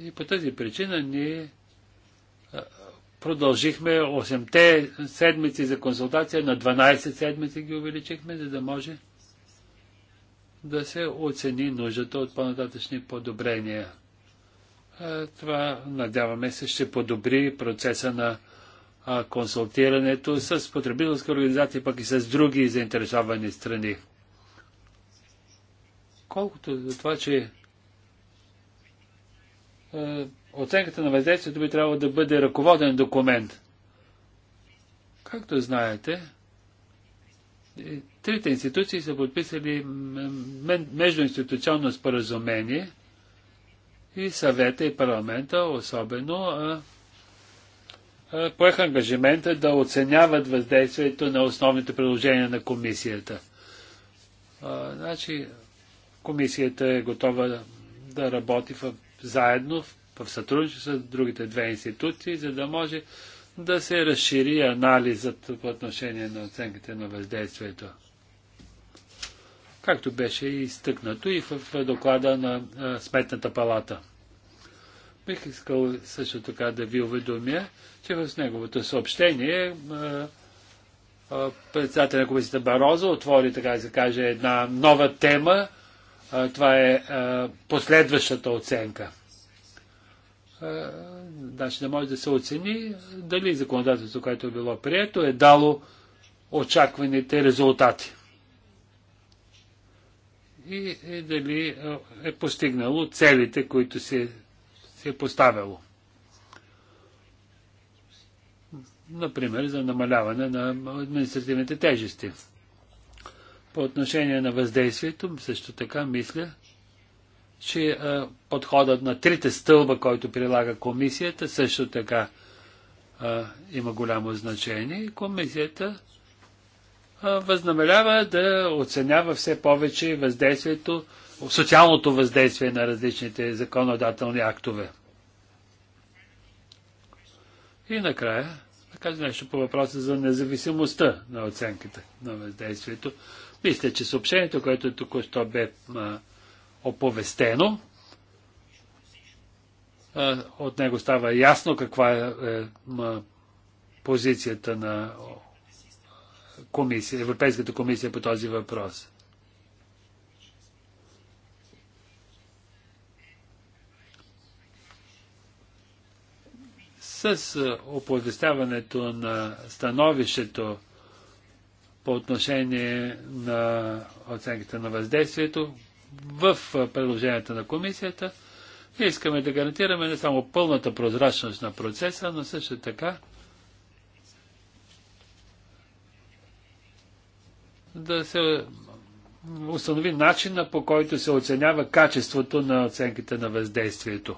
И по тази причина ние продължихме 8-те седмици за консултация, на 12 седмици ги увеличихме, за да може да се оцени нуждата от по-нататъчни подобрения. Това, надяваме се, ще подобри процеса на консултирането с потребителски организации, пък и с други заинтересовани страни. Колкото за това, че е, оценката на въздействието би трябвало да бъде ръководен документ. Както знаете, трите институции са подписали междуинституционно споразумение и съвета и парламента особено е, поеха ангажимента да оценяват въздействието на основните предложения на комисията. А, е, значи, комисията е готова да работи в, заедно в сътрудничество с другите две институции, за да може да се разшири анализът по отношение на оценките на въздействието. Както беше изтъкнато и в доклада на е, Сметната палата. Бих искал също така да ви уведомя, че в неговото съобщение председателя на комисията Бароза отвори, така да се каже, една нова тема. Това е последващата оценка. Значи не може да се оцени дали законодателството, което е било прието, е дало очакваните резултати. И, и дали е постигнало целите, които се е поставяло. Например, за намаляване на административните тежести. По отношение на въздействието, също така мисля, че подходът на трите стълба, който прилага комисията, също така а, има голямо значение. Комисията а, възнамелява да оценява все повече въздействието социалното въздействие на различните законодателни актове. И накрая, да кажа нещо по въпроса за независимостта на оценката на въздействието. Мисля, че съобщението, което току-що бе а, оповестено, а, от него става ясно каква е, е ма, позицията на комисия, Европейската комисия по този въпрос. С оповестяването на становището по отношение на оценката на въздействието в предложенията на комисията, ние искаме да гарантираме не само пълната прозрачност на процеса, но също така да се установи начина по който се оценява качеството на оценките на въздействието.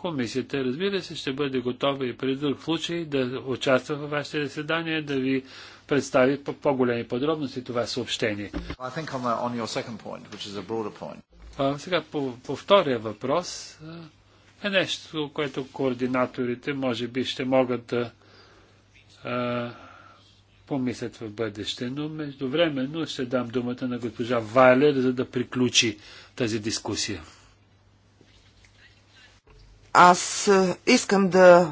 Комисията, разбира се, ще бъде готова и при друг случай да участва в вашето заседание, да ви представи по- по-големи подробности това съобщение. Uh, а, сега по, по втория въпрос е нещо, което координаторите може би ще могат да а, помислят в бъдеще, но междувременно ще дам думата на госпожа Вайлер, за да приключи тази дискусия. Аз е, искам да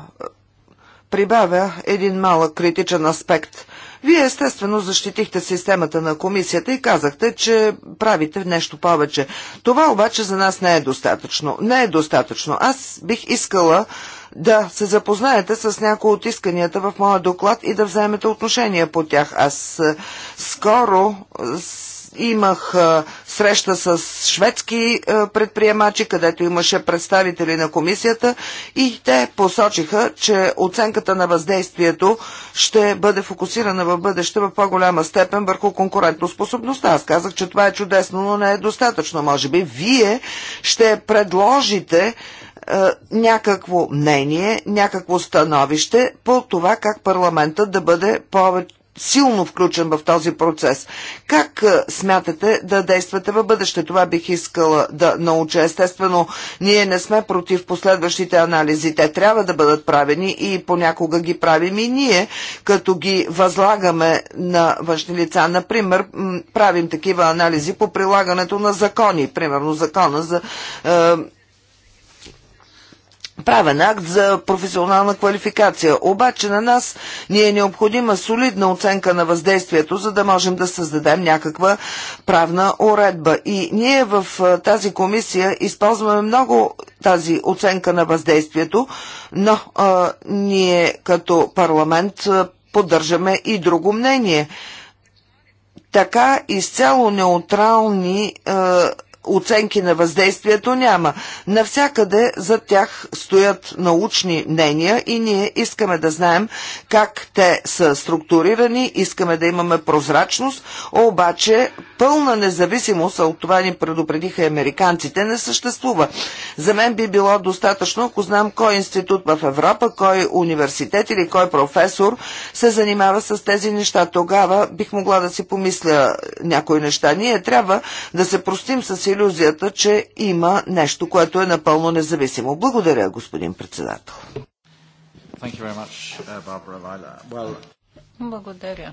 прибавя един малък критичен аспект. Вие естествено защитихте системата на комисията и казахте, че правите нещо повече. Това обаче за нас не е достатъчно. Не е достатъчно. Аз бих искала да се запознаете с някои от исканията в моя доклад и да вземете отношение по тях. Аз е, скоро е, имах среща с шведски е, предприемачи, където имаше представители на комисията и те посочиха, че оценката на въздействието ще бъде фокусирана в бъдеще в по-голяма степен върху конкурентоспособността. Аз казах, че това е чудесно, но не е достатъчно. Може би вие ще предложите е, някакво мнение, някакво становище по това как парламентът да бъде повече силно включен в този процес. Как е, смятате да действате в бъдеще? Това бих искала да науча. Естествено, ние не сме против последващите анализи. Те трябва да бъдат правени и понякога ги правим и ние, като ги възлагаме на външни лица. Например, правим такива анализи по прилагането на закони. Примерно закона за е, правен акт за професионална квалификация. Обаче на нас ни е необходима солидна оценка на въздействието, за да можем да създадем някаква правна уредба. И ние в тази комисия използваме много тази оценка на въздействието, но а, ние като парламент поддържаме и друго мнение. Така изцяло неутрални а, оценки на въздействието няма. Навсякъде за тях стоят научни мнения и ние искаме да знаем как те са структурирани, искаме да имаме прозрачност, обаче пълна независимост, от това ни предупредиха американците, не съществува. За мен би било достатъчно, ако знам кой институт в Европа, кой университет или кой професор се занимава с тези неща. Тогава бих могла да си помисля някои неща. Ние трябва да се простим с иллюзията, че има нещо, което е напълно независимо. Благодаря, господин председател. Much, uh, well... Благодаря.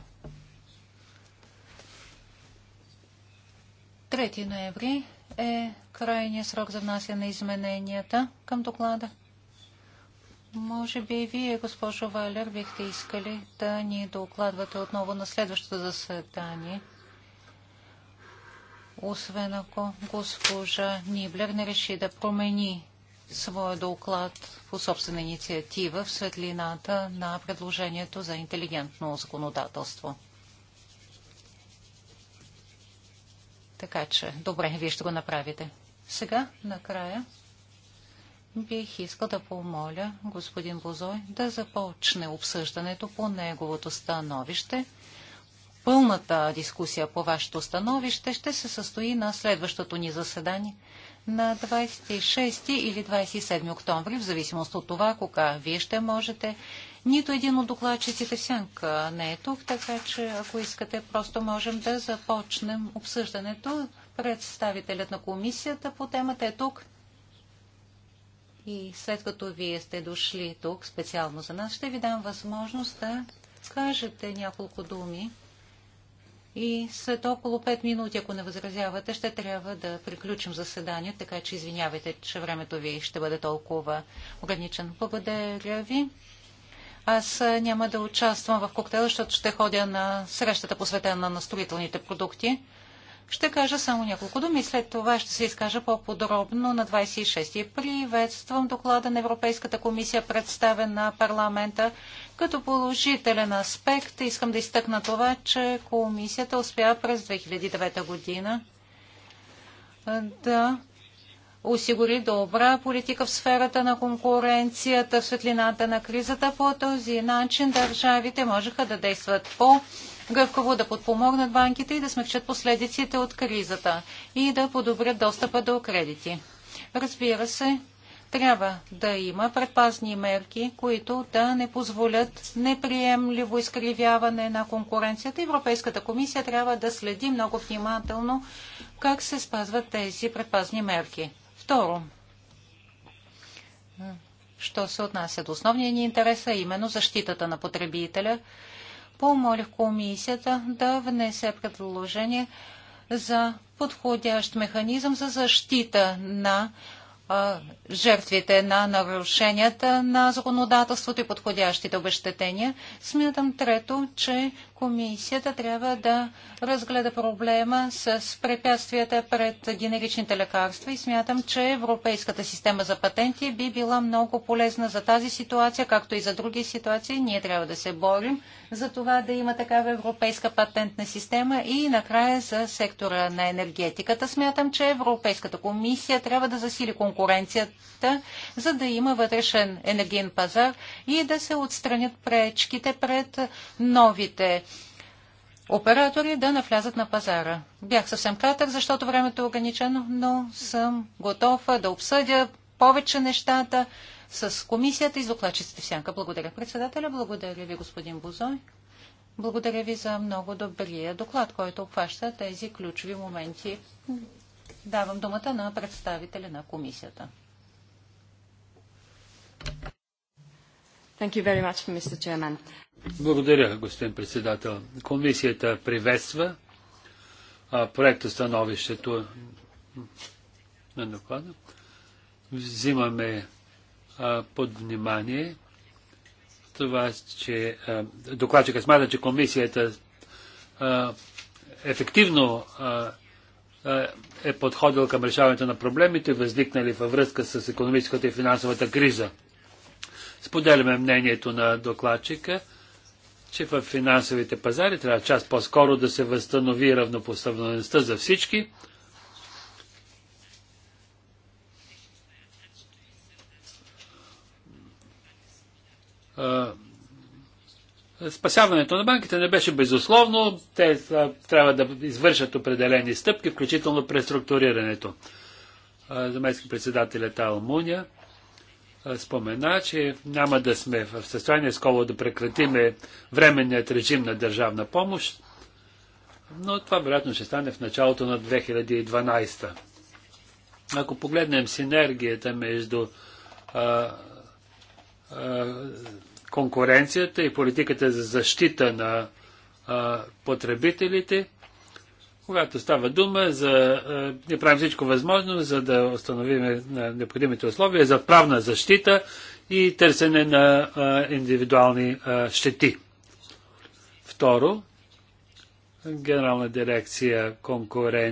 3 ноември е крайният срок за внасяне на измененията към доклада. Може би вие, госпожо Валер, бихте искали да ни докладвате отново на следващото заседание. Освен ако госпожа Ниблер не реши да промени своя доклад по собствена инициатива в светлината на предложението за интелигентно законодателство. Така че, добре, вие ще го направите. Сега, накрая, бих искал да помоля господин Бозой да започне обсъждането по неговото становище. Пълната дискусия по вашето становище ще се състои на следващото ни заседание на 26 или 27 октомври, в зависимост от това, кога вие ще можете нито един от докладчиците в сянка не е тук, така че ако искате, просто можем да започнем обсъждането. Представителят на комисията по темата е тук. И след като вие сте дошли тук специално за нас, ще ви дам възможност да кажете няколко думи. И след около 5 минути, ако не възразявате, ще трябва да приключим заседанието, така че извинявайте, че времето ви ще бъде толкова ограничено. Благодаря ви. Аз няма да участвам в коктейла, защото ще ходя на срещата посветена на строителните продукти. Ще кажа само няколко думи, след това ще се изкажа по-подробно на 26-ти. Приветствам доклада на Европейската комисия, представен на парламента. Като положителен аспект искам да изтъкна това, че комисията успя през 2009 година да осигури добра политика в сферата на конкуренцията, в светлината на кризата. По този начин държавите можеха да действат по гъвкаво да подпомогнат банките и да смягчат последиците от кризата и да подобрят достъпа до кредити. Разбира се, трябва да има предпазни мерки, които да не позволят неприемливо изкривяване на конкуренцията. Европейската комисия трябва да следи много внимателно как се спазват тези предпазни мерки. Второ, що се отнася до основния ни интерес, а именно защитата на потребителя, помолих комисията да внесе предложение за подходящ механизъм за защита на жертвите на нарушенията на законодателството и подходящите обещетения. Смятам трето, че комисията трябва да разгледа проблема с препятствията пред генеричните лекарства и смятам, че Европейската система за патенти би била много полезна за тази ситуация, както и за други ситуации. Ние трябва да се борим за това да има такава европейска патентна система и накрая за сектора на енергетиката. Смятам, че Европейската комисия трябва да засили конкуренцията, за да има вътрешен енергиен пазар и да се отстранят пречките пред новите оператори да навлязат на пазара. Бях съвсем кратък, защото времето е ограничено, но съм готов да обсъдя повече нещата с комисията и докладчиците в сянка. Благодаря председателя, благодаря ви господин Бузой. Благодаря ви за много добрия доклад, който обхваща тези ключови моменти. Давам думата на представителя на комисията. Thank you very much, Mr. Chairman. Благодаря, господин председател. Комисията приветства проекта становището на доклада. Взимаме под внимание това, че докладчика смята, че комисията ефективно е подходил към решаването на проблемите, възникнали във връзка с економическата и финансовата криза. Споделяме мнението на докладчика, че в финансовите пазари трябва част по-скоро да се възстанови равнопоставеността за всички, спасяването на банките не беше безусловно. Те трябва да извършат определени стъпки, включително преструктурирането. Заместник председателят Муня спомена, че няма да сме в състояние скоро да прекратиме временният режим на държавна помощ, но това вероятно ще стане в началото на 2012. Ако погледнем синергията между конкуренцията и политиката за защита на потребителите, когато става дума за... Ние правим всичко възможно, за да установим необходимите условия за правна защита и търсене на индивидуални щети. Второ, Генерална дирекция конкуренция.